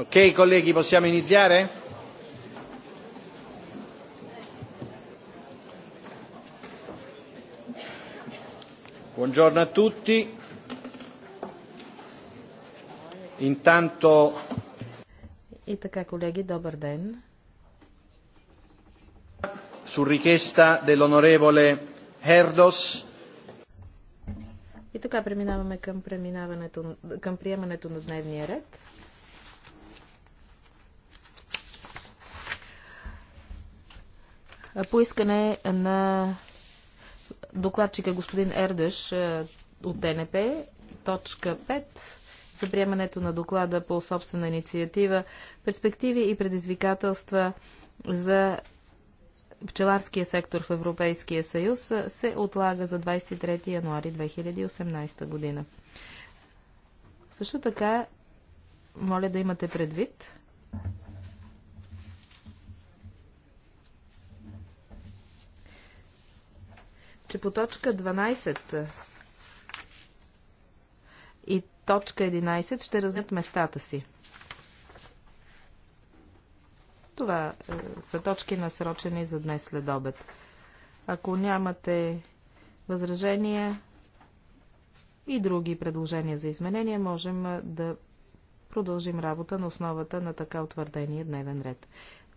Ok, colleghi, possiamo iniziare? Buongiorno a tutti. Intanto. E така, колеги, добър ден. Su richiesta dell'onorevole Herdos. И така преминаваме към, към приемането на дневния ред. Поискане на докладчика господин Ердеш от ДНП, точка 5 за приемането на доклада по собствена инициатива, перспективи и предизвикателства за пчеларския сектор в Европейския съюз се отлага за 23 януари 2018 година. Също така, моля да имате предвид, че по точка 12 и точка 11 ще разнят местата си. Това е, са точки насрочени за днес след обед. Ако нямате възражения и други предложения за изменения, можем е, да продължим работа на основата на така утвърдения дневен ред.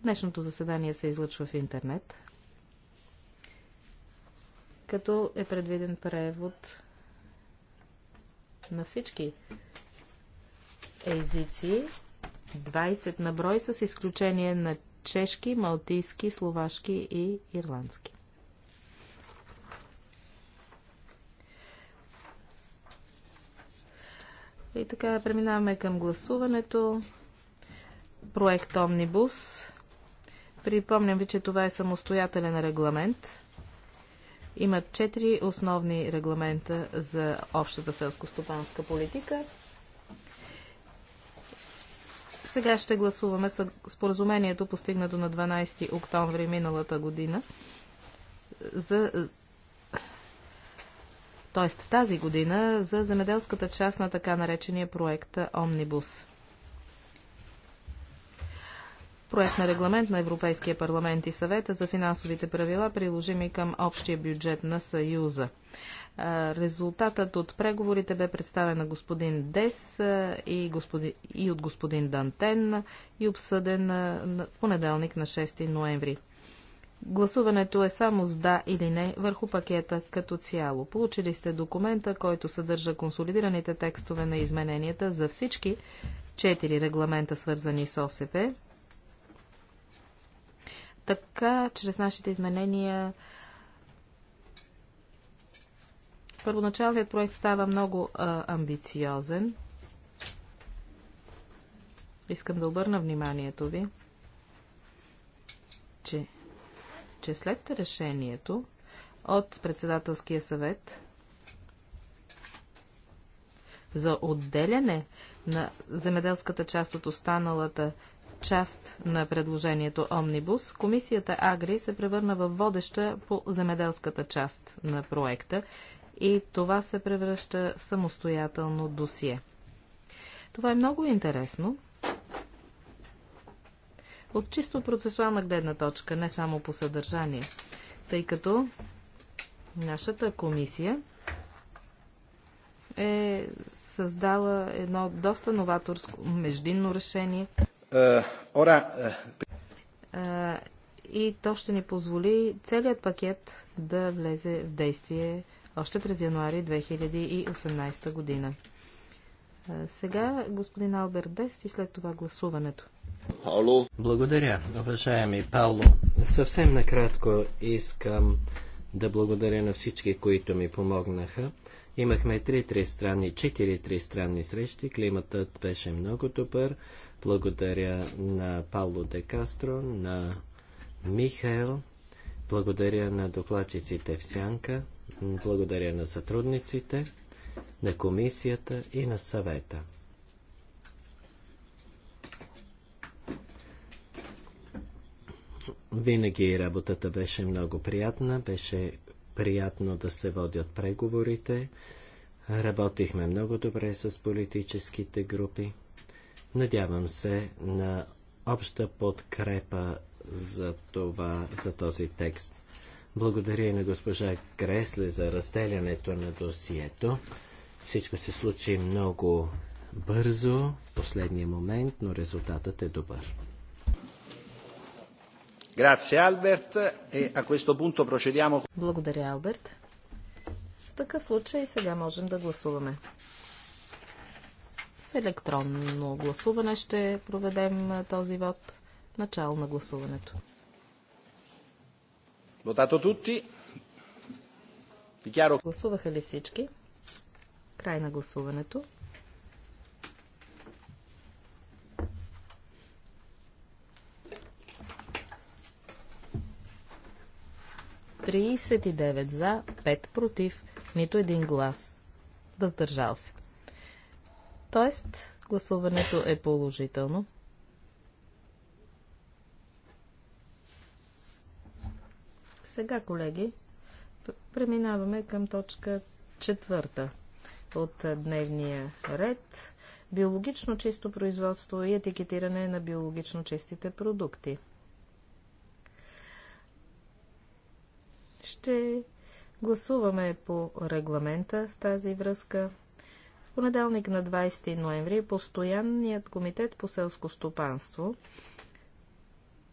Днешното заседание се излъчва в интернет като е предвиден превод на всички езици, 20 на брой, с изключение на чешки, малтийски, словашки и ирландски. И така преминаваме към гласуването. Проект Омнибус. Припомням ви, че това е самостоятелен регламент. Има четири основни регламента за общата селско-стопанска политика. Сега ще гласуваме споразумението, постигнато на 12 октомври миналата година за т.е. тази година, за земеделската част на така наречения проект Омнибус проект на регламент на Европейския парламент и съвета за финансовите правила, приложими към общия бюджет на Съюза. Резултатът от преговорите бе представен на господин Дес и, господи, и от господин Дантен и обсъден в понеделник на 6 ноември. Гласуването е само с да или не върху пакета като цяло. Получили сте документа, който съдържа консолидираните текстове на измененията за всички четири регламента, свързани с ОСП, така, чрез нашите изменения първоначалният проект става много а, амбициозен. Искам да обърна вниманието ви, че, че след решението от председателския съвет за отделяне на земеделската част от останалата част на предложението Омнибус, комисията Агри се превърна в водеща по земеделската част на проекта и това се превръща в самостоятелно досие. Това е много интересно. От чисто процесуална гледна точка, не само по съдържание, тъй като нашата комисия е създала едно доста новаторско междинно решение – Ora... Е, е, и то ще ни позволи целият пакет да влезе в действие още през януари 2018 година. Сега господин Алберт Дес и след това гласуването. Пауло. Благодаря, уважаеми Пауло. Съвсем накратко искам да благодаря на всички, които ми помогнаха. Имахме три тристранни, четири тристранни срещи. Климатът беше много добър. Благодаря на Пауло де Кастро, на Михаел. Благодаря на докладчиците в Сянка. Благодаря на сътрудниците, на комисията и на съвета. Винаги работата беше много приятна, беше приятно да се водят преговорите. Работихме много добре с политическите групи. Надявам се на обща подкрепа за, това, за този текст. Благодаря и на госпожа Кресле за разделянето на досието. Всичко се случи много бързо, в последния момент, но резултатът е добър. Grazie Albert. E a questo punto procediamo. Благодаря, Алберт. В такъв случай сега можем да гласуваме. С електронно гласуване ще проведем този вод. Начало на гласуването. Votato tutti. Dichiaro. Гласуваха ли всички? Край на гласуването. 39 за, 5 против, нито един глас. Въздържал се. Тоест, гласуването е положително. Сега, колеги, преминаваме към точка четвърта от дневния ред. Биологично чисто производство и етикетиране на биологично чистите продукти. Ще гласуваме по регламента в тази връзка. В понеделник на 20 ноември постоянният комитет по селско стопанство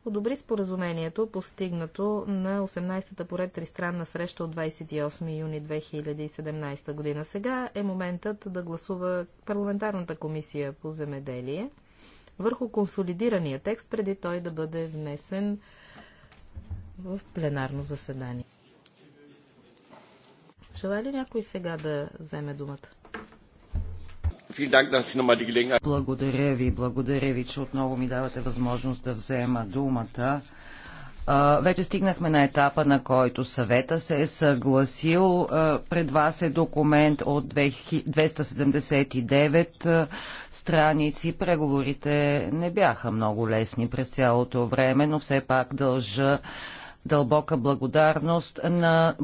одобри споразумението, постигнато на 18-та поред тристранна среща от 28 юни 2017 година. Сега е моментът да гласува парламентарната комисия по земеделие върху консолидирания текст, преди той да бъде внесен в пленарно заседание. Желая ли някой сега да вземе думата? Благодаря ви, благодаря ви, че отново ми давате възможност да взема думата. Вече стигнахме на етапа, на който съвета се е съгласил. Пред вас е документ от 279 страници. Преговорите не бяха много лесни през цялото време, но все пак дължа дълбока благодарност на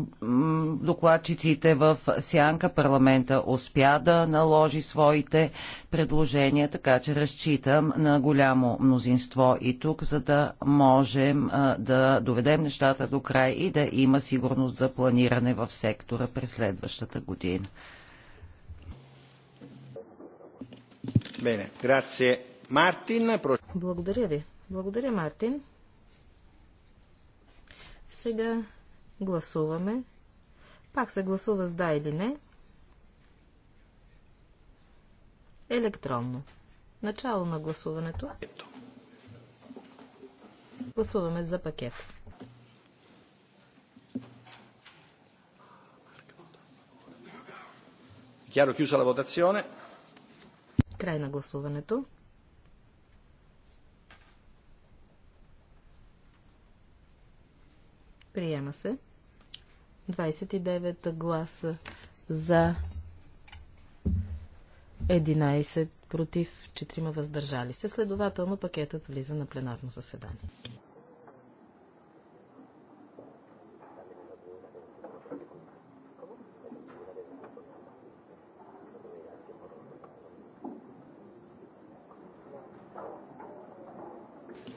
докладчиците в Сянка. Парламента успя да наложи своите предложения, така че разчитам на голямо мнозинство и тук, за да можем да доведем нещата до край и да има сигурност за планиране в сектора през следващата година. Благодаря ви. Благодаря, Мартин. Сега гласуваме. Пак се гласува с да или не. Електронно. Начало на гласуването. Ето. Гласуваме за пакет. Chiaro chiusa la votazione. Край на гласуването. Приема се. 29 гласа за 11 против 4 въздържали се. Следователно пакетът влиза на пленарно заседание.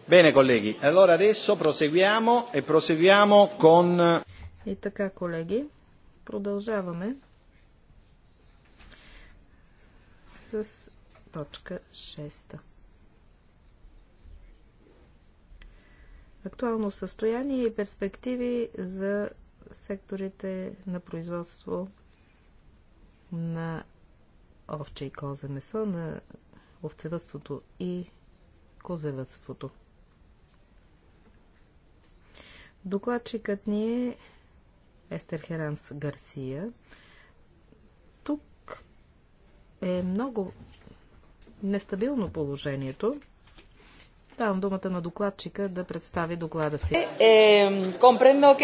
Bene, colleghi, allora adesso proseguiamo e proseguiamo con... И така, колеги, продължаваме с точка 6. Актуално състояние и перспективи за секторите на производство на овче и козе месо, на овцевътството и козевътството. Докладчикът ни е Естер Херанс Гарсия. Тук е много нестабилно положението. Давам думата на докладчика да представи доклада си. Е,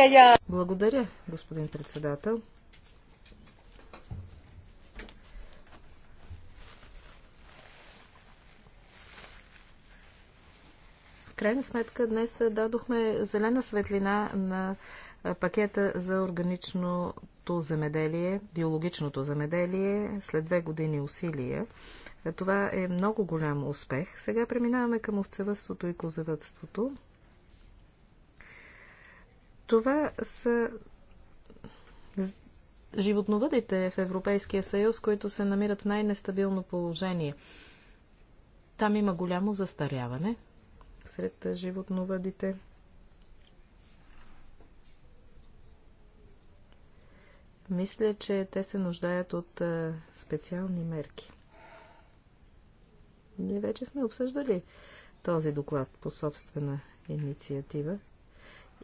е, Благодаря, господин председател. крайна сметка днес дадохме зелена светлина на пакета за органичното земеделие, биологичното земеделие след две години усилия. Това е много голям успех. Сега преминаваме към овцевътството и козевътството. Това са животновъдите в Европейския съюз, които се намират в най-нестабилно положение. Там има голямо застаряване, сред животновъдите. Мисля, че те се нуждаят от специални мерки. Ние вече сме обсъждали този доклад по собствена инициатива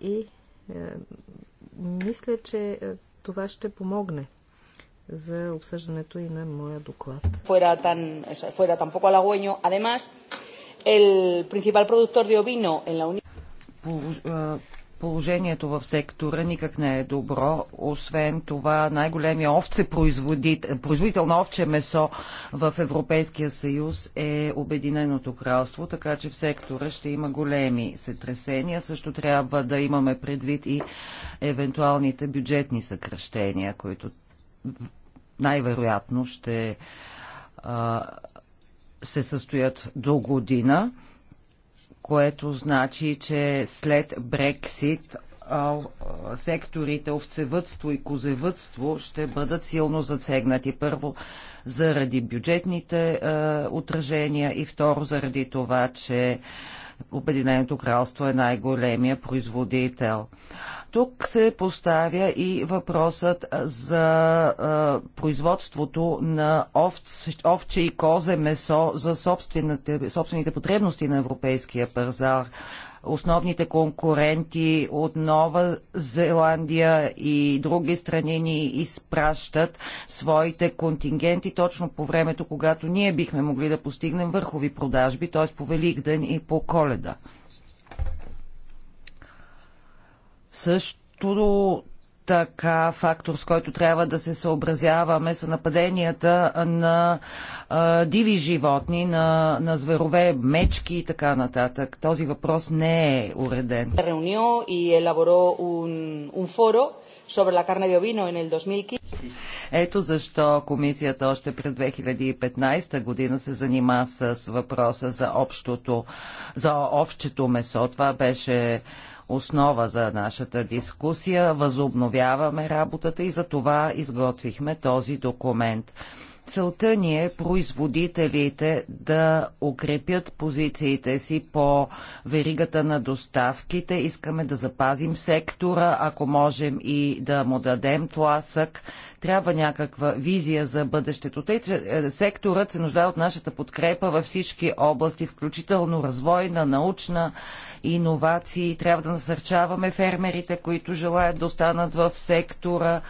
и е, мисля, че това ще помогне за обсъждането и на моя доклад. Fuera tan, fuera tampoco halagüeño. Además, el principal productor de ovino en la Unión. Положението в сектора никак не е добро. Освен това, най-големия производител на овче месо в Европейския съюз е Обединеното кралство, така че в сектора ще има големи сътресения. Също трябва да имаме предвид и евентуалните бюджетни съкръщения, които най-вероятно ще се състоят до година, което значи, че след Брексит секторите овцевътство и козевътство ще бъдат силно засегнати. Първо, заради бюджетните е, отражения и второ, заради това, че Обединеното кралство е най-големия производител. Е, тук се поставя и въпросът за а, производството на овце, овче и козе месо за собствените, собствените потребности на европейския пазар основните конкуренти от Нова Зеландия и други страни ни изпращат своите контингенти точно по времето, когато ние бихме могли да постигнем върхови продажби, т.е. по Великден и по Коледа. Също така фактор, с който трябва да се съобразяваме са нападенията на а, диви животни, на, на зверове, мечки и така нататък. Този въпрос не е уреден. Реунио и елаборо ун форо sobre la carne de ovino en el 2015. Ето защо комисията още през 2015 година се занима с въпроса за общото, за общото месо. Това беше основа за нашата дискусия. Възобновяваме работата и за това изготвихме този документ. Целта ни е производителите да укрепят позициите си по веригата на доставките. Искаме да запазим сектора, ако можем и да му дадем тласък. Трябва някаква визия за бъдещето. Тъй, че е, секторът се нуждае от нашата подкрепа във всички области, включително развойна, научна, иновации. Трябва да насърчаваме фермерите, които желаят да останат в сектора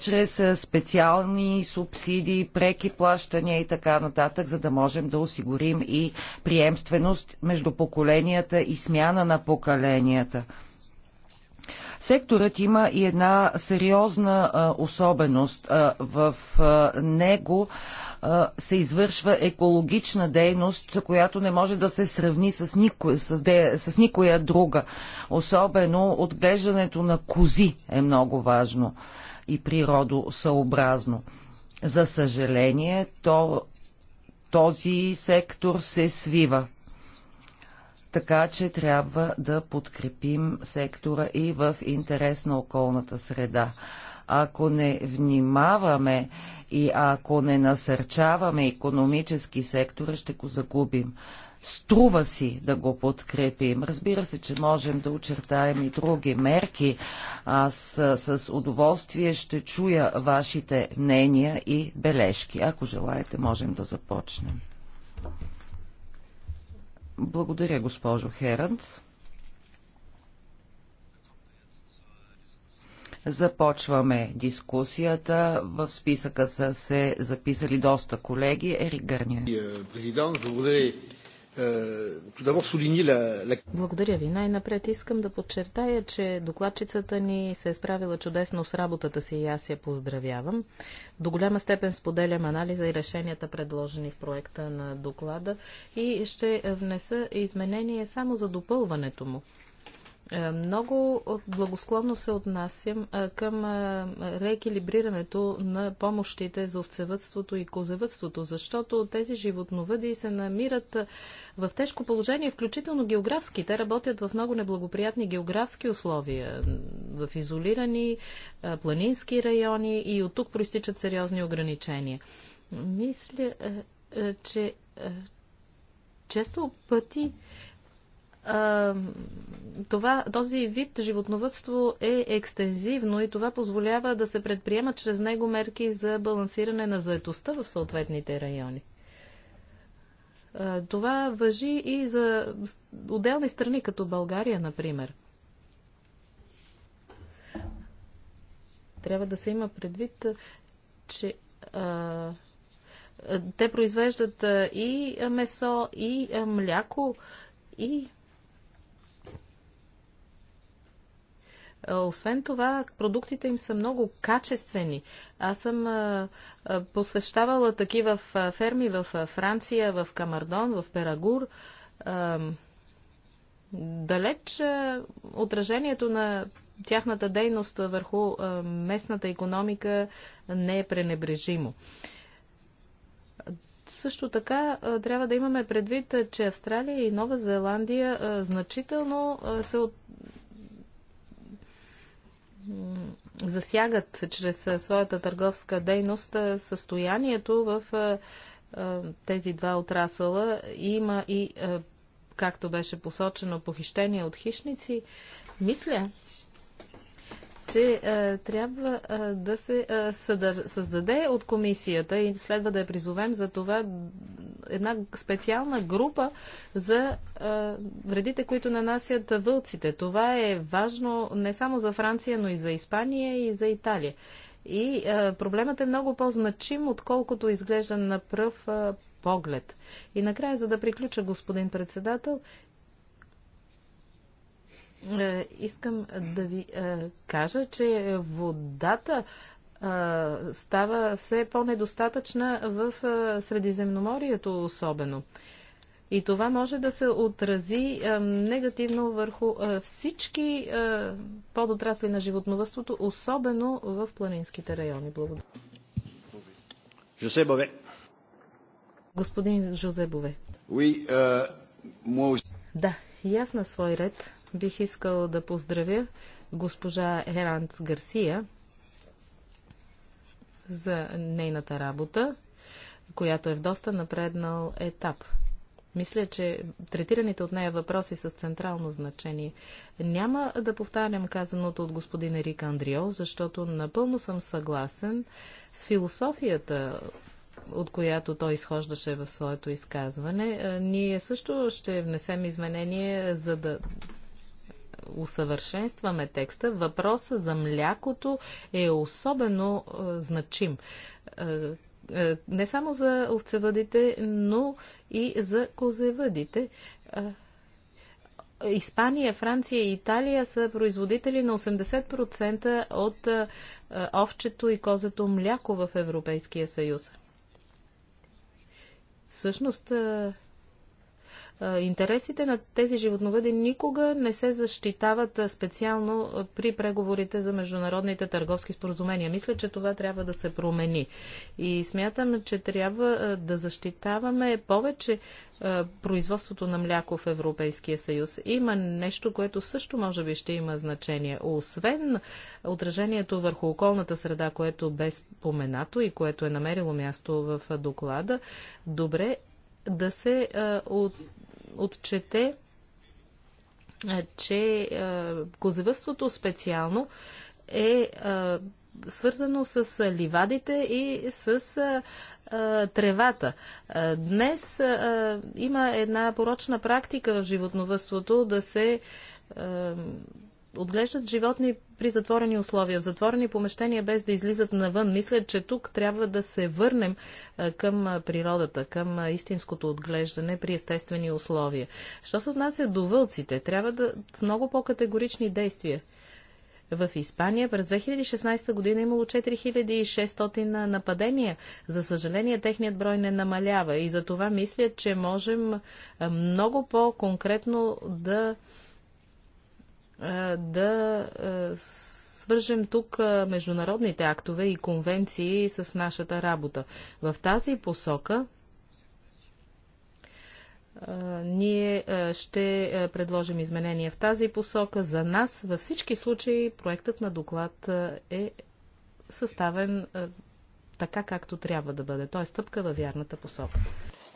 чрез специални субсидии, преки плащания и така нататък, за да можем да осигурим и приемственост между поколенията и смяна на поколенията. Секторът има и една сериозна а, особеност. А, в а, него а, се извършва екологична дейност, която не може да се сравни с, нико, с, де, с никоя друга. Особено отглеждането на кози е много важно. А, и природосъобразно. За съжаление, то, този сектор се свива. Така че трябва да подкрепим сектора и в интерес на околната среда. Ако не внимаваме и ако не насърчаваме економически сектора, ще го загубим. Струва си да го подкрепим. Разбира се, че можем да очертаем и други мерки. Аз с удоволствие ще чуя вашите мнения и бележки. Ако желаете, можем да започнем. Благодаря, госпожо Херанц. Започваме дискусията. В списъка са се записали доста колеги. Ерик Гърния. Президент, благодаря Euh, Благодаря ви. Най-напред искам да подчертая, че докладчицата ни се е справила чудесно с работата си и аз я поздравявам. До голяма степен споделям анализа и решенията, предложени в проекта на доклада и ще внеса изменение само за допълването му. Е, много благосклонно се отнасям е, към е, реекилибрирането на помощите за овцевътството и козевътството, защото тези животновъди се намират в тежко положение, включително географски. Те работят в много неблагоприятни географски условия, в изолирани планински райони и от тук проистичат сериозни ограничения. Мисля, че често пъти това, този вид животновътство е екстензивно и това позволява да се предприемат чрез него мерки за балансиране на заетостта в съответните райони. Това въжи и за отделни страни, като България, например. Трябва да се има предвид, че а, те произвеждат и месо, и мляко, и Е, освен това, продуктите им са много качествени. Аз съм е, е, посвещавала такива ферми в Франция, в Камардон, в Перагур. Далеч отражението на тяхната дейност върху местната економика не е пренебрежимо. Също така трябва да имаме предвид, че Австралия и Нова Зеландия значително се от засягат чрез своята търговска дейност състоянието в тези два отрасъла. Има и, както беше посочено, похищение от хищници. Мисля, че е, трябва е, да се е, съдър, създаде от комисията и следва да я призовем за това една специална група за е, вредите, които нанасят вълците. Това е важно не само за Франция, но и за Испания и за Италия. И е, проблемът е много по-значим, отколкото изглежда на пръв е, поглед. И накрая, за да приключа, господин председател, е, искам да ви е, кажа, че водата е, става все по-недостатъчна в Средиземноморието особено. И това може да се отрази негативно върху всички подотрасли на животновътството, особено в планинските райони. Благодаря. Жозе Бове. Господин Жозе Бове. Oui, uh, Да, и аз на свой ред Бих искал да поздравя госпожа Еранц Гарсия за нейната работа, която е в доста напреднал етап. Мисля, че третираните от нея въпроси с централно значение. Няма да повтарям казаното от господин Ерик Андриол, защото напълно съм съгласен с философията, от която той изхождаше в своето изказване. Е, ние също ще внесем изменение, за да усъвършенстваме текста, въпросът за млякото е особено е, значим е, е, не само за овцевъдите, но и за козевъдите. Испания, Франция и Италия са производители на 80% от овчето и козето мляко в Европейския съюз. Всъщност, интересите на тези животновъди никога не се защитават специално при преговорите за международните търговски споразумения. Мисля, че това трябва да се промени. И смятам, че трябва да защитаваме повече производството на мляко в Европейския съюз. Има нещо, което също може би ще има значение. Освен отражението върху околната среда, което бе споменато и което е намерило място в доклада, добре да се отчете, че козевътството специално е свързано с ливадите и с тревата. Днес има една порочна практика в животновътството да се отглеждат животни при затворени условия, в затворени помещения без да излизат навън. Мисля, че тук трябва да се върнем към природата, към истинското отглеждане при естествени условия. Що се отнася до вълците, трябва да с много по-категорични действия. В Испания през 2016 година е имало 4600 нападения. За съжаление, техният брой не намалява и за това мисля, че можем много по-конкретно да да свържем тук международните актове и конвенции с нашата работа. В тази посока ние ще предложим изменения в тази посока. За нас във всички случаи проектът на доклад е съставен така, както трябва да бъде. Той е стъпка във вярната посока.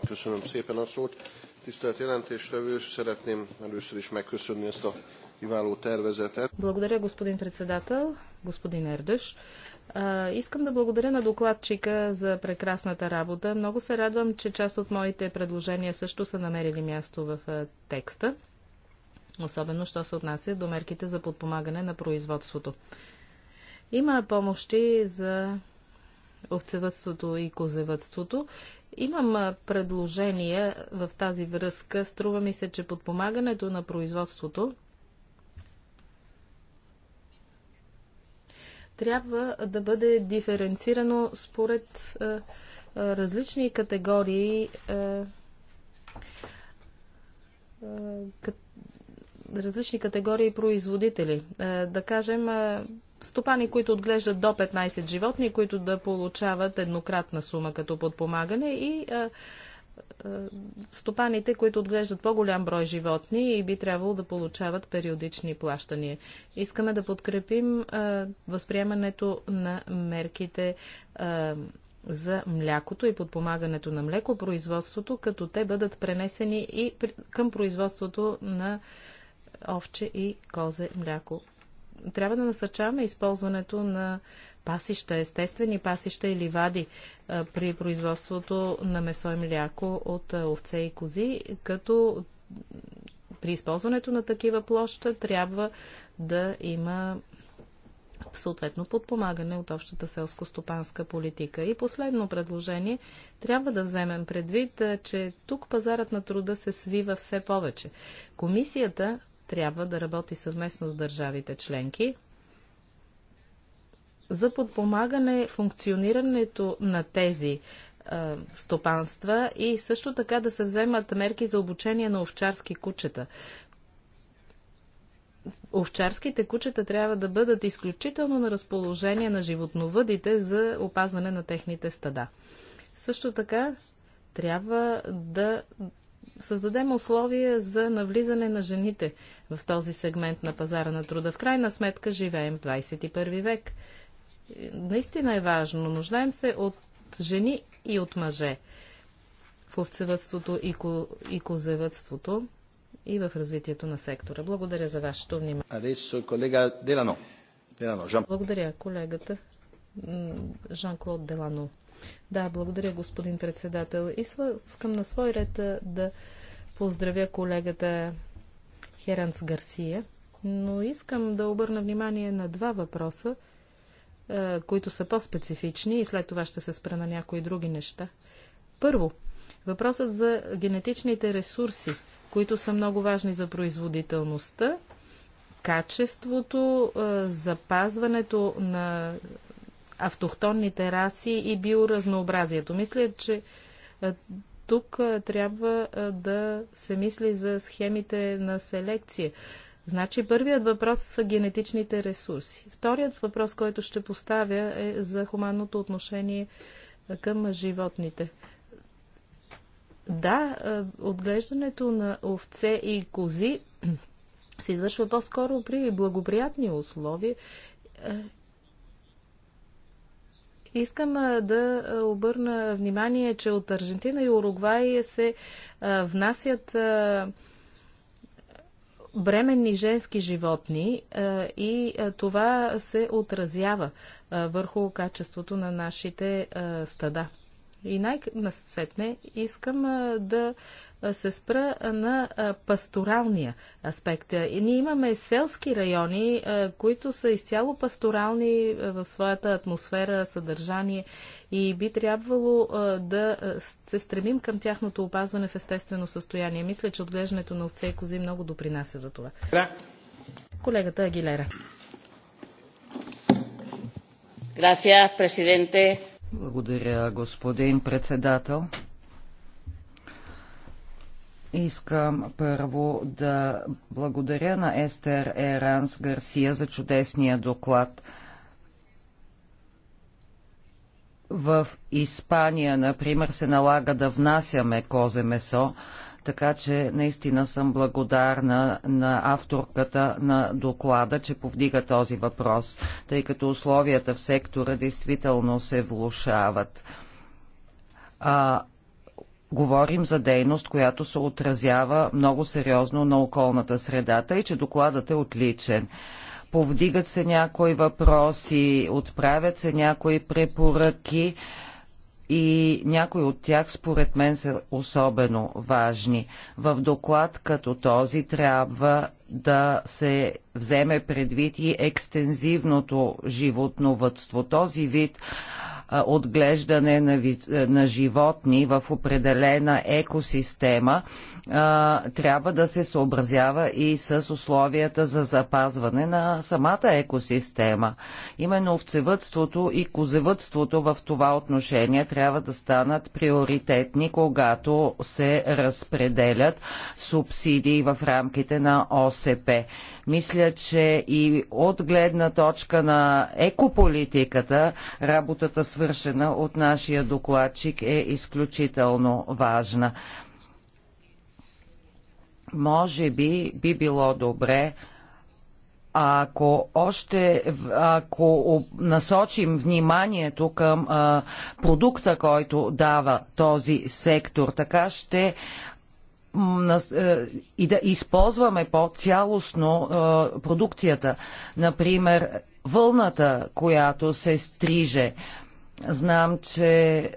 Köszönöm szépen a szót. Tisztelt jelentéstevő, szeretném először is megköszönni ezt a благодаря, господин председател, господин Ердеш. Искам да благодаря на докладчика за прекрасната работа. Много се радвам, че част от моите предложения също са намерили място в текста, особено що се отнася до мерките за подпомагане на производството. Има помощи за овцевътството и козевътството. Имам предложения в тази връзка. Струва ми се, че подпомагането на производството трябва да бъде диференцирано според е, е, различни категории е, различни категории производители. Да кажем, стопани, които отглеждат до 15 животни, които да получават еднократна сума като подпомагане и е, стопаните, които отглеждат по-голям брой животни и би трябвало да получават периодични плащания. Искаме да подкрепим а, е, възприемането на мерките а, е, за млякото и подпомагането на млекопроизводството, като те бъдат пренесени и към производството на овче и козе мляко. Трябва да насърчаваме използването на пасища, естествени пасища и ливади при производството на месо и мляко от овце и кози, като при използването на такива площа трябва да има съответно подпомагане от общата селско-стопанска политика. И последно предложение, трябва да вземем предвид, че тук пазарът на труда се свива все повече. Комисията трябва да работи съвместно с държавите членки, за подпомагане функционирането на тези а, е, стопанства и също така да се вземат мерки за обучение на овчарски кучета. Овчарските кучета трябва да бъдат изключително на разположение на животновъдите за опазване на техните стада. Също така трябва да създадем условия за навлизане на жените в този сегмент на пазара на труда. В крайна сметка живеем в 21 век наистина е важно. Нуждаем се от жени и от мъже в овцевътството и, ко, и козевътството и в развитието на сектора. Благодаря за вашето внимание. Адесо, колега Делано. Делано Жан... Благодаря, колегата Жан-Клод Делано. Да, благодаря, господин председател. И искам на свой ред да поздравя колегата Херанс Гарсия, но искам да обърна внимание на два въпроса, е, които са по-специфични и след това ще се спра на някои други неща. Първо, въпросът за генетичните ресурси, които са много важни за производителността, качеството, е, запазването на автохтонните раси и биоразнообразието. Мисля, че е, тук трябва да се мисли за схемите на селекция. Значи първият въпрос са генетичните ресурси. Вторият въпрос, който ще поставя е за хуманното отношение към животните. Да, отглеждането на овце и кози се извършва по-скоро при благоприятни условия. Искам да обърна внимание, че от Аржентина и Уругвай се внасят бременни женски животни и това се отразява върху качеството на нашите стада. И най-насетне искам да се спра на пасторалния аспект. И ние имаме селски райони, които са изцяло пасторални в своята атмосфера, съдържание и би трябвало да се стремим към тяхното опазване в естествено състояние. Мисля, че отглеждането на овце и кози много допринася за това. Да. Колегата Агилера. Благодаря, господин председател. Искам първо да благодаря на Естер Еранс Гарсия за чудесния доклад. В Испания, например, се налага да внасяме козе месо, така че наистина съм благодарна на авторката на доклада, че повдига този въпрос, тъй като условията в сектора действително се влушават. А, говорим за дейност, която се отразява много сериозно на околната средата и че докладът е отличен. Повдигат се някои въпроси, отправят се някои препоръки и някои от тях според мен са особено важни. В доклад като този трябва да се вземе предвид и екстензивното животновътство. Този вид отглеждане на, на животни в определена екосистема трябва да се съобразява и с условията за запазване на самата екосистема. Именно овцевътството и козевътството в това отношение трябва да станат приоритетни, когато се разпределят субсидии в рамките на ОСП. Мисля, че и от гледна точка на екополитиката работата свършена от нашия докладчик, е изключително важна. Може би би било добре ако още ако насочим вниманието към а, продукта, който дава този сектор, така ще и да използваме по-цялостно продукцията. Например, вълната, която се стриже. Знам, че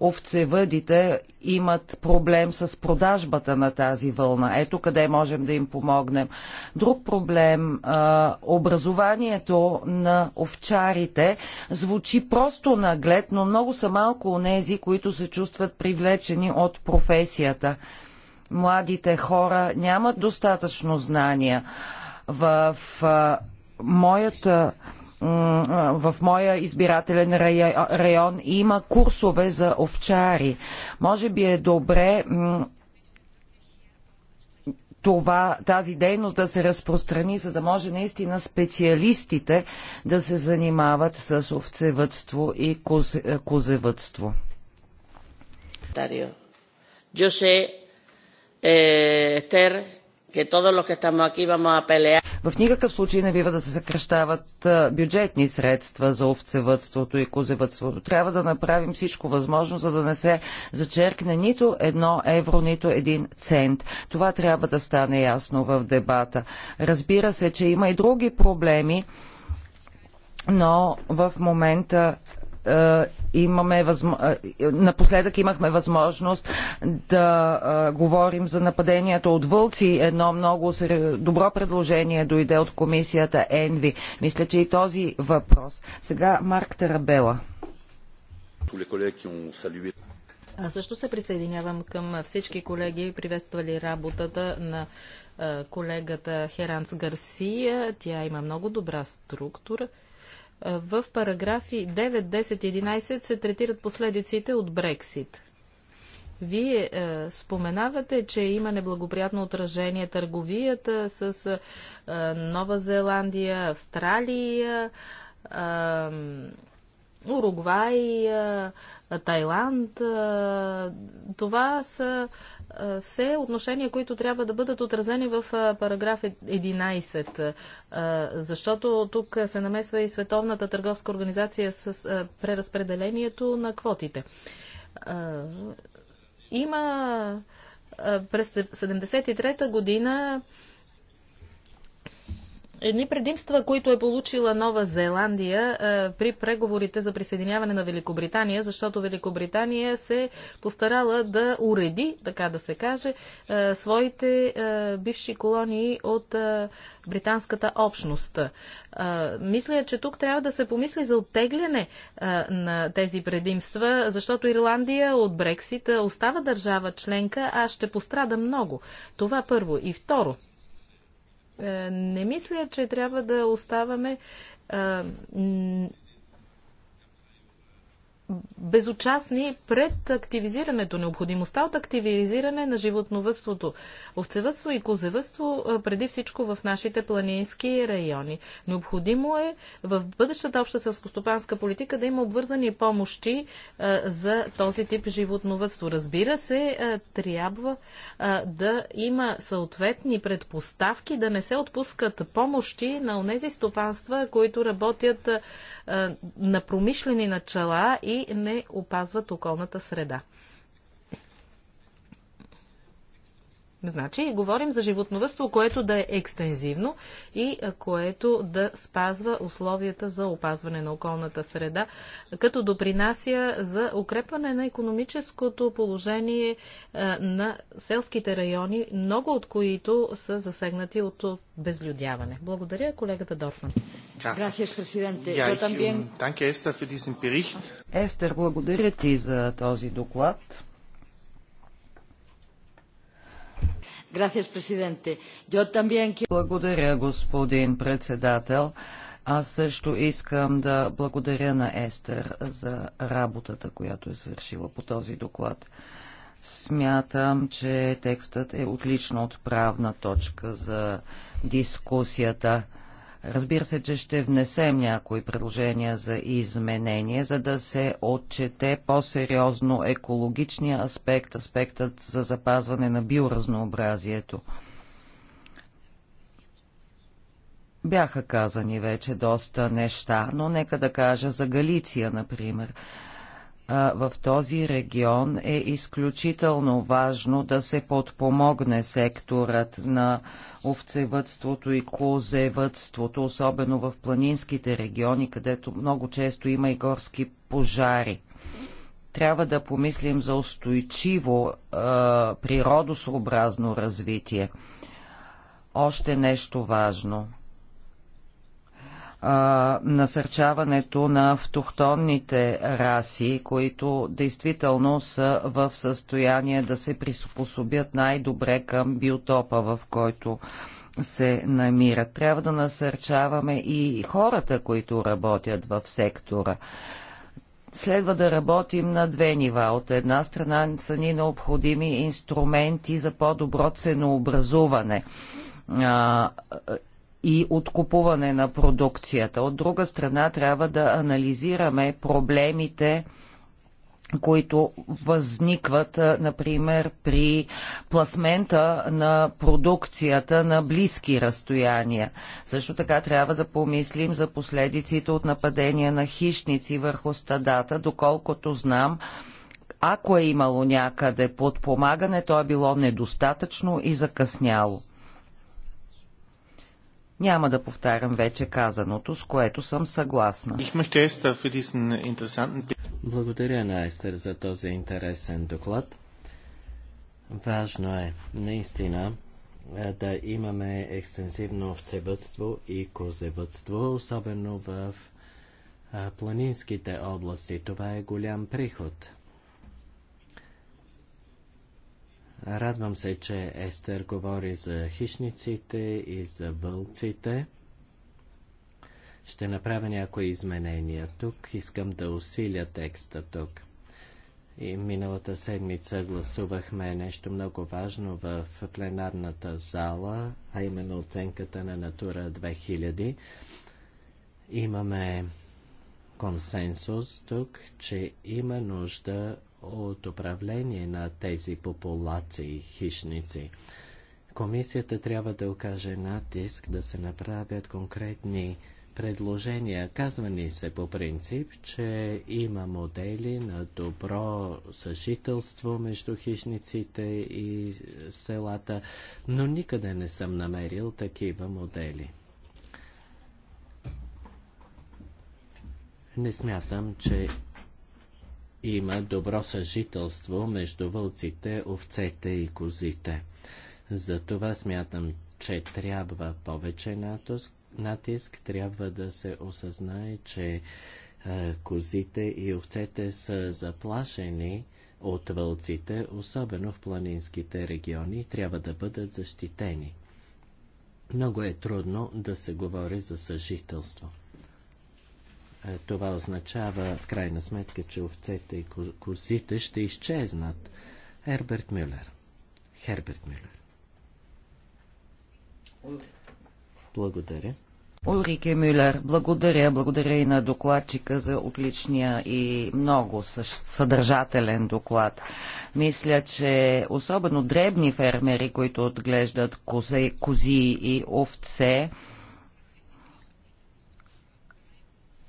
овцевъдите имат проблем с продажбата на тази вълна. Ето къде можем да им помогнем. Друг проблем а, образованието на овчарите звучи просто наглед, но много са малко онези, които се чувстват привлечени от професията. Младите хора нямат достатъчно знания. В а, моята в моя избирателен район има курсове за овчари. Може би е добре това, тази дейност да се разпространи, за да може наистина специалистите да се занимават с овцевътство и е, козевътство. Yo sé, eh, Esther, в никакъв случай не бива да се съкръщават бюджетни средства за овцевътството и козевътството. Трябва да направим всичко възможно, за да не се зачеркне нито едно евро, нито един цент. Това трябва да стане ясно в дебата. Разбира се, че има и други проблеми, но в момента е, имаме възможност е, напоследък имахме възможност да е, говорим за нападението от вълци. Едно много добро предложение дойде от комисията Енви. Мисля, че и този въпрос. Сега Марк Тарабела. Аз също се присъединявам към всички колеги, приветствали работата на колегата Херанс Гарсия. Тя има много добра структура. В параграфи 9, 10, 11 се третират последиците от Брексит. Вие е, споменавате, че има неблагоприятно отражение търговията с е, Нова Зеландия, Австралия, е, Уругвай, Тайланд. Това са все отношения, които трябва да бъдат отразени в параграф 11, е, защото тук се намесва и Световната търговска организация с преразпределението на квотите. Има през 73-та година Едни предимства, които е получила Нова Зеландия е, при преговорите за присъединяване на Великобритания, защото Великобритания се постарала да уреди, така да се каже, е, своите е, бивши колонии от е, британската общност. Е, мисля, че тук трябва да се помисли за оттегляне е, на тези предимства, защото Ирландия от Брексит остава държава членка, а ще пострада много. Това първо. И второ, е, не мисля, че трябва да оставаме е, безучастни пред активизирането, необходимостта от активизиране на животновътството, овцевътство и козевътство преди всичко в нашите планински райони. Необходимо е в бъдещата обща селскостопанска политика да има обвързани помощи за този тип животновътство. Разбира се, трябва да има съответни предпоставки да не се отпускат помощи на онези стопанства, които работят на промишлени начала и не опазват околната среда. Значи, говорим за животновътство, което да е екстензивно и което да спазва условията за опазване на околната среда, като допринася за укрепване на економическото положение на селските райони, много от които са засегнати от безлюдяване. Благодаря, колегата Дорфман. Естер, благодаря ти за този доклад. Благодаря, господин председател. Аз също искам да благодаря на Естер за работата, която е свършила по този доклад. Смятам, че текстът е отлично отправна точка за дискусията. Разбира се, че ще внесем някои предложения за изменение, за да се отчете по-сериозно екологичния аспект, аспектът за запазване на биоразнообразието. Бяха казани вече доста неща, но нека да кажа за Галиция, например в този регион е изключително важно да се подпомогне секторът на овцевътството и козевътството, особено в планинските региони, където много често има и горски пожари. Трябва да помислим за устойчиво е, природосъобразно развитие. Още нещо важно – а, насърчаването на автохтонните раси, които действително са в състояние да се приспособят най-добре към биотопа, в който се намират. Трябва да насърчаваме и хората, които работят в сектора. Следва да работим на две нива. От една страна са ни необходими инструменти за по-добро ценообразуване и откупуване на продукцията. От друга страна трябва да анализираме проблемите, които възникват, например, при пласмента на продукцията на близки разстояния. Също така трябва да помислим за последиците от нападения на хищници върху стадата, доколкото знам, ако е имало някъде подпомагане, то е било недостатъчно и закъсняло. Няма да повтарям вече казаното, с което съм съгласна. Благодаря на Естер за този интересен доклад. Важно е наистина е, да имаме екстенсивно овцевътство и козевътство, особено в е, планинските области. Това е голям приход. Радвам се, че Естер говори за хищниците и за вълците. Ще направя някои изменения тук. Искам да усиля текста тук. И миналата седмица гласувахме нещо много важно в пленарната зала, а именно оценката на Натура 2000. Имаме консенсус тук, че има нужда от управление на тези популации хищници. Комисията трябва да окаже натиск да се направят конкретни предложения. Казвани се по принцип, че има модели на добро съжителство между хищниците и селата, но никъде не съм намерил такива модели. Не смятам, че има добро съжителство между вълците, овцете и козите. Затова смятам, че трябва повече натиск, натиск трябва да се осъзнае, че е, козите и овцете са заплашени от вълците, особено в планинските региони, трябва да бъдат защитени. Много е трудно да се говори за съжителство. Е, това означава в крайна сметка, че овцете и козите ще изчезнат. Херберт Мюллер. Херберт Мюллер. Благодаря. Улрике Мюлер, благодаря. Благодаря и на докладчика за отличния и много съдържателен доклад. Мисля, че особено дребни фермери, които отглеждат кози, кози и овце,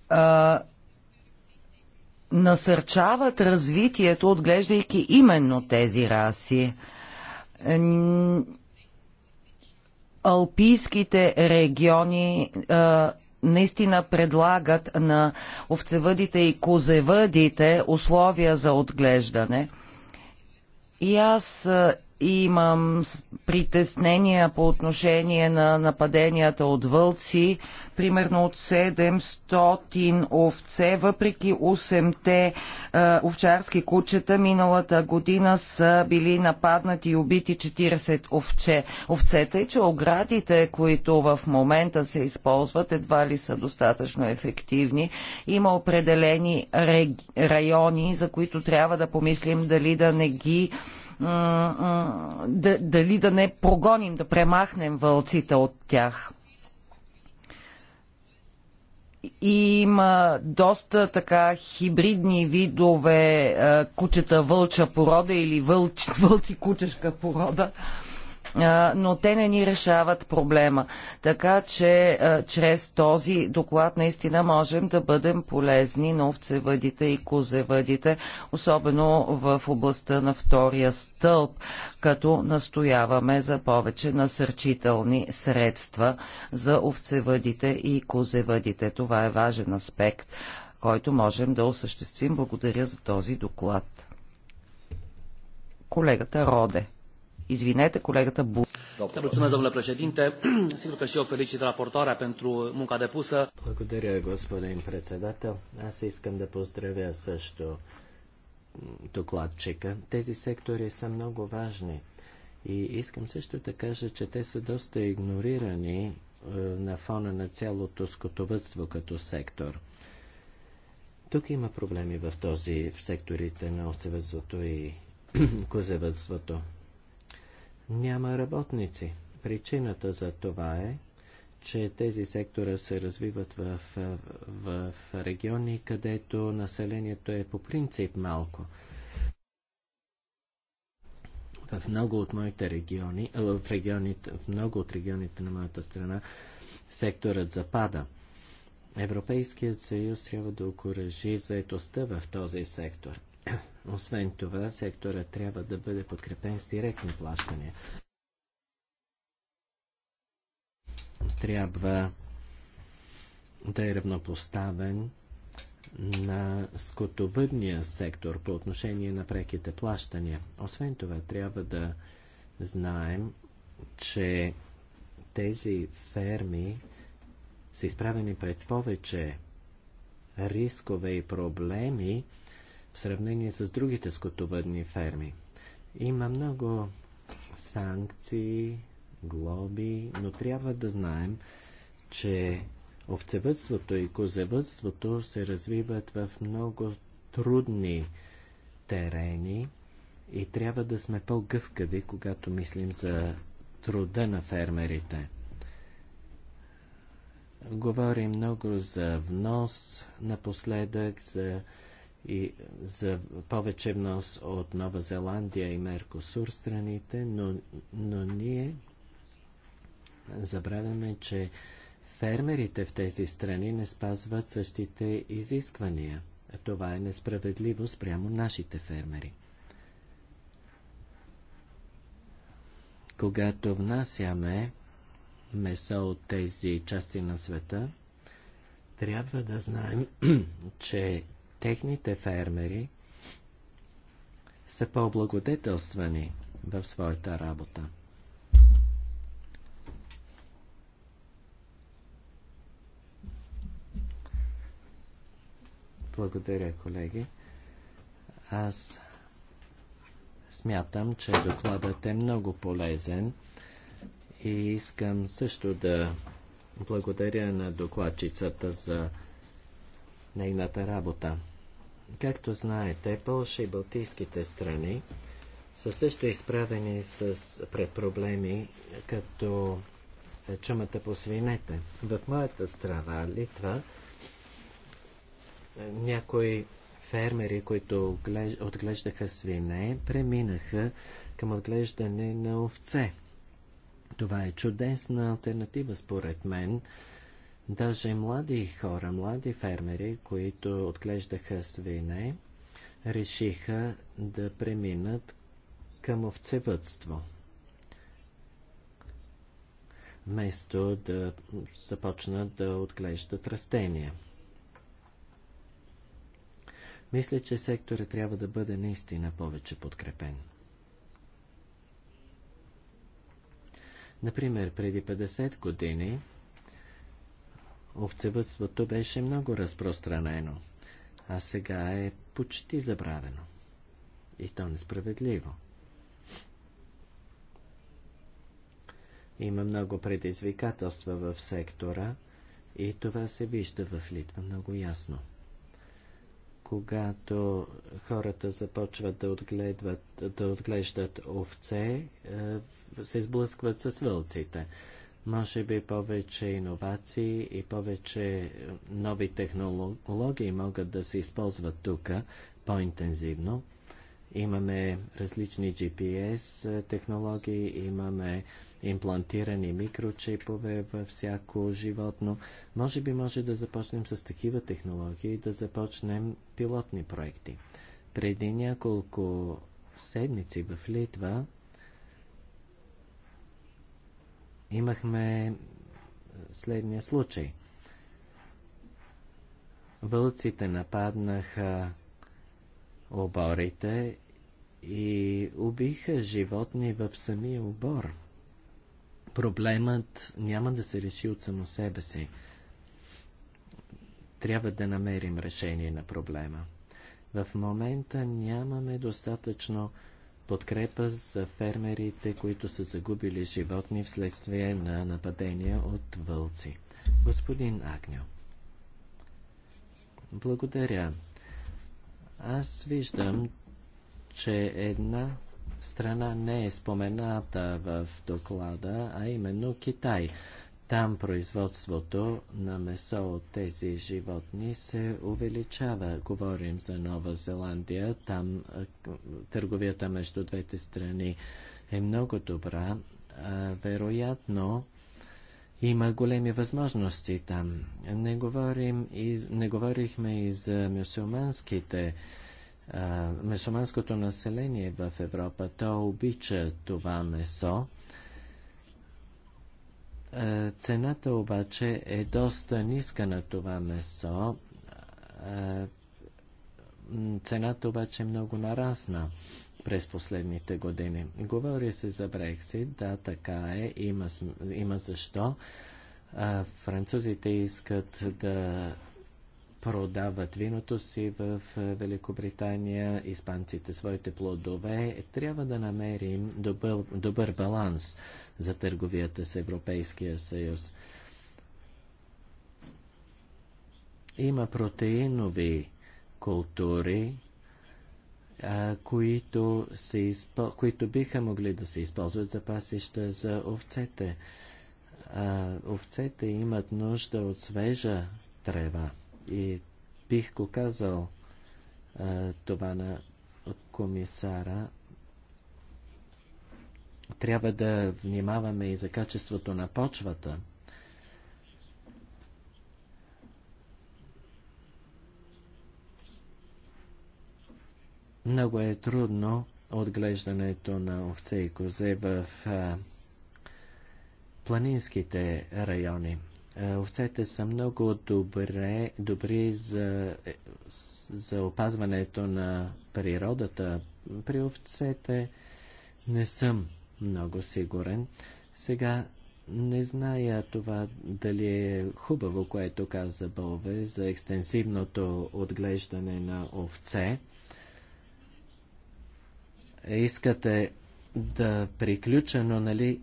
а, насърчават развитието, отглеждайки именно тези раси. Алпийските региони а, наистина предлагат на овцевъдите и козевъдите условия за отглеждане. И аз имам притеснения по отношение на нападенията от вълци, примерно от 700 овце, въпреки 8-те е, овчарски кучета миналата година са били нападнати и убити 40 овче. Овцете и че оградите, които в момента се използват, едва ли са достатъчно ефективни. Има определени райони, за които трябва да помислим дали да не ги дали да не прогоним, да премахнем вълците от тях. Има доста така хибридни видове кучета вълча порода или вълч, вълци кучешка порода. А, но те не ни решават проблема. Така че чрез този доклад наистина можем да бъдем полезни на овцевъдите и козевъдите, особено в областта на втория стълб, като настояваме за повече насърчителни средства за овцевъдите и козевъдите. Това е важен аспект, който можем да осъществим. Благодаря за този доклад. Колегата Роде. Извинете, колегата Бу. Mulțumesc, domnule președinte. Sigur că și eu felicit raportoarea pentru munca depusă. Благодаря, господин председател. Аз искам да поздравя също докладчика. Тези сектори са много важни. И искам също да кажа, че те са доста игнорирани е, на фона на цялото скотовътство като сектор. Тук има проблеми в този, в секторите на осевътството и козевътството няма работници. Причината за това е, че тези сектора се развиват в, в, в региони, където населението е по принцип малко. В много от моите региони, в, регионите, в много от регионите на моята страна, секторът запада. Европейският съюз трябва да окоръжи заетостта в този сектор. Освен това, сектора трябва да бъде подкрепен с директни плащания. Трябва да е равнопоставен на скотовъдния сектор по отношение на преките плащания. Освен това, трябва да знаем, че тези ферми са изправени пред повече рискове и проблеми, в сравнение с другите скотовъдни ферми. Има много санкции, глоби, но трябва да знаем, че овцевътството и козевътството се развиват в много трудни терени и трябва да сме по-гъвкави, когато мислим за труда на фермерите. Говорим много за внос напоследък, за и за повече внос от Нова Зеландия и Меркосур страните, но, но ние забравяме, че фермерите в тези страни не спазват същите изисквания. Това е несправедливо спрямо нашите фермери. Когато внасяме месо от тези части на света, трябва да знаем, че техните фермери са по-благодетелствани в своята работа. Благодаря, колеги. Аз смятам, че докладът е много полезен и искам също да благодаря на докладчицата за нейната работа. Както знаете, Польша и Балтийските страни са също изправени с пред проблеми като е, чумата по свинете. В моята страна, Литва, е, някои фермери, които отглеждаха свине, преминаха към отглеждане на овце. Това е чудесна альтернатива, според мен, Даже млади хора, млади фермери, които отглеждаха свине, решиха да преминат към овцевътство. Вместо да започнат да отглеждат растения. Мисля, че сектора трябва да бъде наистина повече подкрепен. Например, преди 50 години овцевътството беше много разпространено, а сега е почти забравено. И то несправедливо. Има много предизвикателства в сектора и това се вижда в Литва много ясно. Когато хората започват да, отгледват, да отглеждат овце, е, се сблъскват с вълците може би повече иновации и повече нови технологии могат да се използват тук по-интензивно. Имаме различни GPS е, технологии, имаме имплантирани микрочипове във всяко животно. Може би може да започнем с такива технологии, да започнем пилотни проекти. Преди няколко седмици в Литва имахме е, следния случай. Вълците нападнаха оборите и убиха животни в самия обор. Проблемът няма да се реши от само себе си. Трябва да намерим решение на проблема. В момента нямаме достатъчно подкрепа за фермерите, които са загубили животни вследствие на нападения от вълци. Господин Агнио. Благодаря. Аз виждам, че една страна не е спомената в доклада, а именно Китай. Там производството на месо от тези животни се увеличава. Говорим за Нова Зеландия. Там търговията между двете страни е много добра. Вероятно, има големи възможности там. Не, говорим и, не говорихме и за мюсюлманските мюсюлманското население в Европа. То обича това месо. Е, цената обаче е доста ниска на това месо. Е, цената обаче е много нарасна през последните години. Говори се за Брексит, да, така е, има, има защо. Французите искат да продават виното си в е, Великобритания, испанците своите плодове. Трябва да намерим добър, добър баланс за търговията с Европейския съюз. Има протеинови култури, а, които, се изпо... които биха могли да се използват за пасища за овцете. А, овцете имат нужда от свежа трева. И бих го казал а, това на комисара. Трябва да внимаваме и за качеството на почвата. Много е трудно отглеждането на овце и козе в а, планинските райони. Е, овцете са много добре, добри за, е, за опазването на природата. При овцете не съм много сигурен. Сега не зная това дали е хубаво, което каза Бове за екстенсивното отглеждане на овце. Искате да приключа, но нали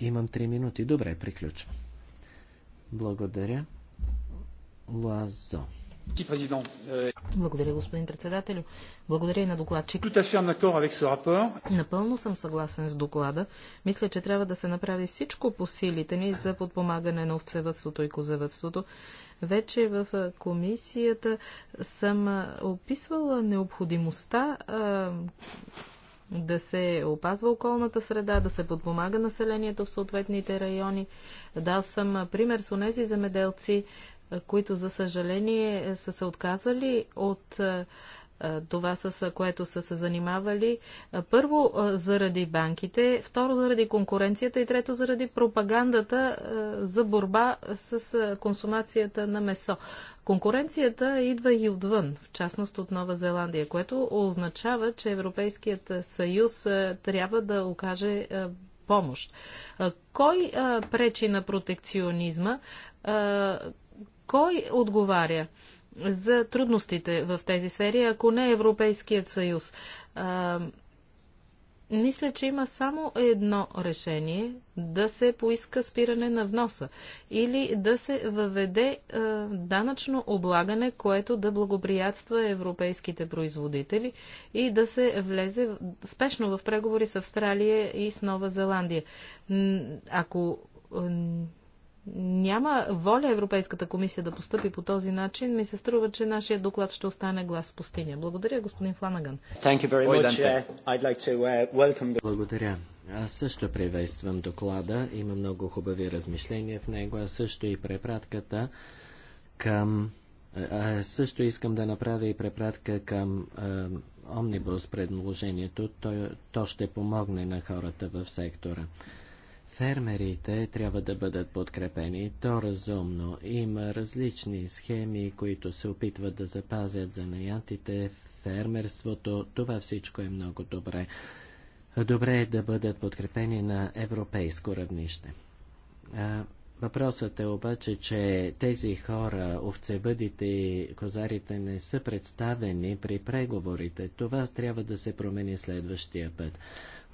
имам 3 минути. Добре, приключвам. Благодаря. Лазо. Е, Благодаря, господин председателю. Благодаря и на докладчик. Напълно съм съгласен с доклада. Мисля, че трябва да се направи всичко по силите ни за подпомагане на овцевътството и козевътството. Вече в комисията съм описвала необходимостта да се опазва околната среда, да се подпомага населението в съответните райони. Дал съм пример с онези земеделци, които за съжаление са се отказали от това с което са се занимавали. Първо заради банките, второ заради конкуренцията и трето заради пропагандата за борба с консумацията на месо. Конкуренцията идва и отвън, в частност от Нова Зеландия, което означава, че Европейският съюз трябва да окаже помощ. Кой пречи на протекционизма? Кой отговаря? за трудностите в тези сфери, ако не Европейският съюз. А, мисля, че има само едно решение да се поиска спиране на вноса или да се въведе а, данъчно облагане, което да благоприятства европейските производители и да се влезе спешно в преговори с Австралия и с Нова Зеландия. Ако няма воля Европейската комисия да поступи по този начин, ми се струва, че нашия доклад ще остане глас в пустиня. Благодаря, господин Фланаган. Uh, uh, Благодаря. Аз също приветствам доклада. Има много хубави размишления в него, а също и препратката към... А също искам да направя и препратка към омнибус предложението. То, то ще помогне на хората в сектора. Фермерите трябва да бъдат подкрепени, то разумно. Има различни схеми, които се опитват да запазят занаятите, фермерството. Това всичко е много добре. Добре е да бъдат подкрепени на европейско равнище. Въпросът е обаче, че тези хора, овцевъдите и козарите не са представени при преговорите. Това трябва да се промени следващия път.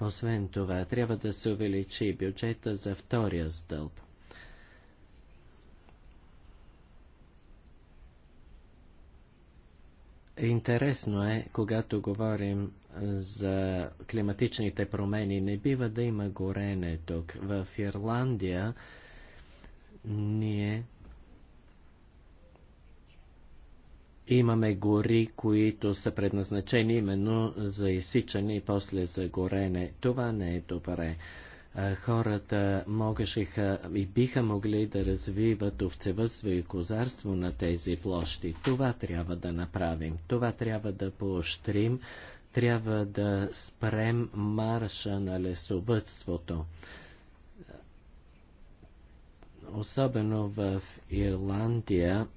Освен това, трябва да се увеличи бюджета за втория стълб. Интересно е, когато говорим за климатичните промени, не бива да има горене тук. В Ирландия ние имаме гори, които са предназначени именно за изсичане и после за горене. Това не е добре. Хората можеха и биха могли да развиват овцевътство и козарство на тези площи. Това трябва да направим. Това трябва да поощрим. Трябва да спрем марша на лесовътството особено в Ирландия,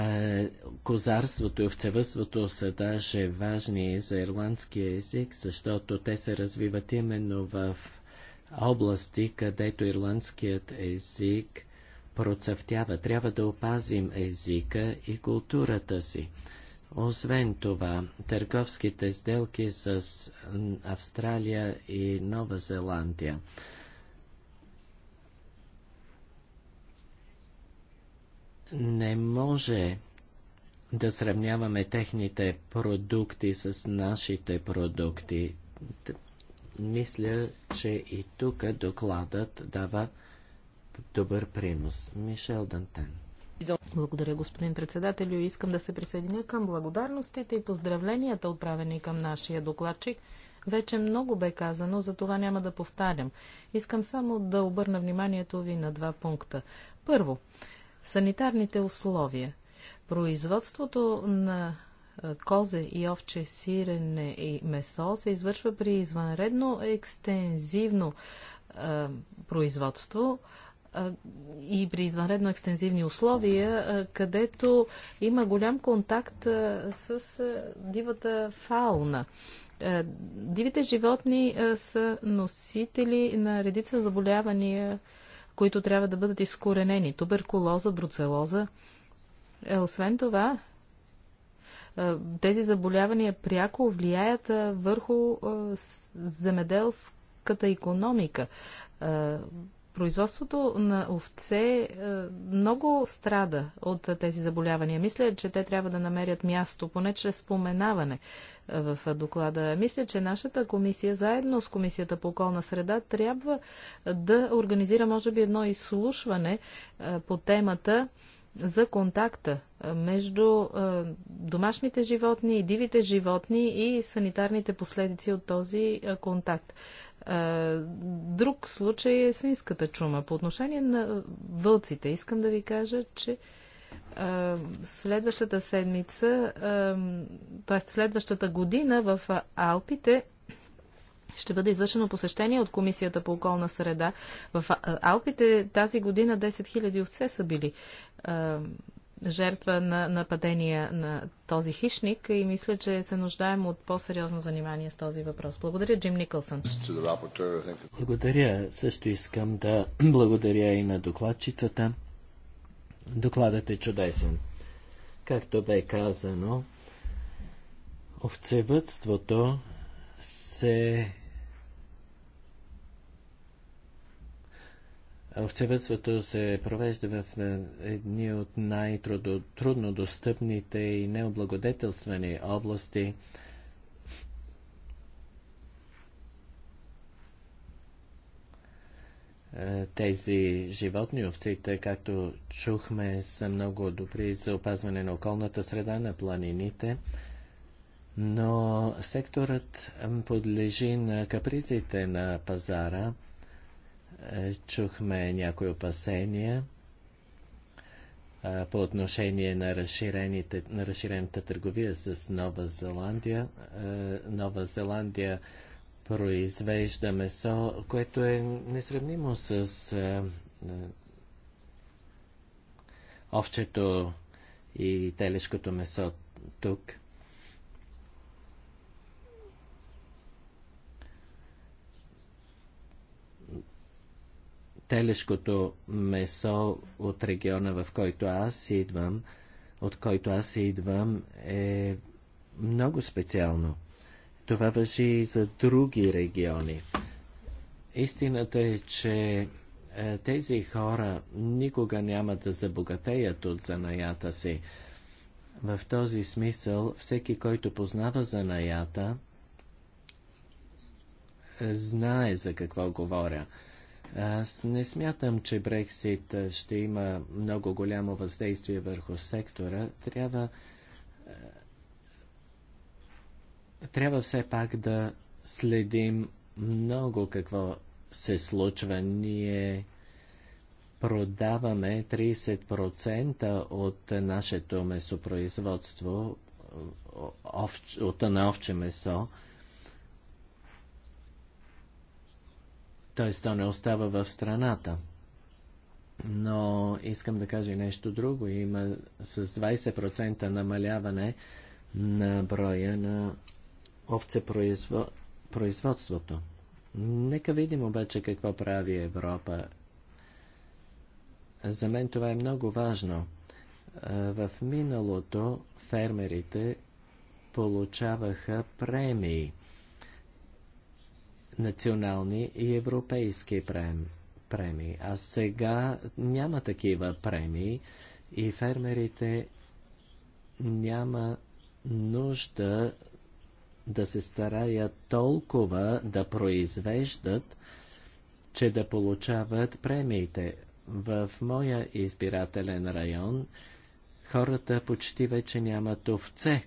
е, козарството и овцевътството са даже важни за ирландския език, защото те се развиват именно в области, където ирландският език процъфтява. Трябва да опазим езика и културата си. Освен това, търговските сделки с Австралия и Нова Зеландия. Не може да сравняваме техните продукти с нашите продукти. Мисля, че и тук докладът дава добър принос. Мишел Дантен. Благодаря, господин председател, и Искам да се присъединя към благодарностите и поздравленията, отправени към нашия докладчик. Вече много бе казано, за това няма да повтарям. Искам само да обърна вниманието ви на два пункта. Първо, санитарните условия. Производството на козе и овче сирене и месо се извършва при извънредно екстензивно е, производство, и при извънредно екстензивни условия, където има голям контакт с дивата фауна. Дивите животни са носители на редица заболявания, които трябва да бъдат изкоренени. Туберкулоза, бруцелоза. Е, освен това, тези заболявания пряко влияят върху земеделската економика Производството на овце е, много страда от тези заболявания. Мисля, че те трябва да намерят място, поне чрез споменаване е, в доклада. Мисля, че нашата комисия, заедно с Комисията по околна среда, трябва да организира, може би, едно изслушване е, по темата за контакта между домашните животни и дивите животни и санитарните последици от този контакт. Друг случай е свинската чума. По отношение на вълците, искам да ви кажа, че следващата седмица, т.е. следващата година в Алпите ще бъде извършено посещение от Комисията по околна среда. В Алпите тази година 10 000 овце са били жертва на нападения на този хищник и мисля, че се нуждаем от по-сериозно занимание с този въпрос. Благодаря, Джим Никълсън. Благодаря. Също искам да благодаря и на докладчицата. Докладът е чудесен. Както бе казано, овцевътството се Овцевътството се провежда в едни от най-трудно достъпните и необлагодетелствени области. Е, тези животни, овците, както чухме, са много добри за опазване на околната среда на планините но секторът подлежи на капризите на пазара. Е, чухме някои опасения е, по отношение на, на разширената търговия с Нова Зеландия. Е, Нова Зеландия произвежда месо, което е несравнимо с овчето и телешкото месо тук – телешкото месо от региона, в който аз идвам, от който аз идвам, е много специално. Това въжи и за други региони. Истината е, че е, тези хора никога няма да забогатеят от занаята си. В този смисъл, всеки, който познава занаята, е, знае за какво говоря. Аз не смятам, че Брексит ще има много голямо въздействие върху сектора. Трябва, трябва все пак да следим много какво се случва. Ние продаваме 30% от нашето месопроизводство от на овче месо т.е. то не остава в страната. Но искам да кажа нещо друго. Има с 20% намаляване на броя на овцепроизводството. Произво... Нека видим обаче какво прави Европа. За мен това е много важно. В миналото фермерите получаваха премии национални и европейски премии. А сега няма такива премии и фермерите няма нужда да се стараят толкова да произвеждат, че да получават премиите. В моя избирателен район хората почти вече нямат овце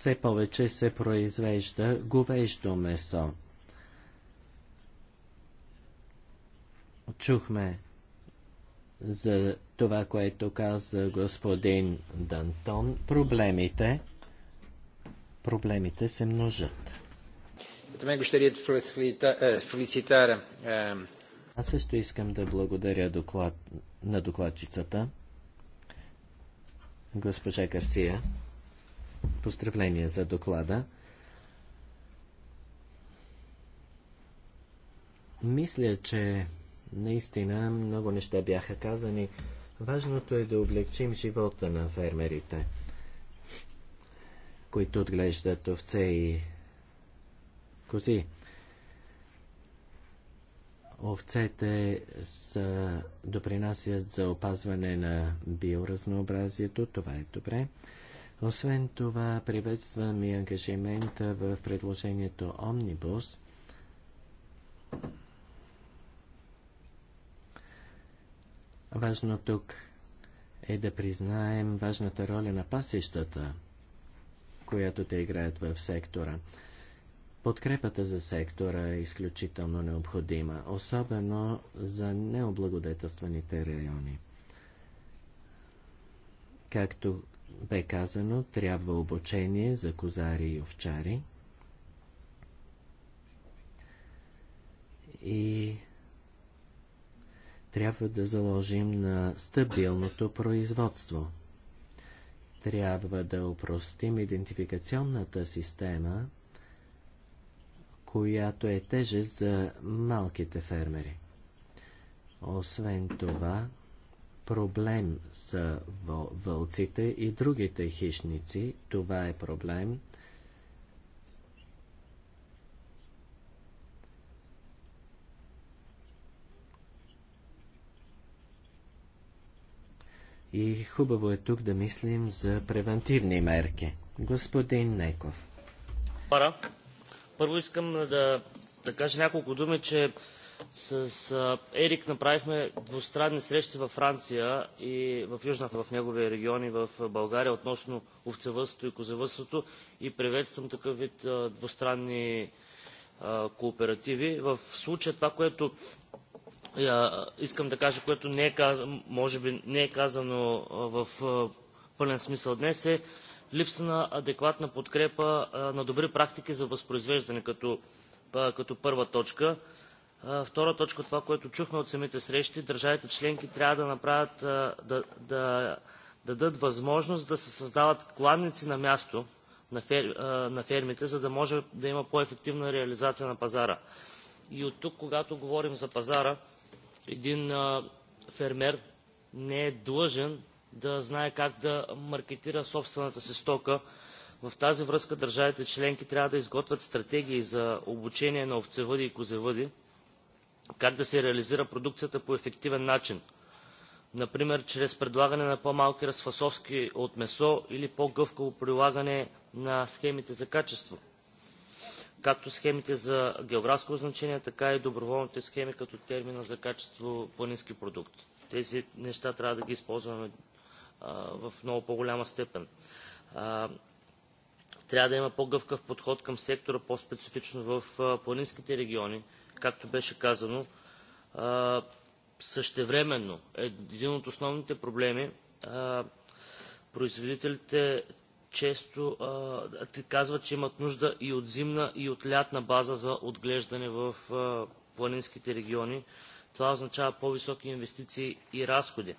все повече се произвежда говеждо месо. Чухме за това, което каза господин Дантон. Проблемите, проблемите се множат. Eh, ehm, Аз също искам да благодаря доклад, на докладчицата, госпожа Гарсия. Поздравление за доклада. Мисля, че наистина много неща бяха казани. Важното е да облегчим живота на фермерите, които отглеждат овце и кози. Овцете са, допринасят за опазване на биоразнообразието, това е добре. Освен това, приветствам и ангажимента в предложението Омнибус. Важно тук е да признаем важната роля на пасищата, която те играят в сектора. Подкрепата за сектора е изключително необходима, особено за необлагодетелстваните райони. Както бе казано, трябва обучение за козари и овчари. И трябва да заложим на стабилното производство. Трябва да упростим идентификационната система, която е тежест за малките фермери. Освен това, проблем са вълците и другите хищници. Това е проблем. И хубаво е тук да мислим за превентивни мерки. Господин Неков. Пара. Първо искам да, да кажа няколко думи, че с Ерик направихме двустранни срещи във Франция и в Южната, в неговия регион и в България относно овцевъдството и козевъдството и приветствам такъв вид двустранни кооперативи. В случая това, което искам да кажа, което не е казано, може би не е казано в пълен смисъл днес, е липса на адекватна подкрепа на добри практики за възпроизвеждане като, като първа точка. Втора точка, това, което чухме от самите срещи, държавите членки трябва да направят, да, да дадат възможност да се създават кладници на място на, фер, на фермите, за да може да има по-ефективна реализация на пазара. И от тук, когато говорим за пазара, един фермер не е длъжен да знае как да маркетира собствената си стока. В тази връзка държавите членки трябва да изготвят стратегии за обучение на овцевъди и козевъди, как да се реализира продукцията по ефективен начин, например чрез предлагане на по-малки разфасовки от месо или по-гъвкаво прилагане на схемите за качество, както схемите за географско значение, така и доброволните схеми като термина за качество планински продукт. Тези неща трябва да ги използваме в много по-голяма степен. Трябва да има по-гъвкав подход към сектора, по-специфично в планинските региони, както беше казано. Същевременно, е един от основните проблеми, производителите често казват, че имат нужда и от зимна, и от лятна база за отглеждане в планинските региони. Това означава по-високи инвестиции и разходи.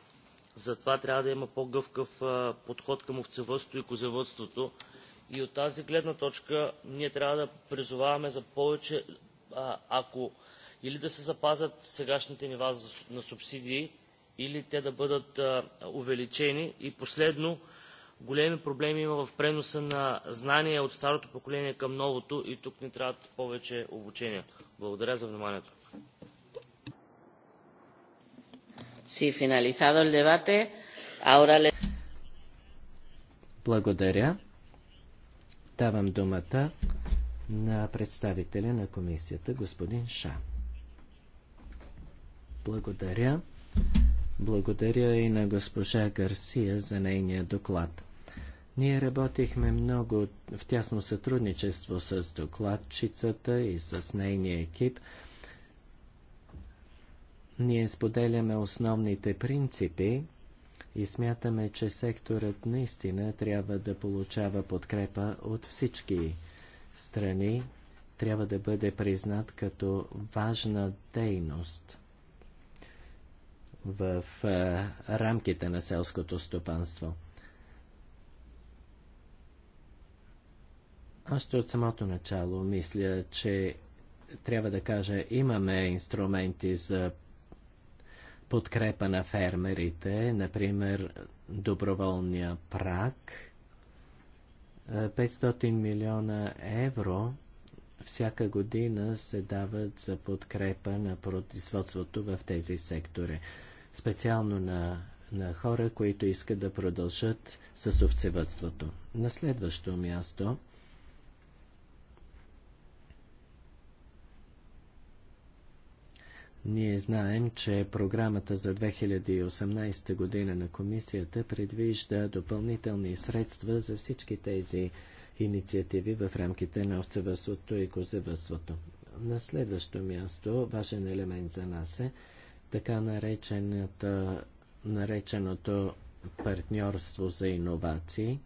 Затова трябва да има по-гъвкав подход към овцевъдството и козевъдството. И от тази гледна точка ние трябва да призоваваме за повече ако или да се запазят сегашните нива на субсидии, или те да бъдат увеличени. И последно, големи проблеми има в преноса на знания от старото поколение към новото и тук ни трябват повече обучения. Благодаря за вниманието. Благодаря. Давам думата на представителя на комисията, господин Ша. Благодаря. Благодаря и на госпожа Гарсия за нейния доклад. Ние работихме много в тясно сътрудничество с докладчицата и с нейния екип. Ние споделяме основните принципи и смятаме, че секторът наистина трябва да получава подкрепа от всички страни трябва да бъде признат като важна дейност в е, рамките на селското стопанство. Още от самото начало мисля, че трябва да кажа, имаме инструменти за подкрепа на фермерите, например доброволния прак – 500 милиона евро всяка година се дават за подкрепа на производството в тези сектори. Специално на, на хора, които искат да продължат с овцевътството. На следващо място Ние знаем, че програмата за 2018 година на комисията предвижда допълнителни средства за всички тези инициативи в рамките на овцевъдството и козевъдството. На следващо място, важен елемент за нас е така нареченото, нареченото партньорство за иновации,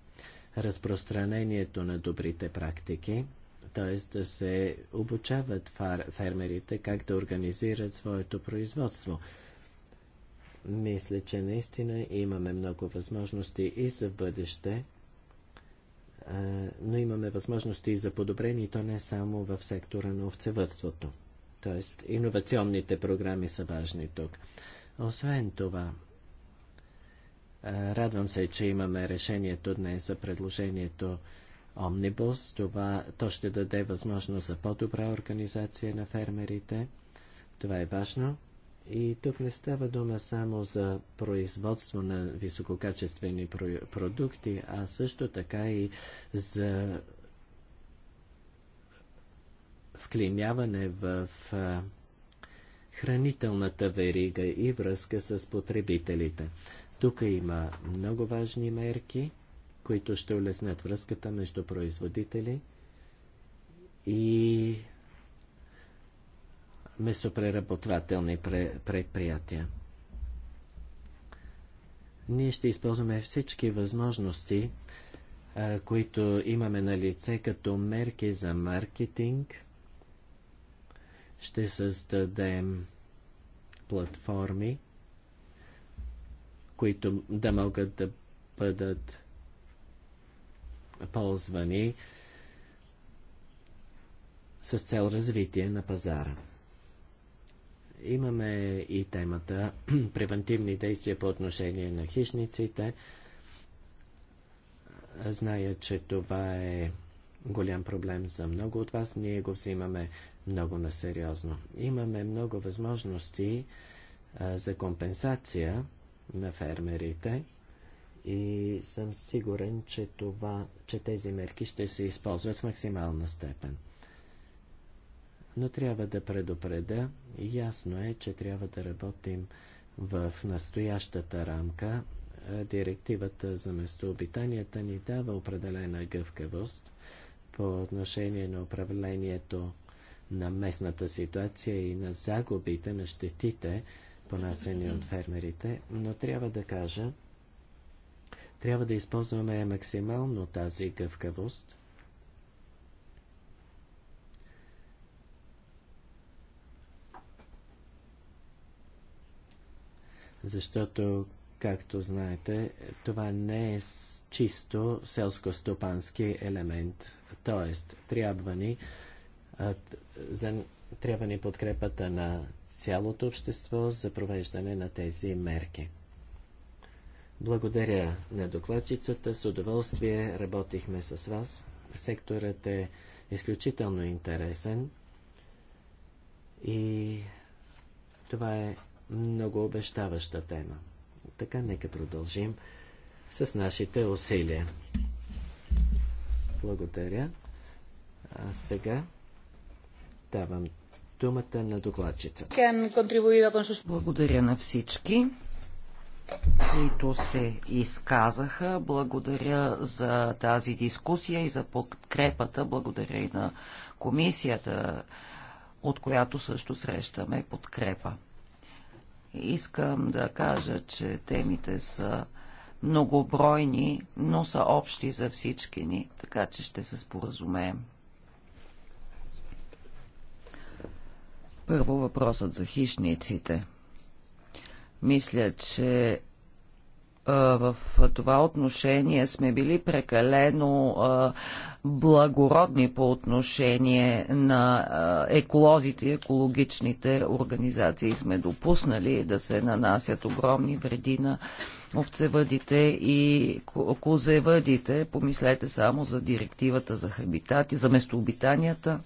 разпространението на добрите практики – т.е. да се обучават фермерите как да организират своето производство. Мисля, че наистина имаме много възможности и за бъдеще, но имаме възможности и за подобрение, и то не само в сектора на овцевътството. Т.е. иновационните програми са важни тук. Освен това, радвам се, че имаме решението днес за предложението Омнибус. Това, то ще даде възможност за по-добра организация на фермерите. Това е важно. И тук не става дума само за производство на висококачествени продукти, а също така и за вклиняване в хранителната верига и връзка с потребителите. Тук има много важни мерки – които ще улеснят връзката между производители и месопреработвателни предприятия. Ние ще използваме всички възможности, които имаме на лице като мерки за маркетинг. Ще създадем платформи, които да могат да бъдат ползвани с цел развитие на пазара. Имаме и темата превентивни действия по отношение на хищниците. Зная, че това е голям проблем за много от вас. Ние го взимаме много насериозно. Имаме много възможности а, за компенсация на фермерите и съм сигурен, че, това, че тези мерки ще се използват в максимална степен. Но трябва да предупредя, ясно е, че трябва да работим в настоящата рамка. Е, директивата за местообитанията ни дава определена гъвкавост по отношение на управлението на местната ситуация и на загубите, на щетите, понасени от фермерите, но трябва да кажа, трябва да използваме максимално тази гъвкавост. Защото, както знаете, това не е чисто селско-стопански елемент. Тоест, трябва ни, трябва ни подкрепата на цялото общество за провеждане на тези мерки. Благодаря на докладчицата. С удоволствие работихме с вас. Секторът е изключително интересен и това е много обещаваща тема. Така нека продължим с нашите усилия. Благодаря. А сега давам думата на докладчица. Благодаря на всички които се изказаха. Благодаря за тази дискусия и за подкрепата. Благодаря и на комисията, от която също срещаме подкрепа. Искам да кажа, че темите са многобройни, но са общи за всички ни, така че ще се споразумеем. Първо въпросът за хищниците – мисля, че в това отношение сме били прекалено благородни по отношение на еколозите и екологичните организации. Сме допуснали да се нанасят огромни вреди на овцевъдите и козевъдите. Помислете само за директивата за хабитати, за местообитанията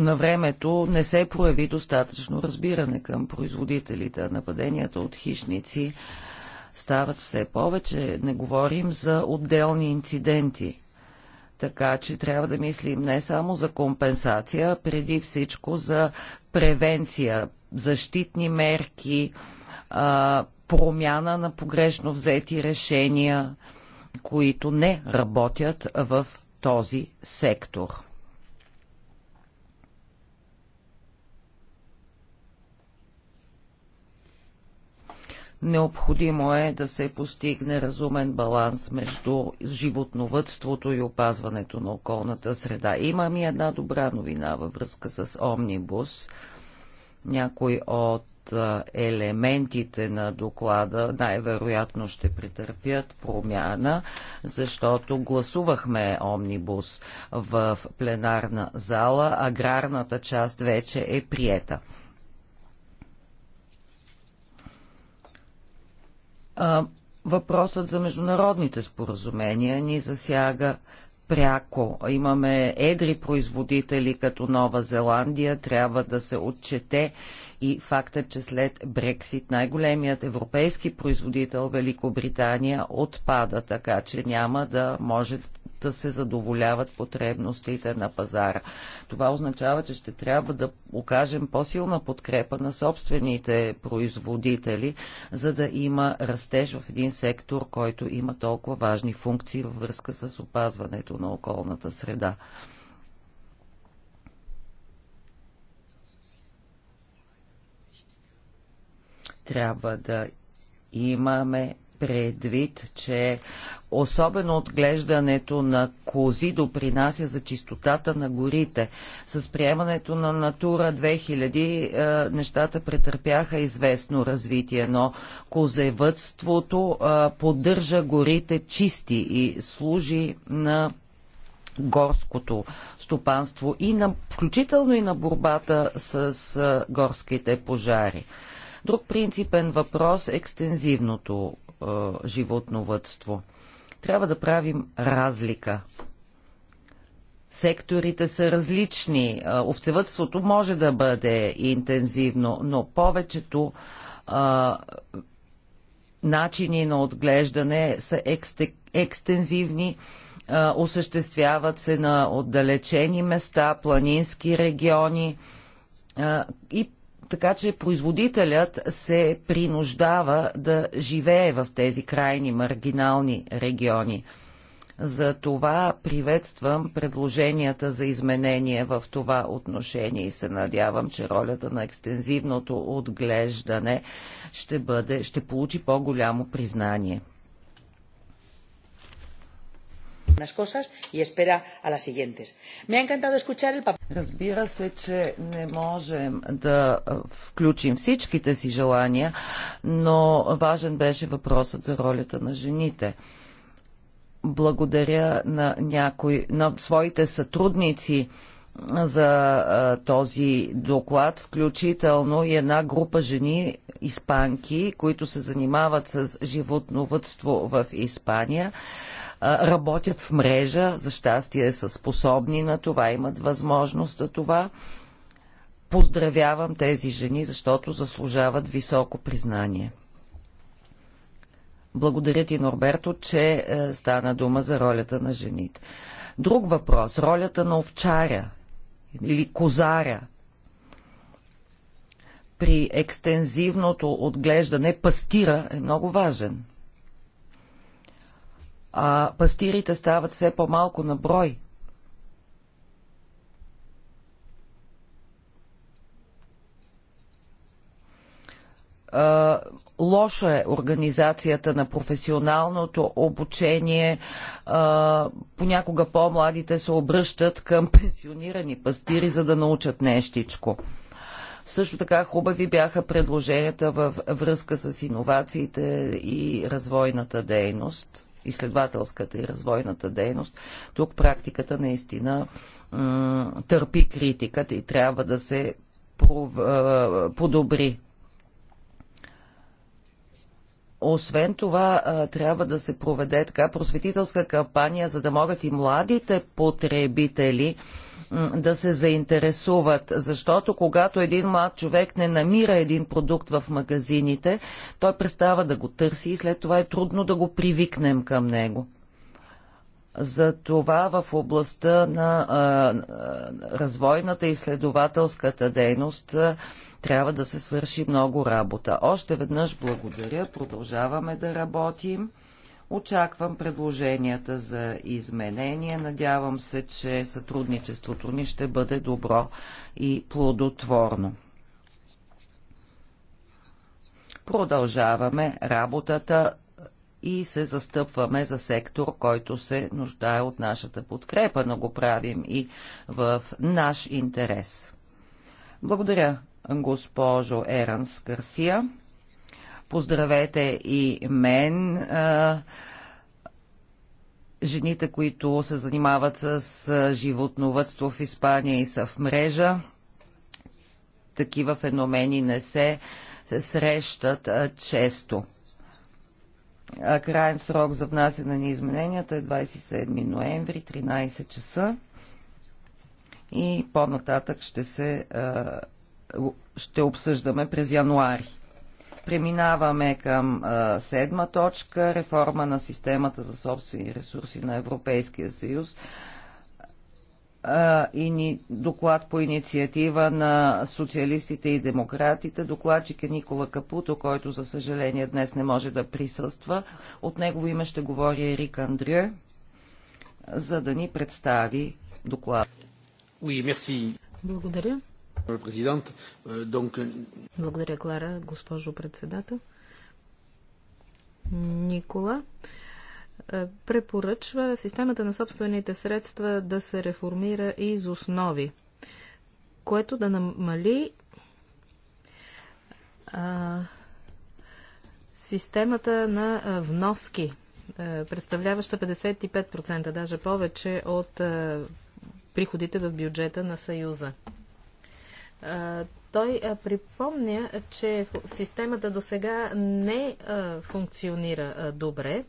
на времето не се прояви достатъчно разбиране към производителите. Нападенията от хищници стават все повече. Не говорим за отделни инциденти. Така че трябва да мислим не само за компенсация, преди всичко за превенция, защитни мерки, промяна на погрешно взети решения, които не работят в този сектор. Необходимо е да се постигне разумен баланс между животновътството и опазването на околната среда. Имам и една добра новина във връзка с Омнибус. Някой от елементите на доклада най-вероятно ще претърпят промяна, защото гласувахме Омнибус в пленарна зала, аграрната част вече е приета. Въпросът за международните споразумения ни засяга пряко. Имаме едри производители като Нова Зеландия, трябва да се отчете и фактът, че след Брексит най-големият европейски производител Великобритания отпада, така че няма да може да се задоволяват потребностите на пазара. Това означава, че ще трябва да окажем по-силна подкрепа на собствените производители, за да има растеж в един сектор, който има толкова важни функции във връзка с опазването на околната среда. Трябва да имаме предвид, че особено отглеждането на кози допринася за чистотата на горите. С приемането на Натура 2000 е, нещата претърпяха известно развитие, но козевътството е, поддържа горите чисти и служи на горското стопанство и на, включително и на борбата с е, горските пожари. Друг принципен въпрос е екстензивното е, животновътство. Трябва да правим разлика. Секторите са различни. Е, овцевътството може да бъде интензивно, но повечето а, е, начини на отглеждане са екстек, екстензивни осъществяват се на отдалечени места, планински региони и така че производителят се принуждава да живее в тези крайни маргинални региони. За това приветствам предложенията за изменение в това отношение и се надявам, че ролята на екстензивното отглеждане ще, бъде, ще получи по-голямо признание unas cosas y espera a las siguientes. Me ha encantado escuchar el papel. Разбира се, че не можем да включим всичките си желания, но важен беше въпросът за ролята на жените благодаря на някои, на своите сътрудници за а, този доклад, включително и една група жени испанки, които се занимават с животновътство в Испания работят в мрежа, за щастие са способни на това, имат възможност за това. Поздравявам тези жени, защото заслужават високо признание. Благодаря ти, Норберто, че е, стана дума за ролята на жените. Друг въпрос. Ролята на овчаря или козаря при екстензивното отглеждане пастира е много важен а пастирите стават все по-малко на брой. А, лоша е организацията на професионалното обучение. А, понякога по-младите се обръщат към пенсионирани пастири, за да научат нещичко. Също така хубави бяха предложенията във връзка с иновациите и развойната дейност изследователската и развойната дейност. Тук практиката наистина търпи критиката и трябва да се подобри. Освен това, трябва да се проведе така просветителска кампания, за да могат и младите потребители да се заинтересуват, защото когато един млад човек не намира един продукт в магазините, той престава да го търси и след това е трудно да го привикнем към него. Затова в областта на а, развойната и изследователската дейност а, трябва да се свърши много работа. Още веднъж благодаря. Продължаваме да работим. Очаквам предложенията за изменения. Надявам се, че сътрудничеството ни ще бъде добро и плодотворно. Продължаваме работата и се застъпваме за сектор, който се нуждае от нашата подкрепа, но го правим и в наш интерес. Благодаря, госпожо Еранс Гарсия. Поздравете и мен. Жените, които се занимават с животновътство в Испания и са в мрежа, такива феномени не се срещат често. Крайен срок за внасяне на измененията е 27 ноември, 13 часа. И по-нататък ще се ще обсъждаме през януари. Преминаваме към а, седма точка реформа на системата за собствени ресурси на Европейския съюз а, и ни, доклад по инициатива на социалистите и демократите. Докладчик е Никола Капуто, който за съжаление днес не може да присъства. От негово име ще говори Ерик Андрю, за да ни представи доклад. Oui, merci. Благодаря. Euh, Благодаря, Клара, госпожо председател. Никола е, препоръчва системата на собствените средства да се реформира из основи, което да намали а, системата на а, вноски, а, е, представляваща 55%, даже повече от а, е, приходите в бюджета на Съюза. Той припомня, че системата до сега не функционира добре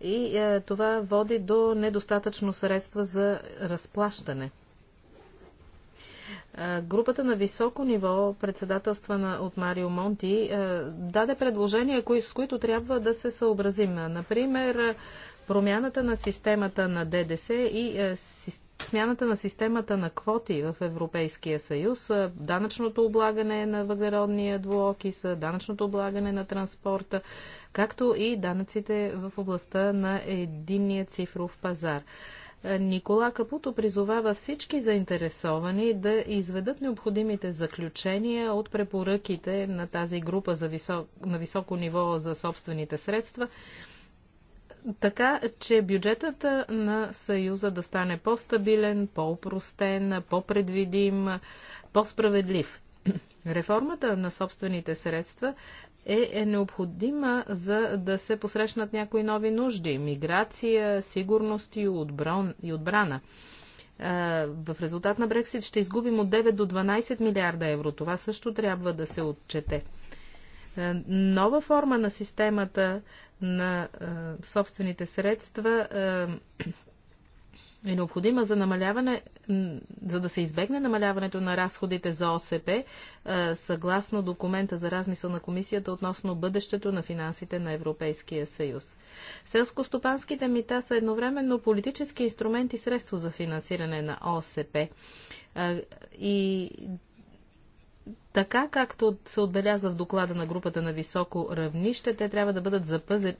и това води до недостатъчно средства за разплащане. Групата на високо ниво, председателствана от Марио Монти, даде предложения, с които трябва да се съобразим. Например, промяната на системата на ДДС и системата смяната на системата на квоти в Европейския съюз, данъчното облагане на въглеродния двуокис, данъчното облагане на транспорта, както и данъците в областта на единния цифров пазар. Никола Капуто призовава всички заинтересовани да изведат необходимите заключения от препоръките на тази група за висок, на високо ниво за собствените средства така че бюджетът на Съюза да стане по-стабилен, по-упростен, по-предвидим, по-справедлив. Реформата на собствените средства е, е необходима за да се посрещнат някои нови нужди – миграция, сигурност и, и отбрана. В резултат на Брексит ще изгубим от 9 до 12 милиарда евро. Това също трябва да се отчете. Е, нова форма на системата на е, собствените средства е, е необходима за намаляване, за да се избегне намаляването на разходите за ОСП, съгласно документа за размисъл на комисията относно бъдещето на финансите на Европейския съюз. Селско-стопанските мита са едновременно политически инструмент и средство за финансиране на ОСП. И така както се отбелязва в доклада на групата на високо равнище, те трябва да бъдат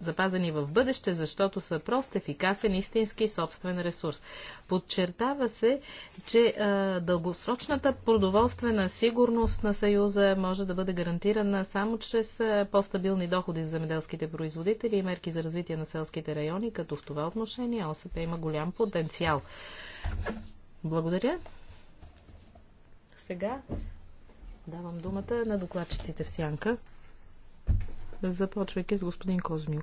запазени в бъдеще, защото са прост, ефикасен, истински собствен ресурс. Подчертава се, че а, дългосрочната продоволствена сигурност на Съюза може да бъде гарантирана само чрез по-стабилни доходи за земеделските производители и мерки за развитие на селските райони, като в това отношение ОСП има голям потенциал. Благодаря. Сега Давам думата на докладчиците в сянка. Започвайки с господин Козмил.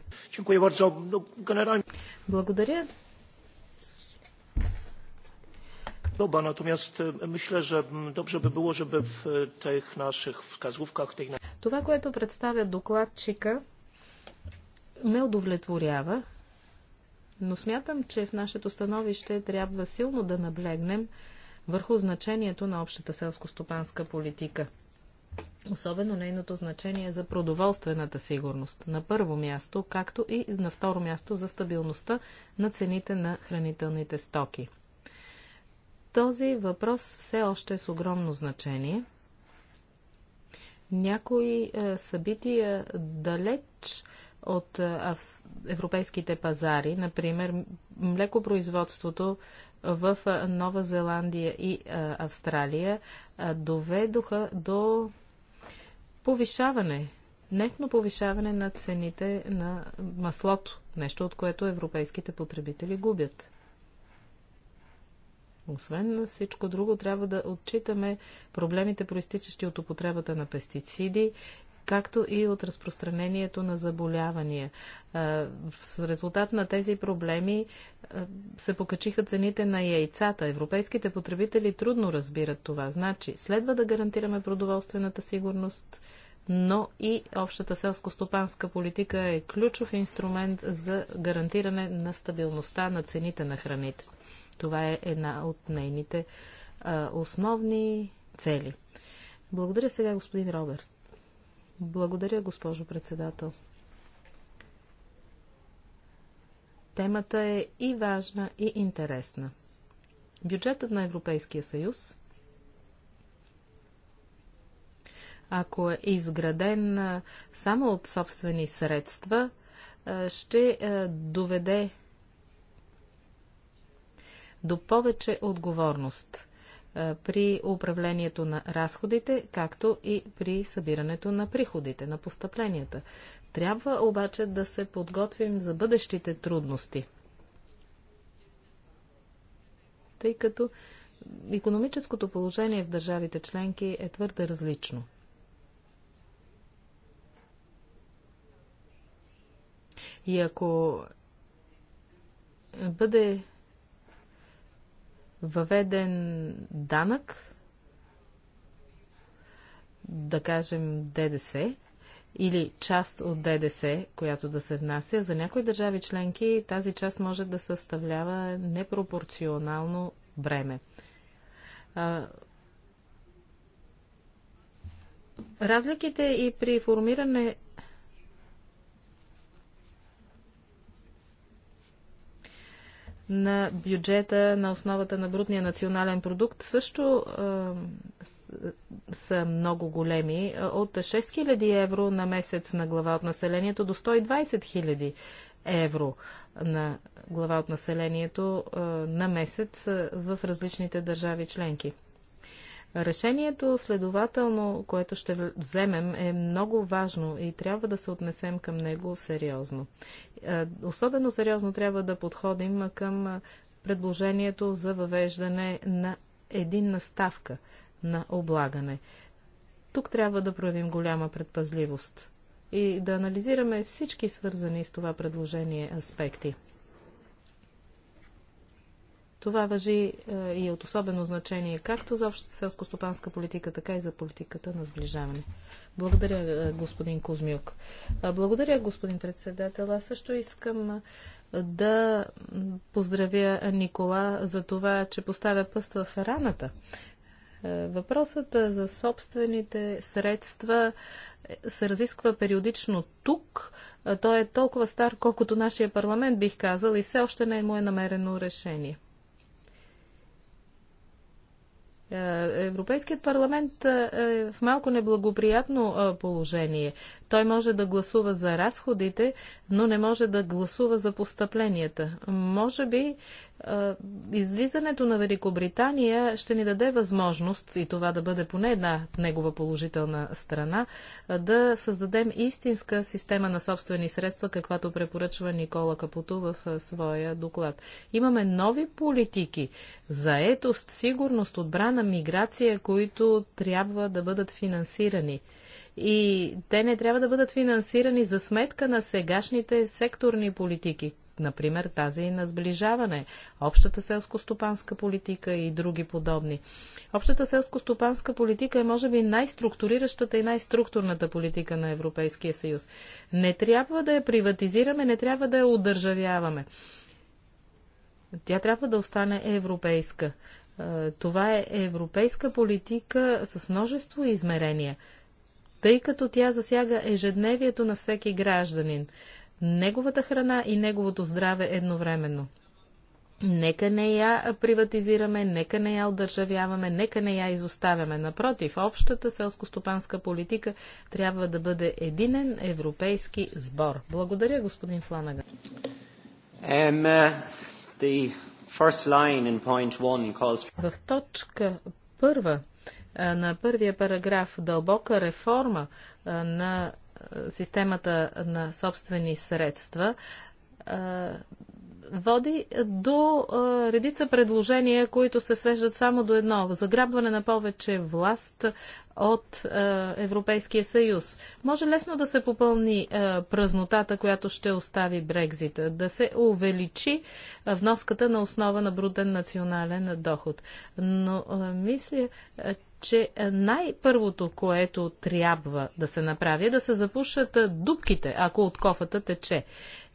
Благодаря. Това, което представя докладчика, ме удовлетворява, но смятам, че в нашето становище трябва силно да наблегнем върху значението на общата селско-стопанска политика. Особено нейното значение за продоволствената сигурност. На първо място, както и на второ място за стабилността на цените на хранителните стоки. Този въпрос все още е с огромно значение. Някои е, събития далеч от е, европейските пазари, например млекопроизводството в Нова Зеландия и Австралия доведоха до повишаване, нетно повишаване на цените на маслото, нещо от което европейските потребители губят. Освен на всичко друго, трябва да отчитаме проблемите, проистичащи от употребата на пестициди както и от разпространението на заболявания. В резултат на тези проблеми се покачиха цените на яйцата. Европейските потребители трудно разбират това. Значи, следва да гарантираме продоволствената сигурност, но и общата селско-стопанска политика е ключов инструмент за гарантиране на стабилността на цените на храните. Това е една от нейните основни цели. Благодаря сега господин Роберт. Благодаря, госпожо председател. Темата е и важна, и интересна. Бюджетът на Европейския съюз, ако е изграден само от собствени средства, ще доведе до повече отговорност при управлението на разходите, както и при събирането на приходите, на постъпленията. Трябва обаче да се подготвим за бъдещите трудности, тъй като економическото положение в държавите членки е твърде различно. И ако бъде въведен данък, да кажем ДДС, или част от ДДС, която да се внася, за някои държави членки тази част може да съставлява непропорционално бреме. Разликите и при формиране на бюджета на основата на брутния национален продукт също е, са много големи. От 6000 евро на месец на глава от населението до 120 000 евро на глава от населението е, на месец е, в различните държави членки. Решението, следователно, което ще вземем, е много важно и трябва да се отнесем към него сериозно. Е, особено сериозно трябва да подходим към е, предложението за въвеждане на единна ставка на облагане. Тук трябва да проявим голяма предпазливост и да анализираме всички свързани с това предложение аспекти. Това въжи е, и е от особено значение както за общата селско-стопанска политика, така и за политиката на сближаване. Благодаря, е, господин Кузмюк. Благодаря, господин председател. Аз също искам да поздравя Никола за това, че поставя пъст в раната. Въпросът за собствените средства се разисква периодично тук. Той е толкова стар, колкото нашия парламент, бих казал, и все още не е му е намерено решение. Е, Европейският парламент е, е в малко неблагоприятно е, положение. Той може да гласува за разходите, но не може да гласува за постъпленията. Може би излизането на Великобритания ще ни даде възможност, и това да бъде поне една негова положителна страна, да създадем истинска система на собствени средства, каквато препоръчва Никола Капуто в своя доклад. Имаме нови политики за етост, сигурност, отбрана, миграция, които трябва да бъдат финансирани. И те не трябва да бъдат финансирани за сметка на сегашните секторни политики, например тази на сближаване, общата селско-стопанска политика и други подобни. Общата селско-стопанска политика е може би най-структуриращата и най-структурната политика на Европейския съюз. Не трябва да я приватизираме, не трябва да я удържавяваме. Тя трябва да остане европейска. Е, това е европейска политика с множество измерения, тъй като тя засяга ежедневието на всеки гражданин неговата храна и неговото здраве едновременно. Нека не я приватизираме, нека не я удържавяваме, нека не я изоставяме. Напротив, общата селско-стопанска политика трябва да бъде единен европейски сбор. Благодаря, господин Фланага. Um, uh, е, the first line in point calls... В точка първа е, на първия параграф дълбока реформа е, на системата на собствени средства води до редица предложения, които се свеждат само до едно заграбване на повече власт от Европейския съюз. Може лесно да се попълни празнотата, която ще остави Брекзита, да се увеличи вноската на основа на бруден национален доход. Но мисля, че е, най-първото, което трябва да се направи, е да се запушат е, дубките, ако от кофата тече.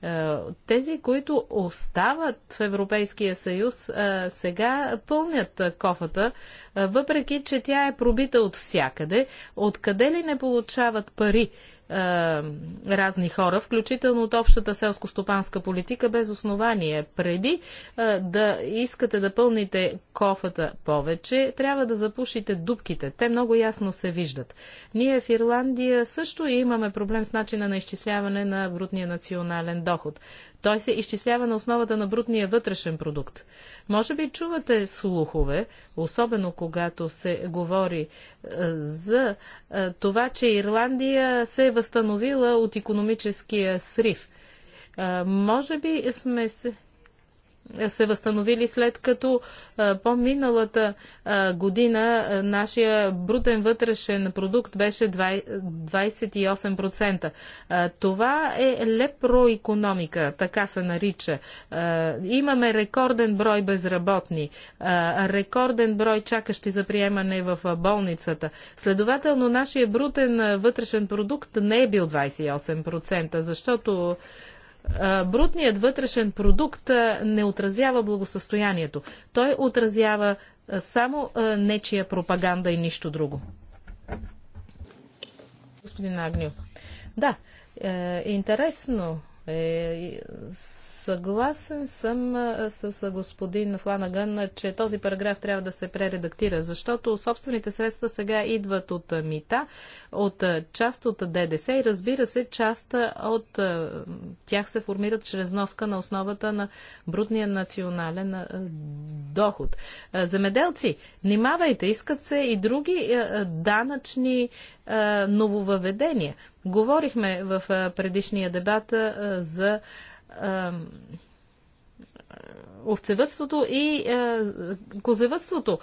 Е, тези, които остават в Европейския съюз, сега пълнят кофата, въпреки че тя е пробита от всякъде, откъде ли не получават пари е, разни хора, включително от общата селско-стопанска политика, без основание. Преди е, да искате да пълните кофата повече, трябва да запушите дубките. Те много ясно се виждат. Ние в Ирландия също имаме проблем с начина на изчисляване на брутния национален доход. Той се изчислява на основата на брутния вътрешен продукт. Може би чувате слухове, особено когато се говори е, за е, това, че Ирландия се е възстановила от економическия срив. Е, може би сме се се възстановили след като по-миналата година нашия брутен вътрешен продукт беше 28%. Това е лепроекономика, така се нарича. Имаме рекорден брой безработни, рекорден брой чакащи за приемане в болницата. Следователно, нашия брутен вътрешен продукт не е бил 28%, защото брутният вътрешен продукт не отразява благосъстоянието. Той отразява само нечия пропаганда и нищо друго. Господин Агню. Да, е, интересно е, Съгласен съм с господин Фланаган, че този параграф трябва да се прередактира, защото собствените средства сега идват от мита, от част от ДДС и разбира се, част от тях се формират чрез носка на основата на брутния национален доход. Земеделци, внимавайте, искат се и други данъчни нововъведения. Говорихме в предишния дебат за овцевътството и козевътството.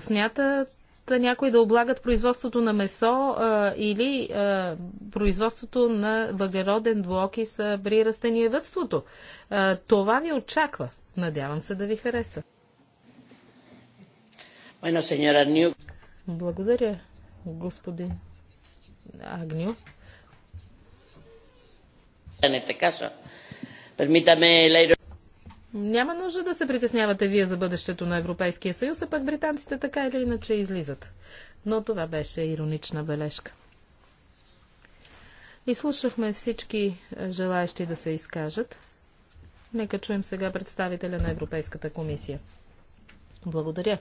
Смятат някои да облагат производството на месо а, или а, производството на въглероден двуокис а, при растениевътството. А, това ви очаква. Надявам се да ви хареса. Благодаря, господин Агню. Няма нужда да се притеснявате вие за бъдещето на Европейския съюз, а пък британците така или иначе излизат. Но това беше иронична бележка. Изслушахме всички желаящи да се изкажат. Нека чуем сега представителя на Европейската комисия. Благодаря.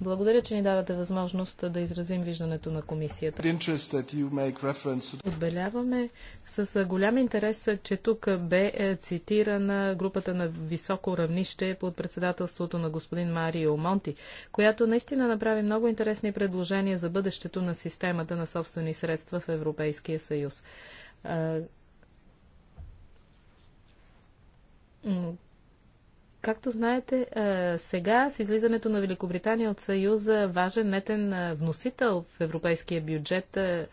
Благодаря, че ни давате възможност да изразим виждането на комисията. Отбеляваме с голям интерес, че тук бе е, цитирана групата на високо равнище под председателството на господин Марио Монти, която наистина направи много интересни предложения за бъдещето на системата на собствени средства в Европейския съюз Както знаете, е, сега с излизането на Великобритания от Съюза важен нетен е, вносител в европейския бюджет е,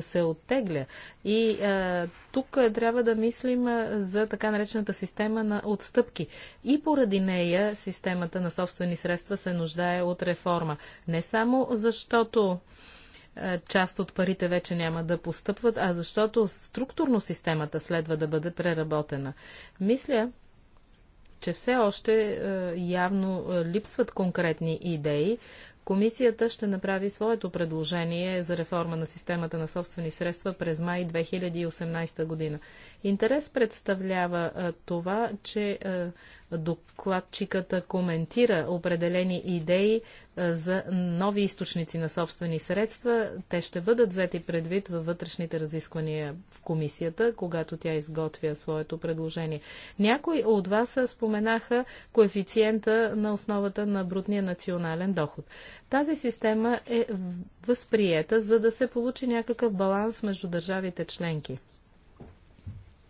се оттегля. И а, тук трябва да мислим за така наречената система на отстъпки. И поради нея системата на собствени средства се нуждае от реформа. Не само защото част от парите вече няма да постъпват, а защото структурно системата следва да бъде преработена. Мисля, че все още е, явно е, липсват конкретни идеи. Комисията ще направи своето предложение за реформа на системата на собствени средства през май 2018 година. Интерес представлява това, че докладчиката коментира определени идеи за нови източници на собствени средства. Те ще бъдат взети предвид във вътрешните разисквания в комисията, когато тя изготвя своето предложение. Някои от вас споменаха коефициента на основата на брутния национален доход. Тази система е възприета, за да се получи някакъв баланс между държавите членки.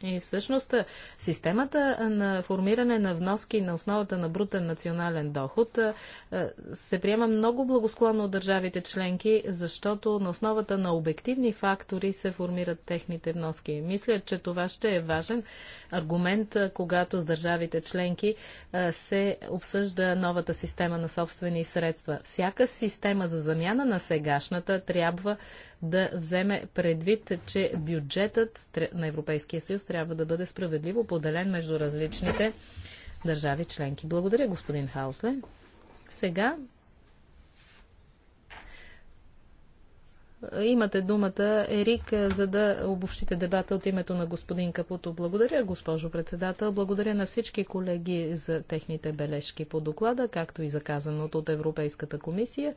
И всъщност системата на формиране на вноски на основата на брутен национален доход се приема много благосклонно от държавите членки, защото на основата на обективни фактори се формират техните вноски. Мисля, че това ще е важен аргумент, когато с държавите членки се обсъжда новата система на собствени средства. Всяка система за замяна на сегашната трябва да вземе предвид, че бюджетът на Европейския съюз трябва да бъде справедливо поделен между различните държави членки. Благодаря, господин Хаусле. Сега е, Имате думата, Ерик, е, за да обобщите дебата от името на господин Капуто. Благодаря, госпожо председател. Благодаря на всички колеги за техните бележки по доклада, както и за от Европейската комисия.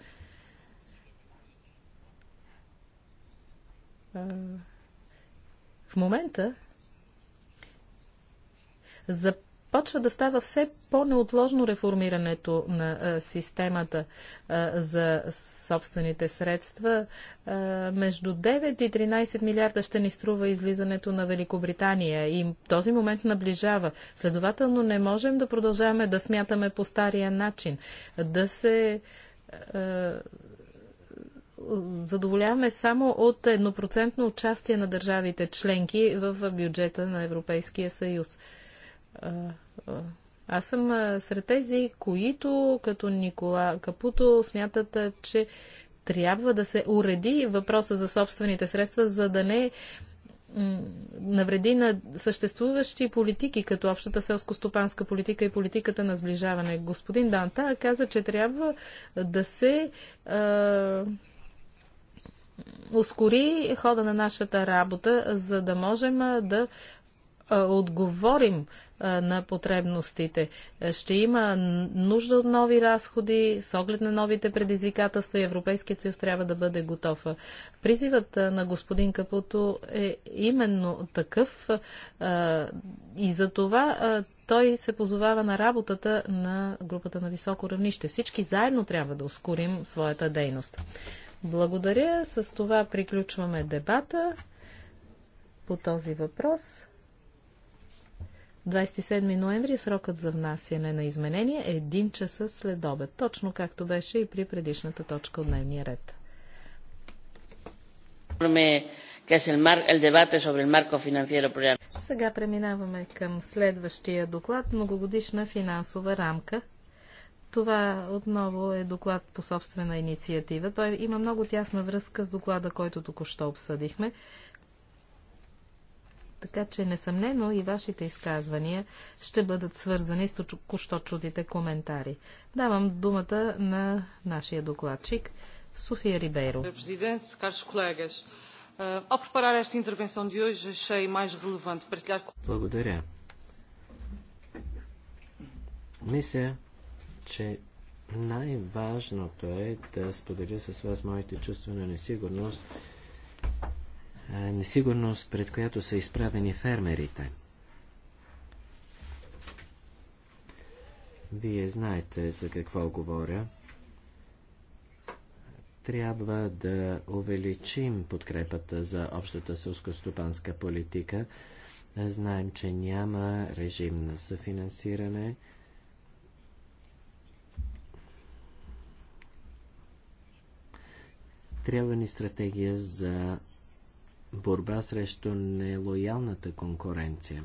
в момента започва да става все по-неотложно реформирането на системата за собствените средства. Между 9 и 13 милиарда ще ни струва излизането на Великобритания и този момент наближава. Следователно не можем да продължаваме да смятаме по стария начин, да се задоволяваме само от еднопроцентно участие на държавите членки в бюджета на Европейския съюз. Аз съм сред тези, които, като Никола Капуто, смятат, че трябва да се уреди въпроса за собствените средства, за да не навреди на съществуващи политики, като общата селско-стопанска политика и политиката на сближаване. Господин Данта каза, че трябва да се а, ускори хода на нашата работа, за да можем да отговорим на потребностите. Ще има нужда от нови разходи, с оглед на новите предизвикателства и Европейският съюз трябва да бъде готов. Призивът на господин Капуто е именно такъв и за това той се позовава на работата на групата на високо равнище. Всички заедно трябва да ускорим своята дейност. Благодаря. С това приключваме дебата по този въпрос. 27 ноември е срокът за внасяне на изменения е 1 часа след обед, точно както беше и при предишната точка от дневния ред. Е Сега преминаваме към следващия доклад – многогодишна финансова рамка – това отново е доклад по собствена инициатива. Той има много тясна връзка с доклада, който току-що обсъдихме. Така че, несъмнено, и вашите изказвания ще бъдат свързани с току-що чудите коментари. Давам думата на нашия докладчик София Рибейро. Eh, Благодаря. Мисля, че най-важното е да споделя с вас моите чувства на несигурност, несигурност, пред която са изправени фермерите. Вие знаете за какво говоря. Трябва да увеличим подкрепата за общата сълско-ступанска политика. Знаем, че няма режим на съфинансиране. Трябва ни стратегия за борба срещу нелоялната конкуренция.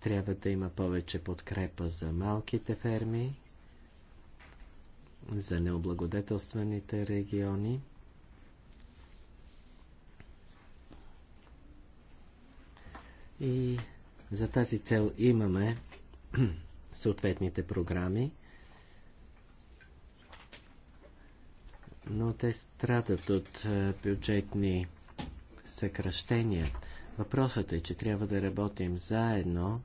Трябва да има повече подкрепа за малките ферми, за необлагодетелстваните региони. И за тази цел имаме съответните програми – но те страдат от е, бюджетни съкръщения. Въпросът е, че трябва да работим заедно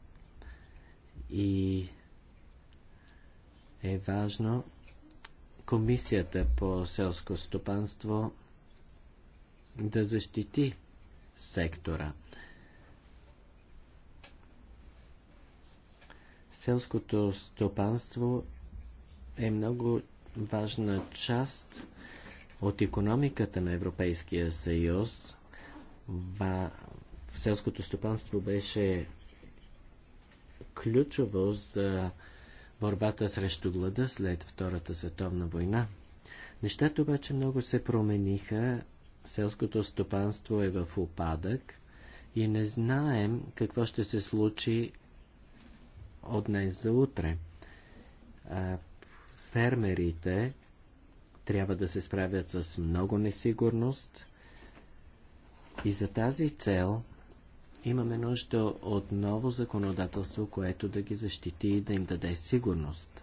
и е важно Комисията по селско стопанство да защити сектора. Селското стопанство е много важна част от економиката на Европейския съюз в селското стопанство беше ключово за борбата срещу глада след Втората световна война. Нещата обаче много се промениха, селското стопанство е в опадък и не знаем какво ще се случи от днес за утре. фермерите трябва да се справят с много несигурност и за тази цел имаме нужда от ново законодателство, което да ги защити и да им даде сигурност.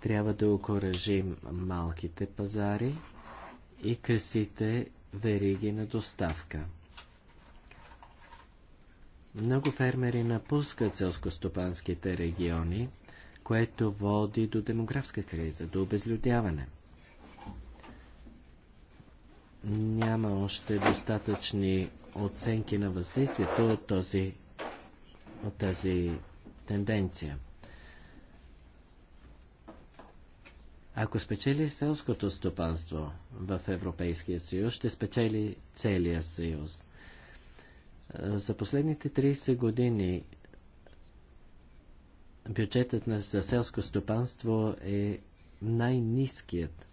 Трябва да окоръжим малките пазари и късите вериги на доставка. Много фермери напускат селскостопанските региони, което води до демографска криза, до обезлюдяване. Няма още достатъчни оценки на въздействието от, този, от тази тенденция. Ако спечели селското стопанство в Европейския съюз, ще спечели целия съюз. Е, за последните 30 години бюджетът на селско стопанство е най-низкият.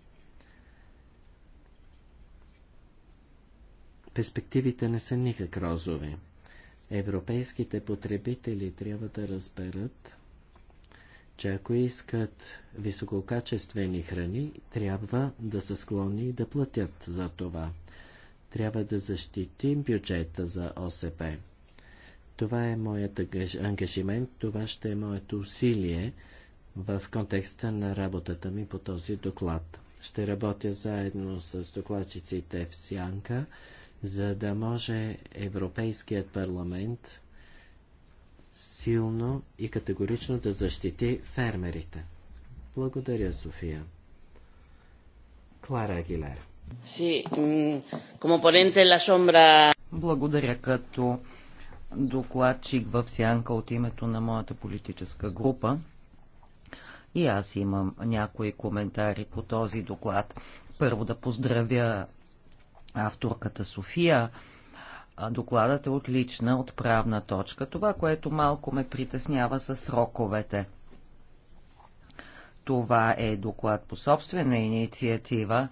Перспективите не са никак розови. Европейските потребители трябва да разберат, че ако искат висококачествени храни, трябва да са склонни да платят за това. Трябва да защитим бюджета за ОСП. Това е моят ангажимент, това ще е моето усилие в контекста на работата ми по този доклад. Ще работя заедно с докладчиците в Сянка, за да може Европейският парламент силно и категорично да защити фермерите. Благодаря, София. Клара Агилера. Благодаря като докладчик в сянка от името на моята политическа група. И аз имам някои коментари по този доклад. Първо да поздравя авторката София. Докладът е отлична от правна точка. Това, което малко ме притеснява са сроковете. Това е доклад по собствена инициатива,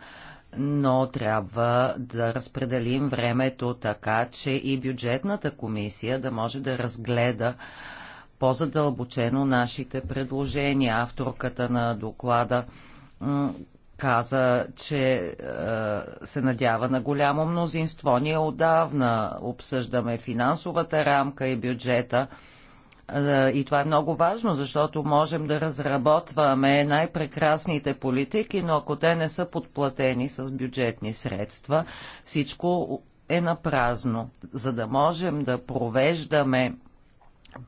но трябва да разпределим времето така, че и бюджетната комисия да може да разгледа по-задълбочено нашите предложения. Авторката на доклада каза, че е, се надява на голямо мнозинство. Ние отдавна обсъждаме финансовата рамка и бюджета. Е, и това е много важно, защото можем да разработваме най-прекрасните политики, но ако те не са подплатени с бюджетни средства, всичко е на празно. За да можем да провеждаме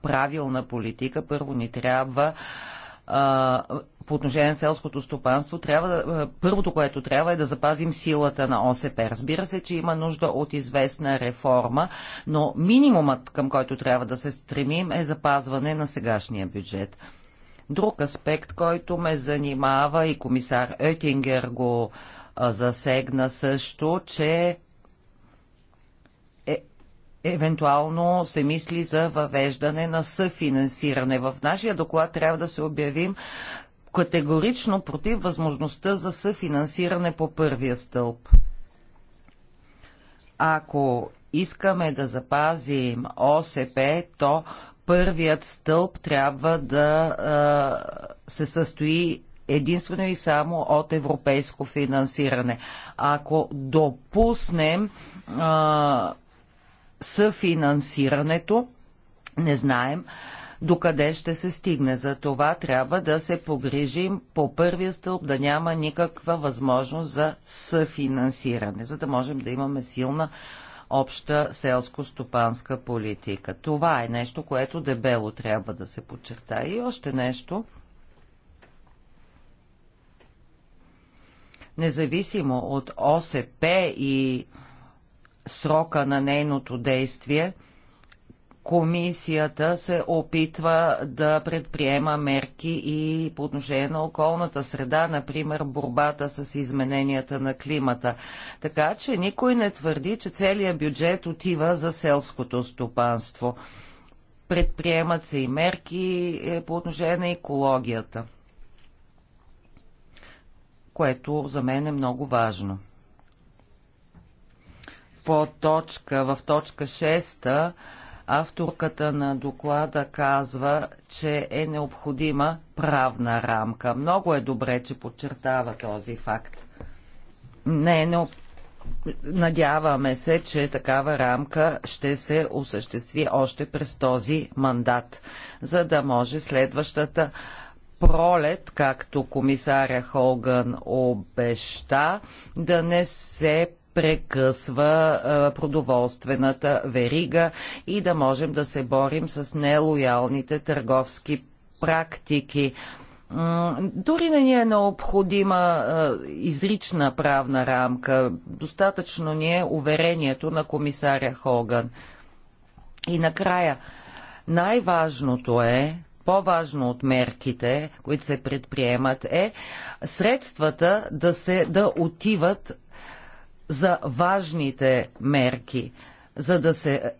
правилна политика, първо ни трябва по отношение на селското стопанство, трябва, първото, което трябва е да запазим силата на ОСП. Разбира се, че има нужда от известна реформа, но минимумът, към който трябва да се стремим, е запазване на сегашния бюджет. Друг аспект, който ме занимава и комисар Етингер го засегна също, че евентуално се мисли за въвеждане на съфинансиране. В нашия доклад трябва да се обявим категорично против възможността за съфинансиране по първия стълб. Ако искаме да запазим ОСП, то първият стълб трябва да а, се състои единствено и само от европейско финансиране. Ако допуснем а, съфинансирането. Не знаем докъде ще се стигне. За това трябва да се погрижим по първия стълб да няма никаква възможност за съфинансиране, за да можем да имаме силна обща селско-стопанска политика. Това е нещо, което дебело трябва да се подчертае. И още нещо. Независимо от ОСП и срока на нейното действие, комисията се опитва да предприема мерки и по отношение на околната среда, например борбата с измененията на климата. Така че никой не твърди, че целият бюджет отива за селското стопанство. Предприемат се и мерки е, по отношение на екологията, което за мен е много важно по точка, в точка 6 авторката на доклада казва, че е необходима правна рамка. Много е добре, че подчертава този факт. Не е необ... Надяваме се, че такава рамка ще се осъществи още през този мандат, за да може следващата пролет, както комисаря Холган обеща, да не се прекъсва продоволствената верига и да можем да се борим с нелоялните търговски практики. Дори не ни е необходима изрична правна рамка. Достатъчно ни е уверението на комисаря Хоган. И накрая, най-важното е, по-важно от мерките, които се предприемат, е средствата да, се, да отиват за важните мерки, за да, се,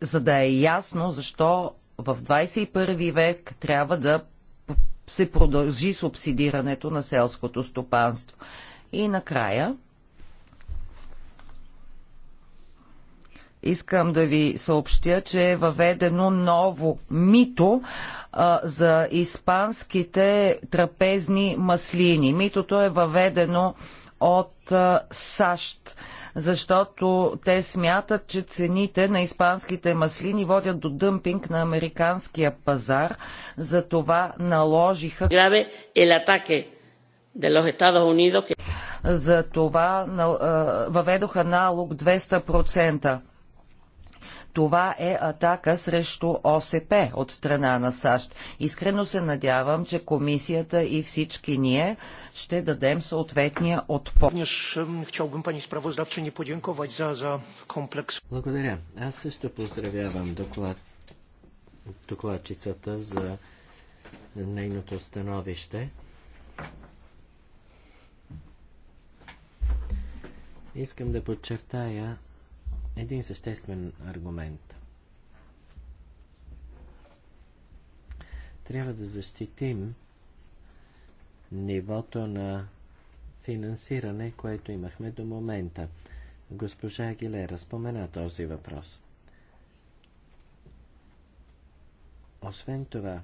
за да е ясно защо в 21 век трябва да се продължи субсидирането на селското стопанство. И накрая искам да ви съобщя, че е въведено ново мито а, за испанските трапезни маслини. Митото е въведено от САЩ, защото те смятат, че цените на испанските маслини водят до дъмпинг на американския пазар, затова наложиха за това въведоха налог 200%. Това е атака срещу ОСП от страна на САЩ. Искрено се надявам, че комисията и всички ние ще дадем съответния отпор. Благодаря. Аз също поздравявам доклад, докладчицата за нейното становище. Искам да подчертая, един съществен аргумент. Трябва да защитим нивото на финансиране, което имахме до момента. Госпожа Агилера спомена този въпрос. Освен това,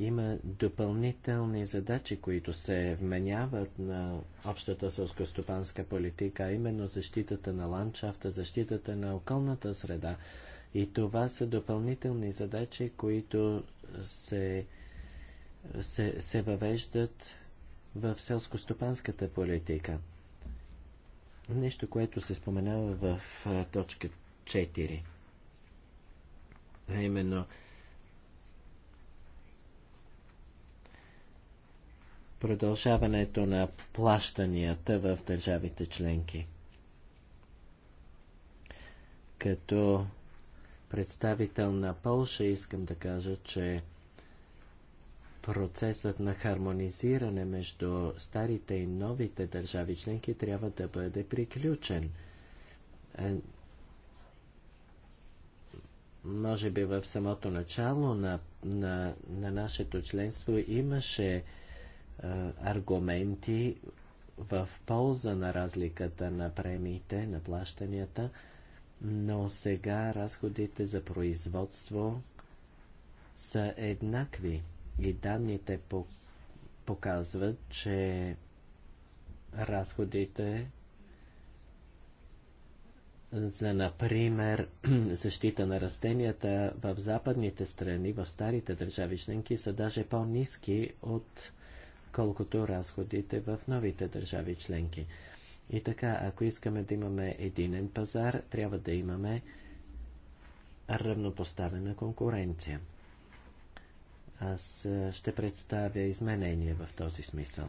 има допълнителни задачи, които се вменяват на общата селскостопанска политика, именно защитата на ландшафта, защитата на околната среда. И това са допълнителни задачи, които се, се, се въвеждат в селскостопанската политика. Нещо, което се споменава в точка 4. А именно продължаването на плащанията в държавите членки. Като представител на Полша искам да кажа, че процесът на хармонизиране между старите и новите държави членки трябва да бъде приключен. Е, може би в самото начало на, на, на нашето членство имаше е, аргументи в полза на разликата на премиите, на плащанията, но сега разходите за производство са еднакви и данните показват, че разходите за, например, защита на растенията в западните страни, в старите държави членки, са даже по-низки от колкото разходите в новите държави членки. И така, ако искаме да имаме единен пазар, трябва да имаме равнопоставена конкуренция. Аз ще представя изменения в този смисъл.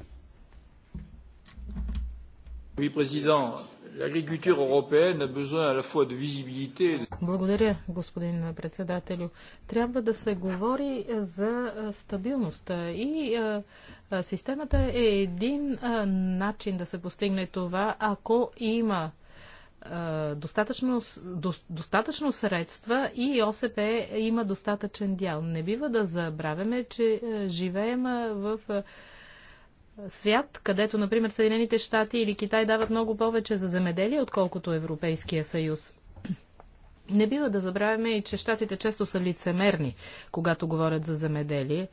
Благодаря, господин председателю. Трябва да се говори за стабилността и Системата е един начин да се постигне това, ако има достатъчно, до, достатъчно средства и ОСП има достатъчен дял. Не бива да забравяме, че живеем в свят, където, например, Съединените щати или Китай дават много повече за земеделие, отколкото Европейския съюз. Не бива да забравяме и, че щатите често са лицемерни, когато говорят за земеделие.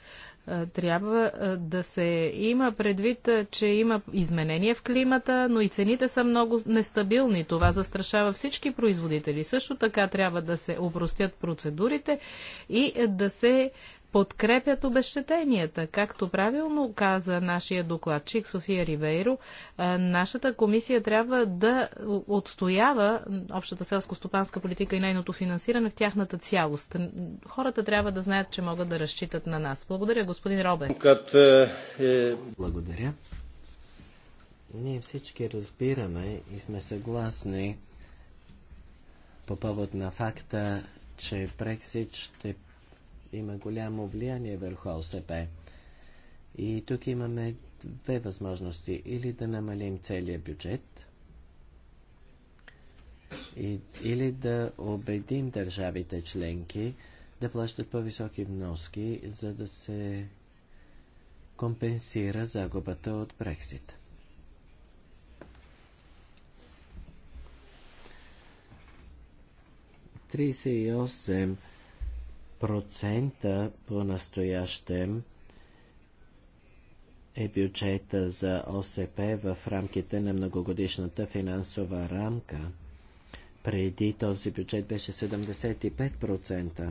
Е, трябва е, да се има предвид, е, че има изменения в климата, но и цените са много нестабилни. Това застрашава всички производители. Също така трябва да се опростят процедурите и да се подкрепят обещетенията. Както правилно каза нашия докладчик София Ривейро, нашата комисия трябва да отстоява общата селско-стопанска политика и нейното финансиране в тяхната цялост. Хората трябва да знаят, че могат да разчитат на нас. Благодаря, господин Робе. Е, е, Благодаря. Ние всички разбираме и сме съгласни по повод на факта, че Брексит ще има голямо влияние върху ОСП. И тук имаме две възможности. Или да намалим целият бюджет, и, или да убедим държавите членки да плащат по-високи вноски, за да се компенсира загубата от Брексит. Тридесет процента по-настоящем е бюджета за ОСП в рамките на многогодишната финансова рамка. Преди този бюджет беше 75%.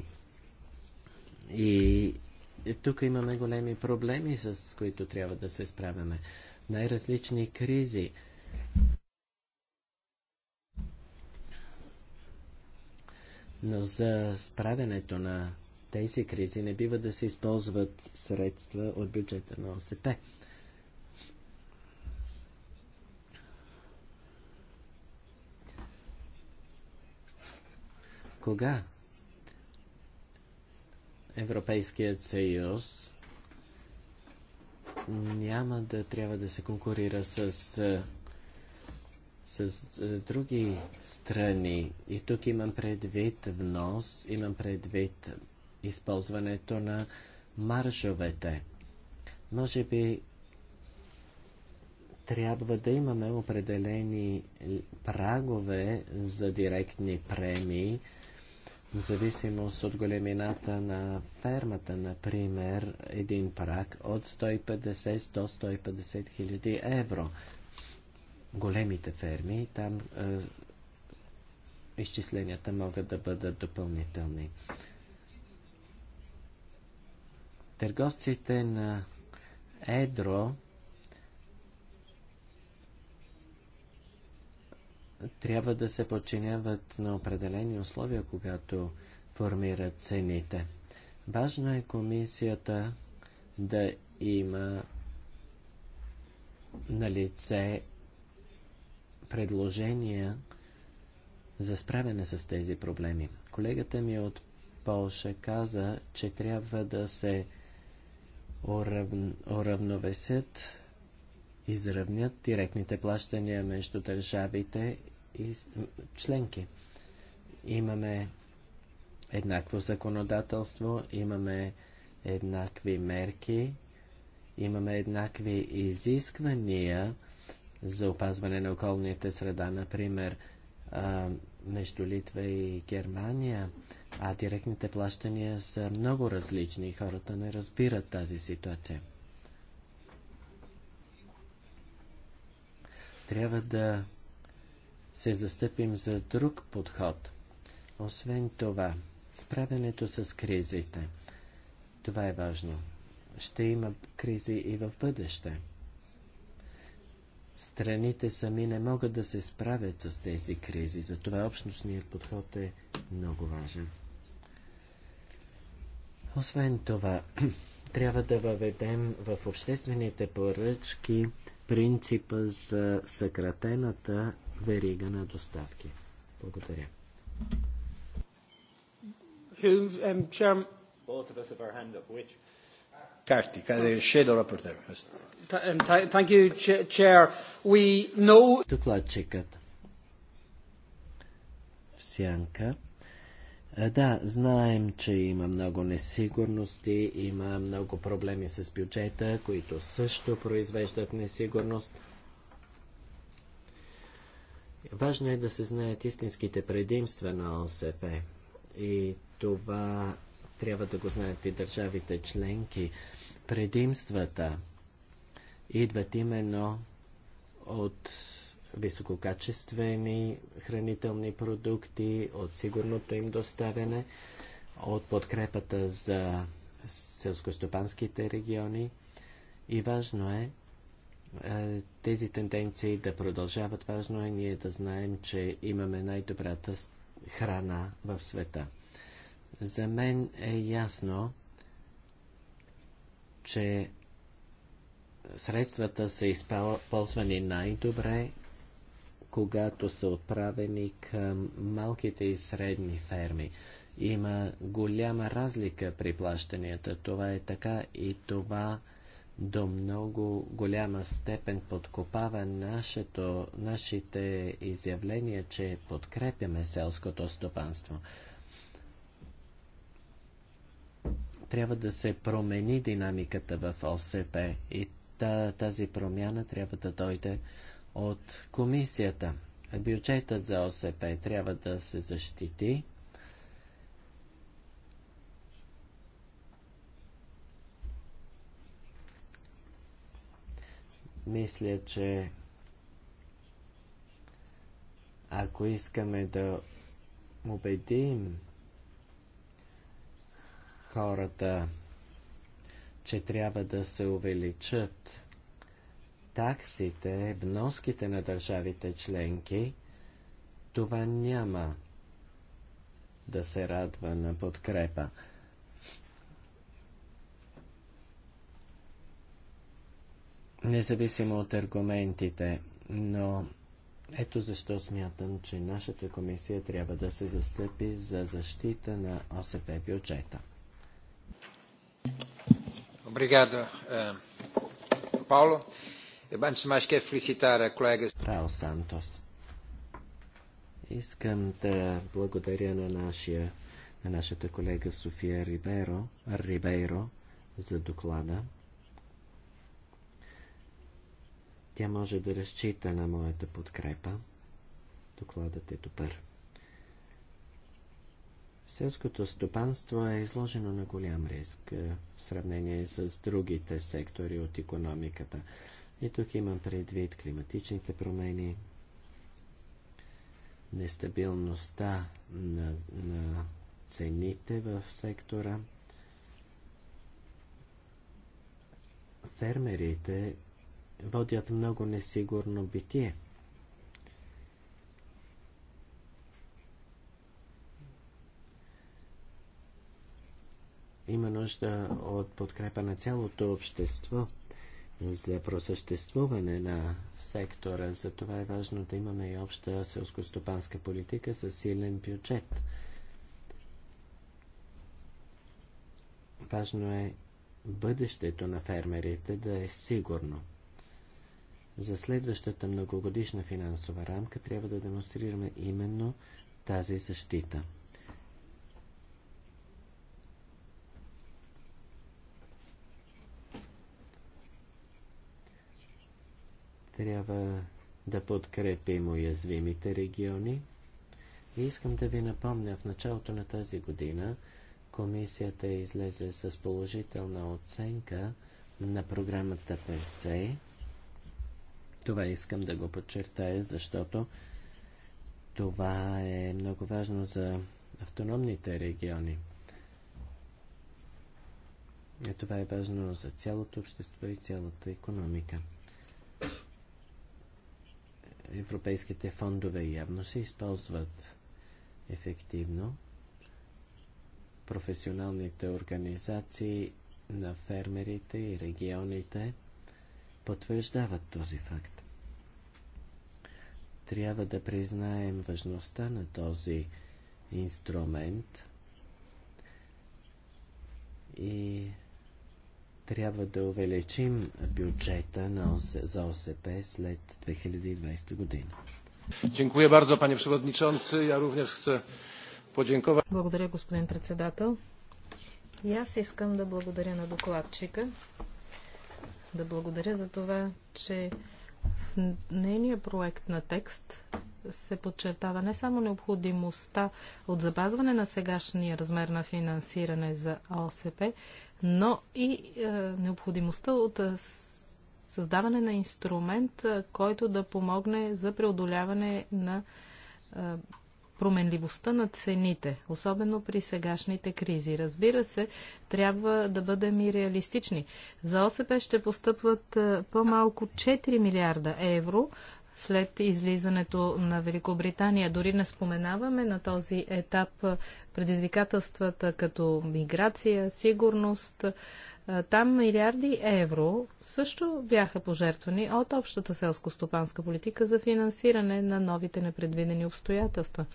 И тук имаме големи проблеми, с които трябва да се справяме. Най-различни кризи. Но за справянето на тези кризи не бива да се използват средства от бюджета на ОСП. Кога Европейският съюз няма да трябва да се конкурира с с е, други страни. И тук имам предвид внос, имам предвид използването на маржовете. Може би трябва да имаме определени прагове за директни премии, в зависимост от големината на фермата, например, един праг от 150 150 хиляди евро големите ферми, там е, изчисленията могат да бъдат допълнителни. Търговците на Едро трябва да се подчиняват на определени условия, когато формират цените. Важно е комисията да има на лице предложения за справяне с тези проблеми. Колегата ми от Полша каза, че трябва да се урав... уравновесят, изравнят директните плащания между държавите и членки. Имаме еднакво законодателство, имаме еднакви мерки, имаме еднакви изисквания за опазване на околните среда, например, между Литва и Германия, а директните плащания са много различни и хората не разбират тази ситуация. Трябва да се застъпим за друг подход. Освен това, справянето с кризите. Това е важно. Ще има кризи и в бъдеще страните сами не могат да се справят с тези кризи. Затова общностният подход е много важен. Освен това, трябва да въведем в обществените поръчки принципа за съкратената верига на доставки. Благодаря. Who, um, Carty, rapporteur. Um, thank you, Chair. We know... сянка. Е, да, знаем, че има много несигурности, има много проблеми с бюджета, които също произвеждат несигурност. Важно е да се знаят истинските предимства на ОСП. И това трябва да го знаят и държавите членки. Предимствата идват именно от висококачествени хранителни продукти, от сигурното им доставяне, от подкрепата за селскостопанските региони. И важно е, е тези тенденции да продължават. Важно е ние да знаем, че имаме най-добрата храна в света. За мен е ясно, че средствата са използвани най-добре, когато са отправени към малките и средни ферми. Има голяма разлика при плащанията. Това е така и това до много голяма степен подкопава нашето, нашите изявления, че подкрепяме селското стопанство. трябва да се промени динамиката в ОСП и тази промяна трябва да дойде от комисията. Бюджетът за ОСП трябва да се защити. Мисля, че ако искаме да убедим хората, че трябва да се увеличат таксите, вноските на държавите членки, това няма да се радва на подкрепа. Независимо от аргументите, но ето защо смятам, че нашата комисия трябва да се застъпи за защита на ОСП бюджета. Obrigado, eh, Paulo. Antes de mais, quero felicitar a colega... Сантос. Искам да благодаря на, нашия, на нашата колега София Рибейро, Рибейро за доклада. Тя може да разчита на моята подкрепа. Докладът е добър. Селското стопанство е изложено на голям риск е, в сравнение с другите сектори от економиката. И тук имам предвид климатичните промени, нестабилността на, на цените в сектора. Фермерите водят много несигурно битие – има нужда от подкрепа на цялото общество за просъществуване на сектора. Затова е важно да имаме и обща селскостопанска политика с силен бюджет. Важно е бъдещето на фермерите да е сигурно. За следващата многогодишна финансова рамка трябва да демонстрираме именно тази защита. Трябва да подкрепим уязвимите региони. И искам да ви напомня, в началото на тази година комисията излезе с положителна оценка на програмата Персей. Това искам да го подчертая, защото това е много важно за автономните региони. И това е важно за цялото общество и цялата економика европейските фондове явно се използват ефективно. Професионалните организации на фермерите и регионите потвърждават този факт. Трябва да признаем важността на този инструмент и трябва да увеличим бюджета на ОС, за ОСП след 2020 година. Dziękuję bardzo, panie przewodniczący. Ja również chcę podziękować. Благодаря, господин председател. И аз искам да благодаря на докладчика. Да благодаря за това, че в нейния проект на текст се подчертава не само необходимостта от запазване на сегашния размер на финансиране за ОСП, но и е, необходимостта от е, създаване на инструмент, е, който да помогне за преодоляване на е, променливостта на цените, особено при сегашните кризи. Разбира се, трябва да бъдем и реалистични. За ОСП ще постъпват е, по-малко 4 милиарда евро, след излизането на Великобритания. Дори не споменаваме на този етап предизвикателствата като миграция, сигурност. Там милиарди евро също бяха пожертвани от общата селско-стопанска политика за финансиране на новите непредвидени обстоятелства.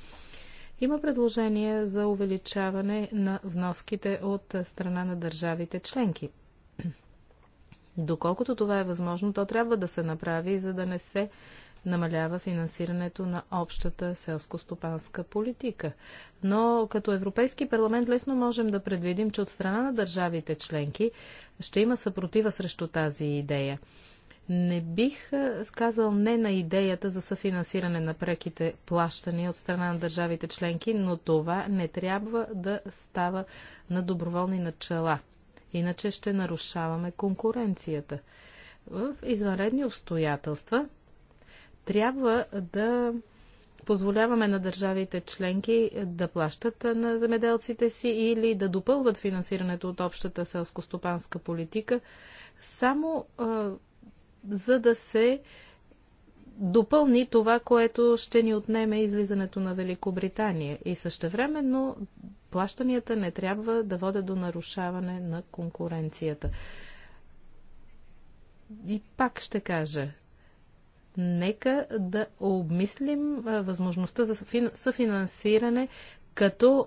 Има предложение за увеличаване на вноските от страна на държавите членки. Доколкото това е възможно, то трябва да се направи, за да не се намалява финансирането на общата селско-стопанска политика. Но като Европейски парламент лесно можем да предвидим, че от страна на държавите членки ще има съпротива срещу тази идея. Не бих казал не на идеята за съфинансиране на преките плащания от страна на държавите членки, но това не трябва да става на доброволни начала. Иначе ще нарушаваме конкуренцията. В извънредни обстоятелства трябва да позволяваме на държавите членки да плащат на земеделците си или да допълват финансирането от общата селскостопанска политика, само а, за да се допълни това, което ще ни отнеме излизането на Великобритания. И същевременно плащанията не трябва да водят до нарушаване на конкуренцията. И пак ще кажа, нека да обмислим възможността за съфинансиране като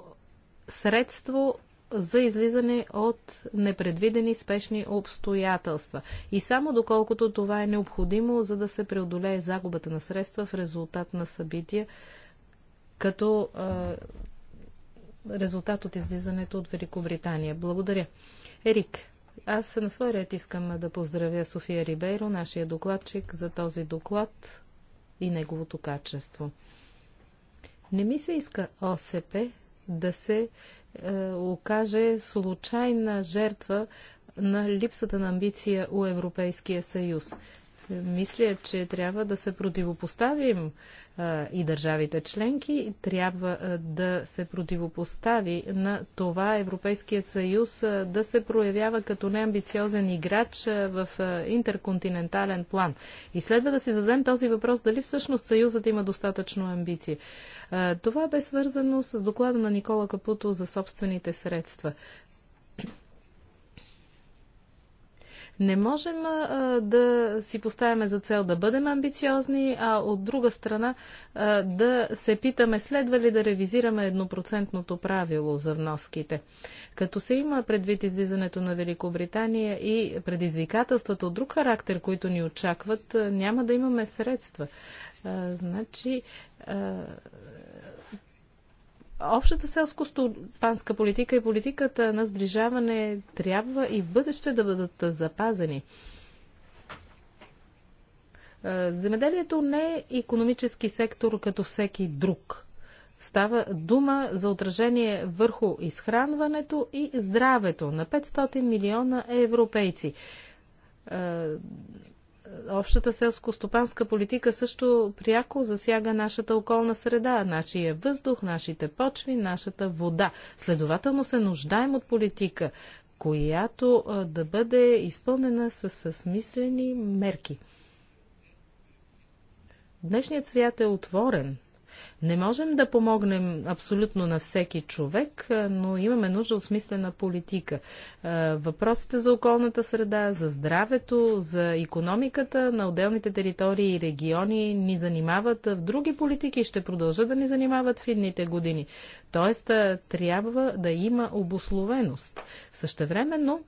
средство за излизане от непредвидени спешни обстоятелства. И само доколкото това е необходимо, за да се преодолее загубата на средства в резултат на събития, като е, резултат от излизането от Великобритания. Благодаря. Ерик. Аз на свой ред искам да поздравя София Рибейро, нашия докладчик, за този доклад и неговото качество. Не ми се иска ОСП да се е, окаже случайна жертва на липсата на амбиция у Европейския съюз. Мисля, че трябва да се противопоставим и държавите членки трябва да се противопостави на това Европейският съюз да се проявява като неамбициозен играч в интерконтинентален план. И следва да си зададем този въпрос дали всъщност съюзът има достатъчно амбиции. Това бе свързано с доклада на Никола Капуто за собствените средства. Не можем а, да си поставяме за цел да бъдем амбициозни, а от друга страна а, да се питаме следва ли да ревизираме еднопроцентното правило за вноските. Като се има предвид излизането на Великобритания и предизвикателствата от друг характер, които ни очакват, няма да имаме средства. А, значи, Общата селско-стопанска политика и политиката на сближаване трябва и в бъдеще да бъдат запазени. Е, земеделието не е економически сектор като всеки друг. Става дума за отражение върху изхранването и здравето на 500 милиона европейци. Е, Общата селско-стопанска политика също пряко засяга нашата околна среда, нашия въздух, нашите почви, нашата вода. Следователно се нуждаем от политика, която да бъде изпълнена с смислени мерки. Днешният свят е отворен не можем да помогнем абсолютно на всеки човек, но имаме нужда от смислена политика. Въпросите за околната среда, за здравето, за економиката на отделните територии и региони ни занимават в други политики и ще продължат да ни занимават в едните години. Тоест, трябва да има обословеност. Същевременно,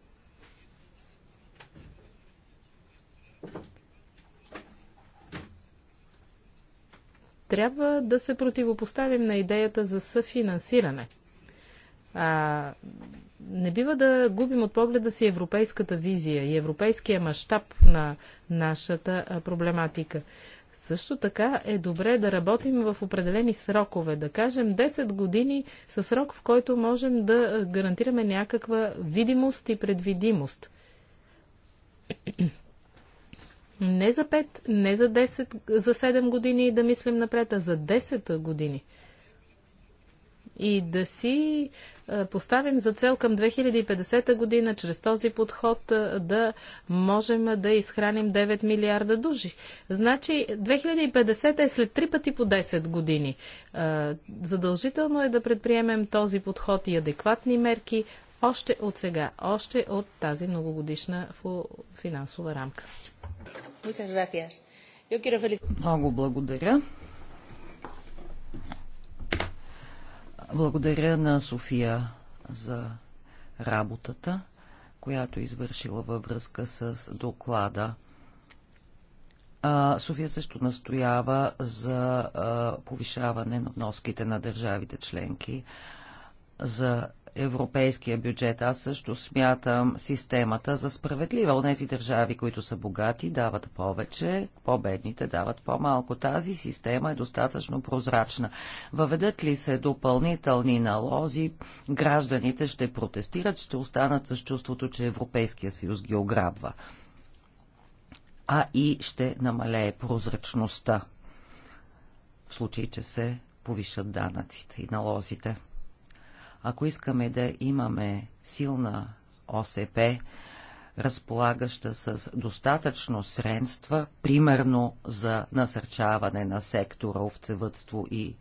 Трябва да се противопоставим на идеята за съфинансиране. А, не бива да губим от погледа си европейската визия и европейския мащаб на нашата проблематика. Също така е добре да работим в определени срокове, да кажем 10 години са срок, в който можем да гарантираме някаква видимост и предвидимост. Не за 5, не за 10, за 7 години да мислим напред, а за 10 години. И да си поставим за цел към 2050 година, чрез този подход да можем да изхраним 9 милиарда души. Значи 2050 е след 3 пъти по 10 години. Задължително е да предприемем този подход и адекватни мерки още от сега, още от тази многогодишна финансова рамка. Много благодаря. Благодаря на София за работата, която е извършила във връзка с доклада. София също настоява за повишаване на вноските на държавите членки за европейския бюджет. Аз също смятам системата за справедлива. Онези държави, които са богати, дават повече, по-бедните дават по-малко. Тази система е достатъчно прозрачна. Въведат ли се допълнителни налози, гражданите ще протестират, ще останат с чувството, че Европейския съюз ги ограбва. А и ще намалее прозрачността в случай, че се повишат данъците и налозите. Ако искаме да имаме силна ОСП, разполагаща с достатъчно средства, примерно за насърчаване на сектора овцевътство и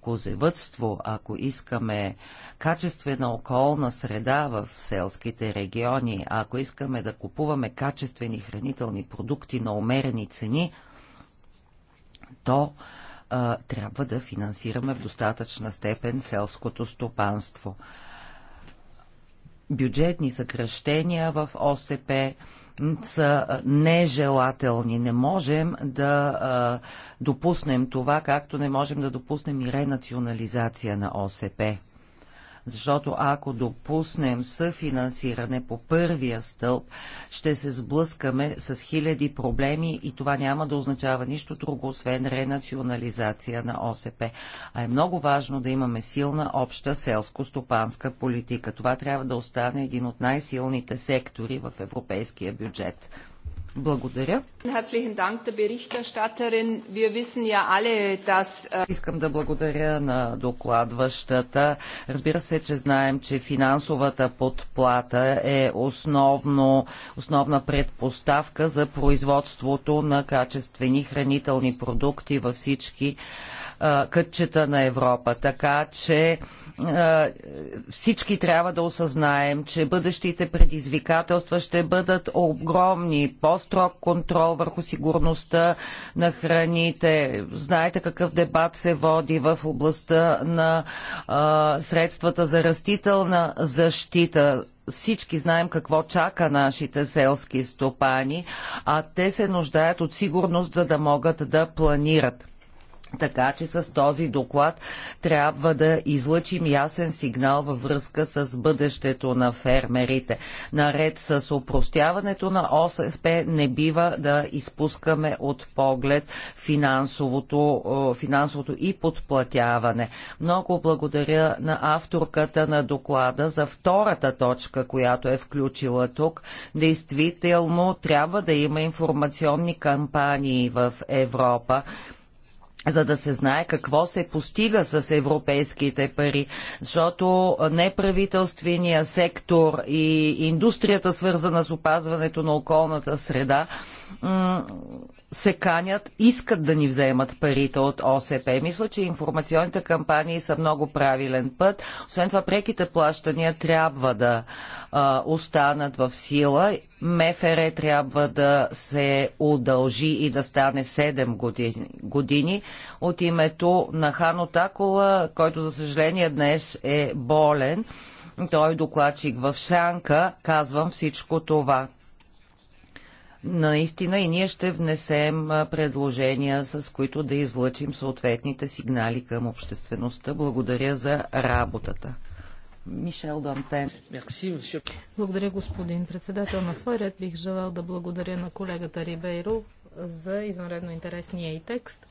козевътство, ако искаме качествена околна среда в селските региони, ако искаме да купуваме качествени хранителни продукти на умерени цени, то а, трябва да финансираме в достатъчна степен селското стопанство. Бюджетни съкръщения в ОСП са нежелателни. Не можем да а, допуснем това, както не можем да допуснем и ренационализация на ОСП. Защото ако допуснем съфинансиране по първия стълб, ще се сблъскаме с хиляди проблеми и това няма да означава нищо друго, освен ренационализация на ОСП. А е много важно да имаме силна обща селско-стопанска политика. Това трябва да остане един от най-силните сектори в европейския бюджет. Благодаря. Äh, Искам да благодаря на докладващата. Разбира се, че знаем, че финансовата подплата е основно, основна предпоставка за производството на качествени хранителни продукти във всички кътчета на Европа. Така че всички трябва да осъзнаем, че бъдещите предизвикателства ще бъдат огромни. По-строг контрол върху сигурността на храните. Знаете какъв дебат се води в областта на средствата за растителна защита всички знаем какво чака нашите селски стопани, а те се нуждаят от сигурност, за да могат да планират. Така че с този доклад трябва да излъчим ясен сигнал във връзка с бъдещето на фермерите. Наред с опростяването на ОСП не бива да изпускаме от поглед финансовото, финансовото и подплатяване. Много благодаря на авторката на доклада за втората точка, която е включила тук. Действително трябва да има информационни кампании в Европа за да се знае какво се постига с европейските пари, защото неправителствения сектор и индустрията, свързана с опазването на околната среда, се канят, искат да ни вземат парите от ОСП. Мисля, че информационните кампании са много правилен път. Освен това, преките плащания трябва да а, останат в сила. МФР трябва да се удължи и да стане 7 години, години от името на Хано Такола, който за съжаление днес е болен. Той е докладчик в Шанка. Казвам всичко това наистина и ние ще внесем предложения, с които да излъчим съответните сигнали към обществеността. Благодаря за работата. Мишел Дантен. Благодаря, господин председател. На свой ред бих желал да благодаря на колегата Рибейро за извънредно интересния и текст.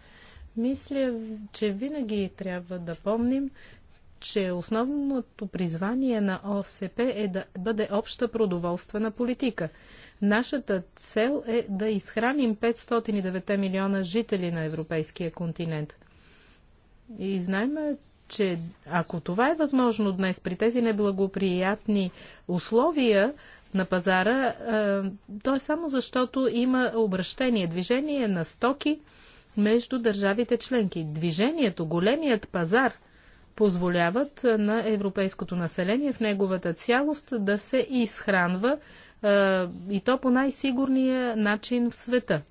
Мисля, че винаги трябва да помним, че основното призвание на ОСП е да бъде обща продоволствена политика – Нашата цел е да изхраним 509 милиона жители на европейския континент. И знаем, че ако това е възможно днес при тези неблагоприятни условия на пазара, е, то е само защото има обращение, движение на стоки между държавите членки. Движението, големият пазар позволяват на европейското население в неговата цялост да се изхранва и то по най-сигурния начин в света.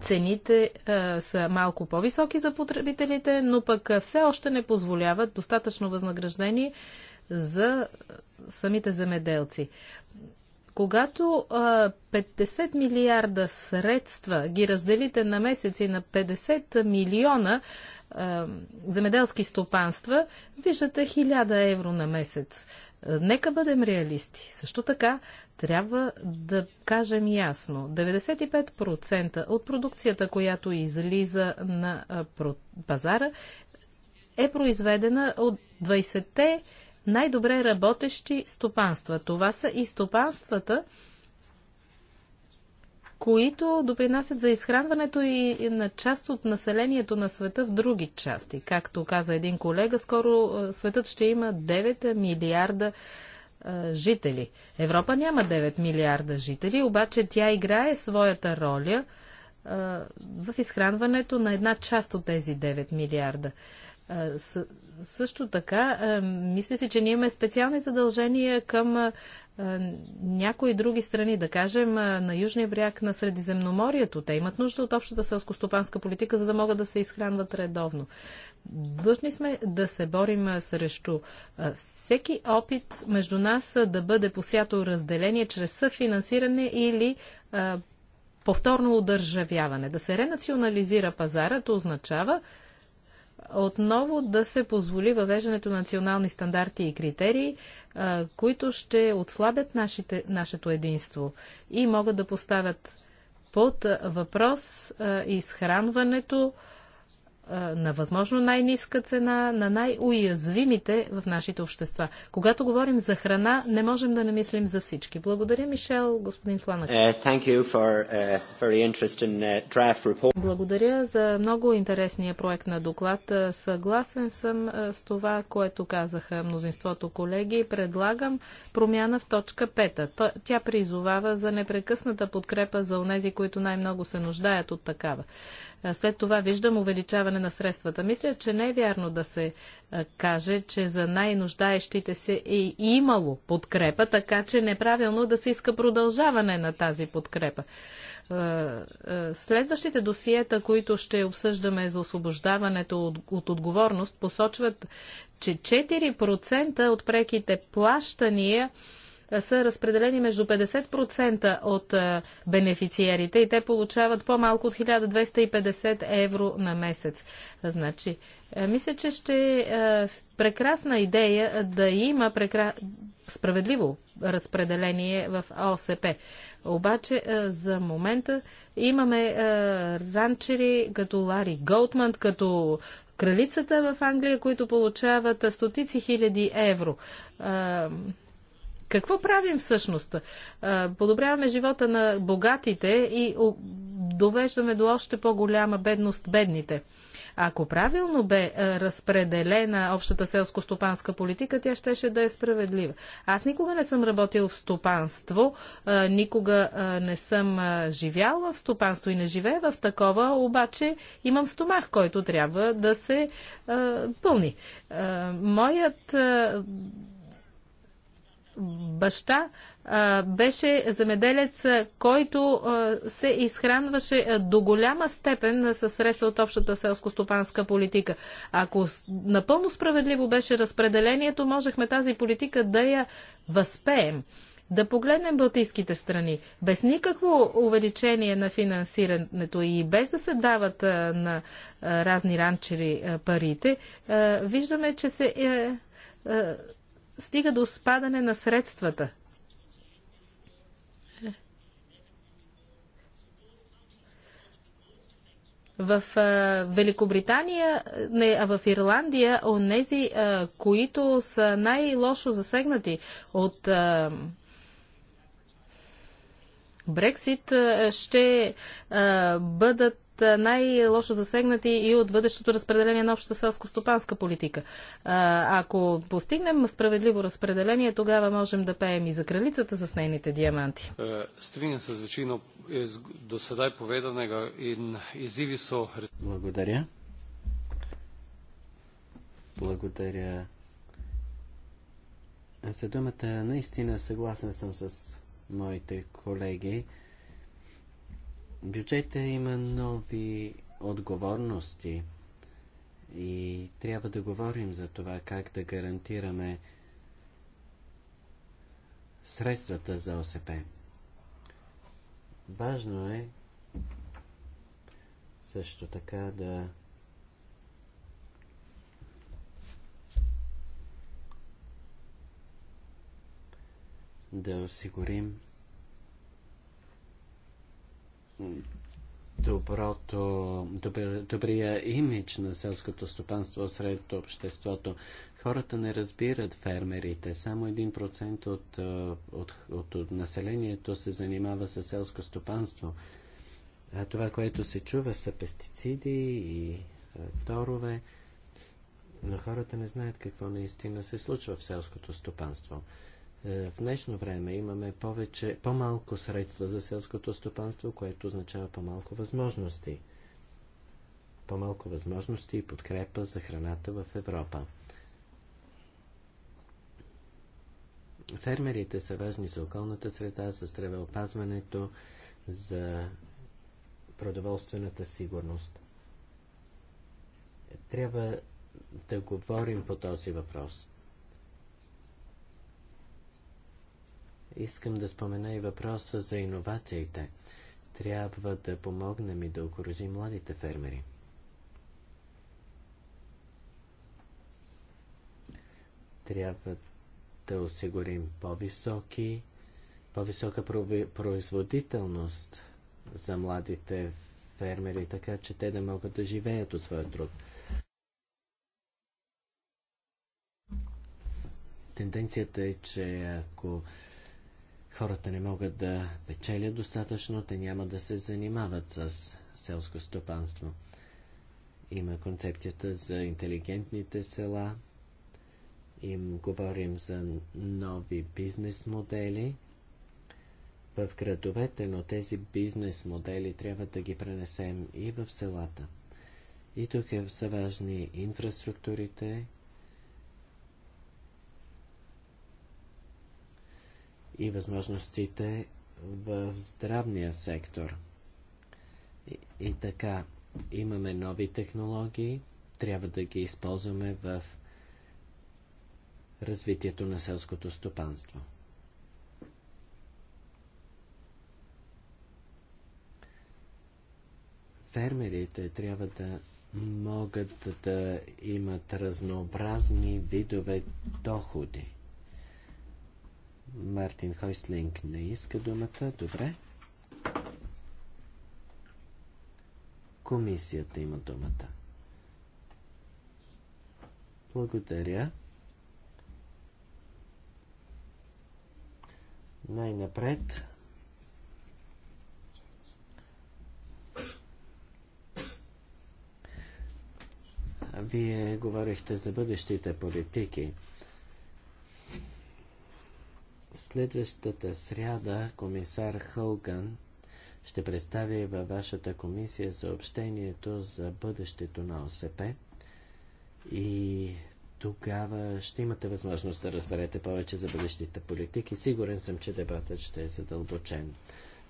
Цените а, са малко по-високи за потребителите, но пък все още не позволяват достатъчно възнаграждение за самите земеделци. Когато а, 50 милиарда средства ги разделите на месеци на 50 милиона а, земеделски стопанства, виждате 1000 евро на месец. Нека бъдем реалисти. Също така трябва да кажем ясно. 95% от продукцията, която излиза на пазара, е произведена от 20-те най-добре работещи стопанства. Това са и стопанствата, които допринасят за изхранването и на част от населението на света в други части. Както каза един колега, скоро е, светът ще има 9 милиарда е, жители. Европа няма 9 милиарда жители, обаче тя играе своята роля е, в изхранването на една част от тези 9 милиарда също така, мисля си, че ние имаме специални задължения към някои други страни, да кажем на южния бряг на Средиземноморието. Те имат нужда от общата селско-стопанска политика, за да могат да се изхранват редовно. Длъжни сме да се борим срещу всеки опит между нас да бъде посято разделение чрез съфинансиране или повторно удържавяване. Да се ренационализира то означава отново да се позволи въвеждането на национални стандарти и критерии, които ще отслабят нашите, нашето единство и могат да поставят под въпрос изхранването на възможно най-ниска цена на най-уязвимите в нашите общества. Когато говорим за храна, не можем да не мислим за всички. Благодаря, Мишел, господин Фланък. Uh, uh, uh Благодаря за много интересния проект на доклад. Uh, съгласен съм uh, с това, което казаха мнозинството колеги. Предлагам промяна в точка 5. Тя призовава за непрекъсната подкрепа за онези, които най-много се нуждаят от такава. След това виждам увеличаване на средствата. Мисля, че не е вярно да се каже, че за най-нуждаещите се е имало подкрепа, така че неправилно да се иска продължаване на тази подкрепа. Следващите досиета, които ще обсъждаме за освобождаването от, от отговорност, посочват, че 4% от преките плащания е, са разпределени между 50% от е, бенефициерите и те получават по-малко от 1250 евро на месец. Значи, е, мисля, че ще е прекрасна идея да има прекра... справедливо разпределение в ОСП. Обаче за момента имаме ранчери като Лари Голдман, като кралицата в Англия, които получават стотици хиляди евро. Какво правим всъщност? Подобряваме живота на богатите и довеждаме до още по-голяма бедност бедните. Ако правилно бе разпределена общата селско-стопанска политика, тя щеше да е справедлива. Аз никога не съм работил в стопанство, никога не съм живял в стопанство и не живея в такова, обаче имам стомах, който трябва да се пълни. Моят баща а, беше земеделец, който а, се изхранваше до голяма степен със средства от общата селско-стопанска политика. Ако напълно справедливо беше разпределението, можехме тази политика да я възпеем. Да погледнем балтийските страни. Без никакво увеличение на финансирането и без да се дават а, на разни ранчери парите, виждаме, че се е, стига до спадане на средствата. В а, Великобритания, не, а в Ирландия, онези, а, които са най-лошо засегнати от Брексит, ще бъдат най-лошо засегнати и от бъдещото разпределение на общата селско-стопанска политика. А, ако постигнем справедливо разпределение, тогава можем да пеем и за кралицата с нейните диаманти. Е, Стриням се е с вечино до седай е поведанега и изиви со... Благодаря. Благодаря за думата. Наистина съгласен съм с моите колеги. Бюджета има нови отговорности и трябва да говорим за това как да гарантираме средствата за ОСП. Важно е също така да да осигурим доброто, добър, добрия имидж на селското стопанство сред обществото. Хората не разбират фермерите. Само 1% от, от, от, от населението се занимава с селско стопанство. А това, което се чува, са пестициди и торове. Но хората не знаят какво наистина се случва в селското стопанство. Е, в днешно време имаме повече, по-малко средства за селското стопанство, което означава по-малко възможности. По-малко възможности и подкрепа за храната в Европа. Фермерите са важни за околната среда, за здравеопазването, за продоволствената сигурност. Трябва да говорим по този въпрос. Искам да спомена и въпроса за иновациите. Трябва да помогнем и да окоръжим младите фермери. Трябва да осигурим по-високи, по-висока производителност за младите фермери, така че те да могат да живеят от своя труд. Тенденцията е, че ако Хората не могат да печелят достатъчно, те няма да се занимават с селско стопанство. Има концепцията за интелигентните села. Им говорим за нови бизнес модели в градовете, но тези бизнес модели трябва да ги пренесем и в селата. И тук е, са важни инфраструктурите, и възможностите в здравния сектор. И, и така, имаме нови технологии, трябва да ги използваме в развитието на селското стопанство. Фермерите трябва да могат да имат разнообразни видове доходи. Мартин Хойслинг не иска думата. Добре. Комисията има думата. Благодаря. Най-напред Вие говорихте за бъдещите политики. Следващата сряда комисар Хълган ще представи във вашата комисия съобщението за бъдещето на ОСП и тогава ще имате възможност да разберете повече за бъдещите политики. Сигурен съм, че дебатът ще е задълбочен.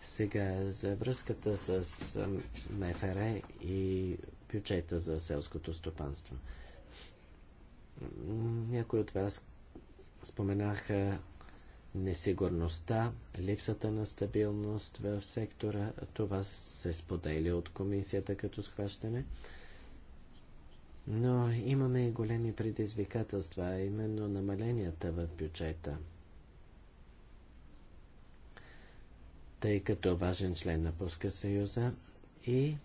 Сега за връзката с МФР и бюджета за селското стопанство. Някои от вас споменаха несигурността, липсата на стабилност в сектора. Това се споделя от комисията като схващане. Но имаме и големи предизвикателства, а именно намаленията в бюджета. Тъй като важен член на пуска Съюза и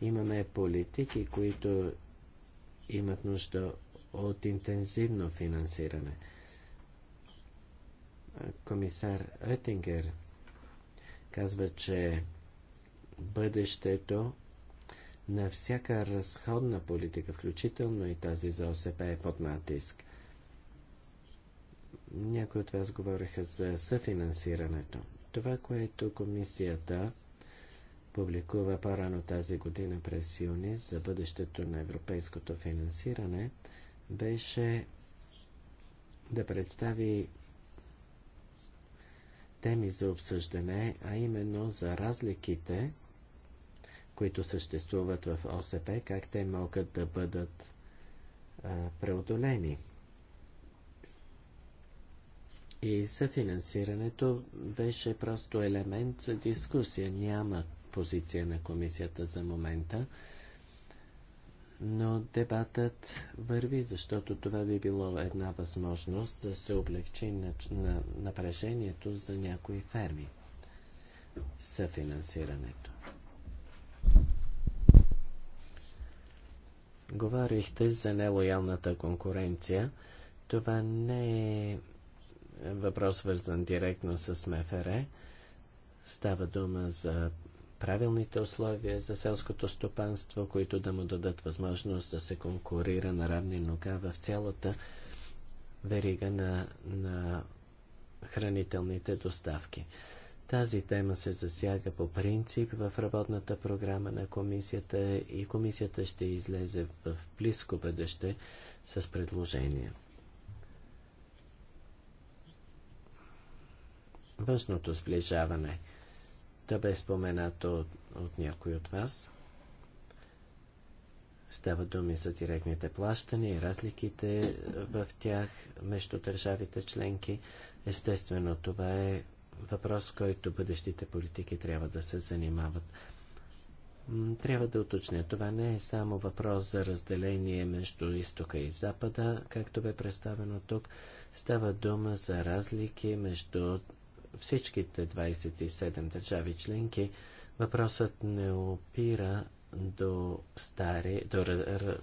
имаме политики, които имат нужда от интензивно финансиране – комисар Етингер казва, че бъдещето на всяка разходна политика, включително и тази за ОСП, е под натиск. Някои от вас говориха за съфинансирането. Това, което комисията публикува по-рано тази година през юни за бъдещето на европейското финансиране, беше да представи теми за обсъждане, а именно за разликите, които съществуват в ОСП, как те могат да бъдат а, преодолени. И съфинансирането беше просто елемент за дискусия. Няма позиция на комисията за момента но дебатът върви, защото това би било една възможност да се облегчи на, на напрежението за някои ферми. Съфинансирането. Говорихте за нелоялната конкуренция. Това не е въпрос свързан директно с МФР. Става дума за правилните условия за селското стопанство, които да му дадат възможност да се конкурира на равни нога в цялата верига на, на хранителните доставки. Тази тема се засяга по принцип в работната програма на комисията и комисията ще излезе в близко бъдеще с предложения. Външното сближаване – да бе споменато от, от някой от вас. Става думи за директните плащания и разликите е, в тях между държавите членки. Естествено, това е въпрос, който бъдещите политики трябва да се занимават. Трябва да уточня, това не е само въпрос за разделение между изтока и запада, както бе представено тук. Става дума за разлики между всичките 27 държави членки, въпросът не опира до, стари, до,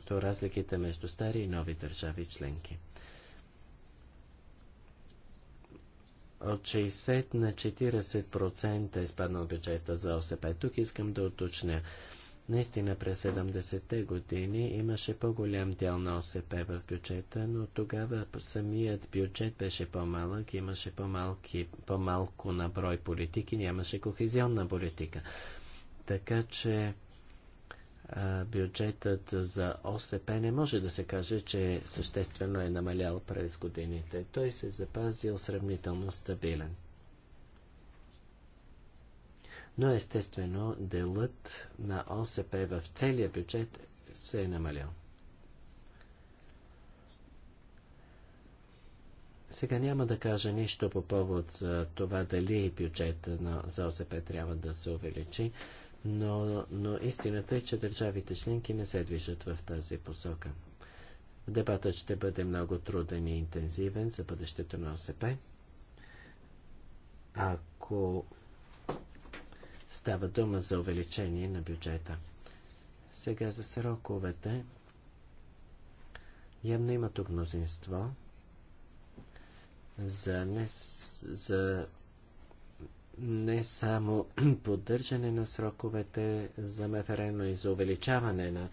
до разликите между стари и нови държави членки. От 60 на 40% е спаднал бюджета за ОСП. Тук искам да уточня. Наистина през 70-те години имаше по-голям дял на ОСП в бюджета, но тогава самият бюджет беше по-малък, имаше по-малки, по-малко наброй политики, нямаше кохезионна политика. Така че а, бюджетът за ОСП не може да се каже, че съществено е намалял през годините. Той се е запазил сравнително стабилен но естествено делът на ОСП в целия бюджет се е намалял. Сега няма да кажа нищо по повод за това дали бюджет на, за ОСП трябва да се увеличи, но, но истината е, че държавите членки не се движат в тази посока. Дебатът ще бъде много труден и интензивен за бъдещето на ОСП. Ако Става дума за увеличение на бюджета. Сега за сроковете. Явно има тук мнозинство за не, за не само поддържане на сроковете за МФР, но и за увеличаване на,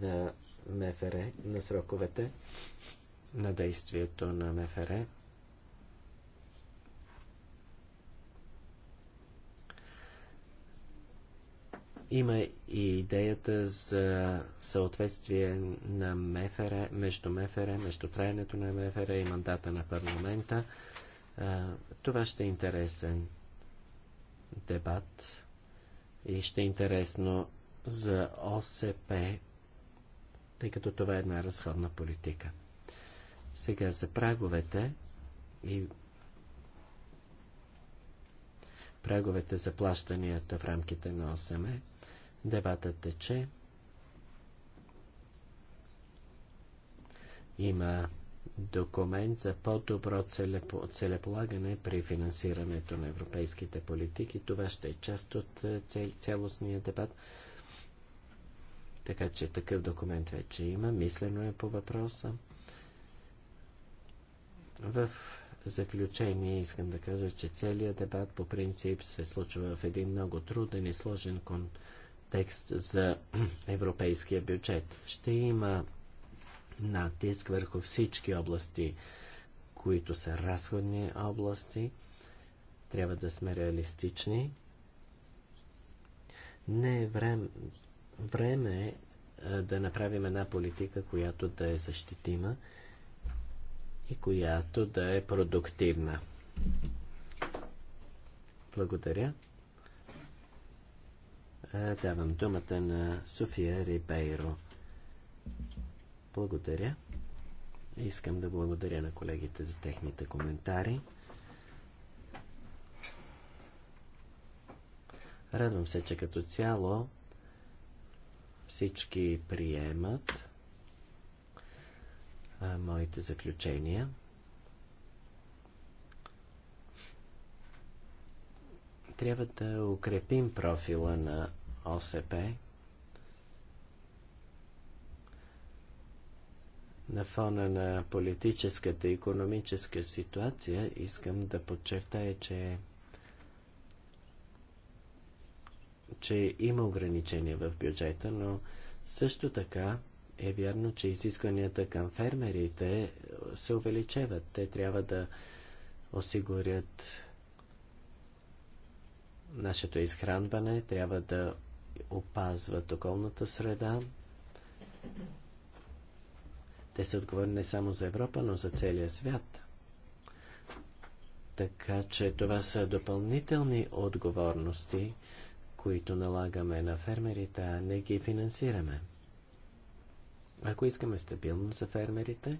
на МФР, на сроковете на действието на МФР. Има и идеята за съответствие на МФР, между МФР, между траенето на МФР и мандата на парламента. Това ще е интересен дебат и ще е интересно за ОСП, тъй като това е една разходна политика. Сега за праговете и праговете за плащанията в рамките на ОСМЕ. Дебатът тече. Има документ за по-добро целеполагане при финансирането на европейските политики. Това ще е част от е, цялостния дебат. Така че такъв документ вече има. Мислено е по въпроса. В заключение искам да кажа, че целият дебат по принцип се случва в един много труден и сложен контекст текст за европейския бюджет. Ще има натиск върху всички области, които са разходни области. Трябва да сме реалистични. Не е време, време е да направим една политика, която да е защитима и която да е продуктивна. Благодаря. Давам думата на София Рибейро. Благодаря. Искам да благодаря на колегите за техните коментари. Радвам се, че като цяло всички приемат а, моите заключения. Трябва да укрепим профила на ОСП, на фона на политическата и економическа ситуация, искам да подчертая, че, че има ограничения в бюджета, но също така е вярно, че изискванията към фермерите се увеличават. Те трябва да осигурят нашето изхранване, трябва да опазват околната среда. Те са отговорни не само за Европа, но за целия свят. Така че това са допълнителни отговорности, които налагаме на фермерите, а не ги финансираме. Ако искаме стабилност за фермерите,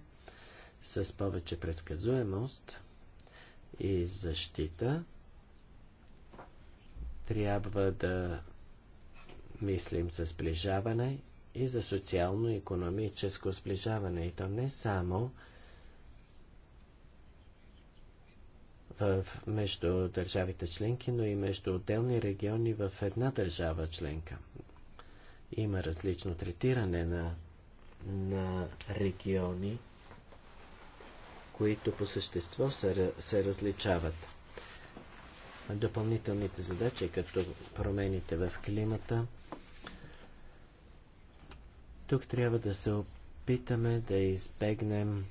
с повече предсказуемост и защита, трябва да мислим за сближаване и за социално-економическо сближаване. И то не само в, между държавите членки, но и между отделни региони в една държава членка. Има различно третиране на, на региони, които по същество се, се различават. Допълнителните задачи, като промените в климата, тук трябва да се опитаме да избегнем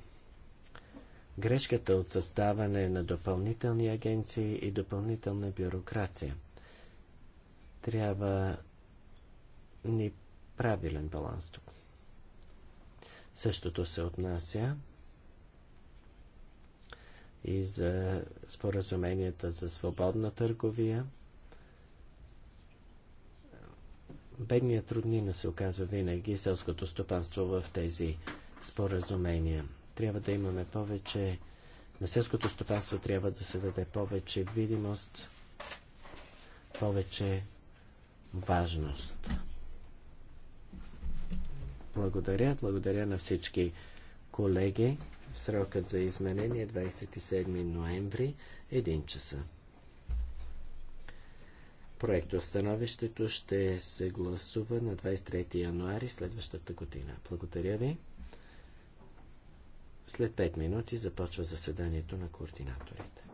грешката от съставане на допълнителни агенции и допълнителна бюрокрация. Трябва ни правилен баланс тук. Същото се отнася и за споразуменията за свободна търговия – бедният труднина се оказва винаги селското стопанство в тези споразумения. Трябва да имаме повече, на селското стопанство трябва да се даде повече видимост, повече важност. Благодаря, благодаря на всички колеги. Срокът за изменение 27 е ноември, 1 часа. Проектостановището ще се гласува на 23 януари следващата година. Благодаря ви. След 5 минути започва заседанието на координаторите.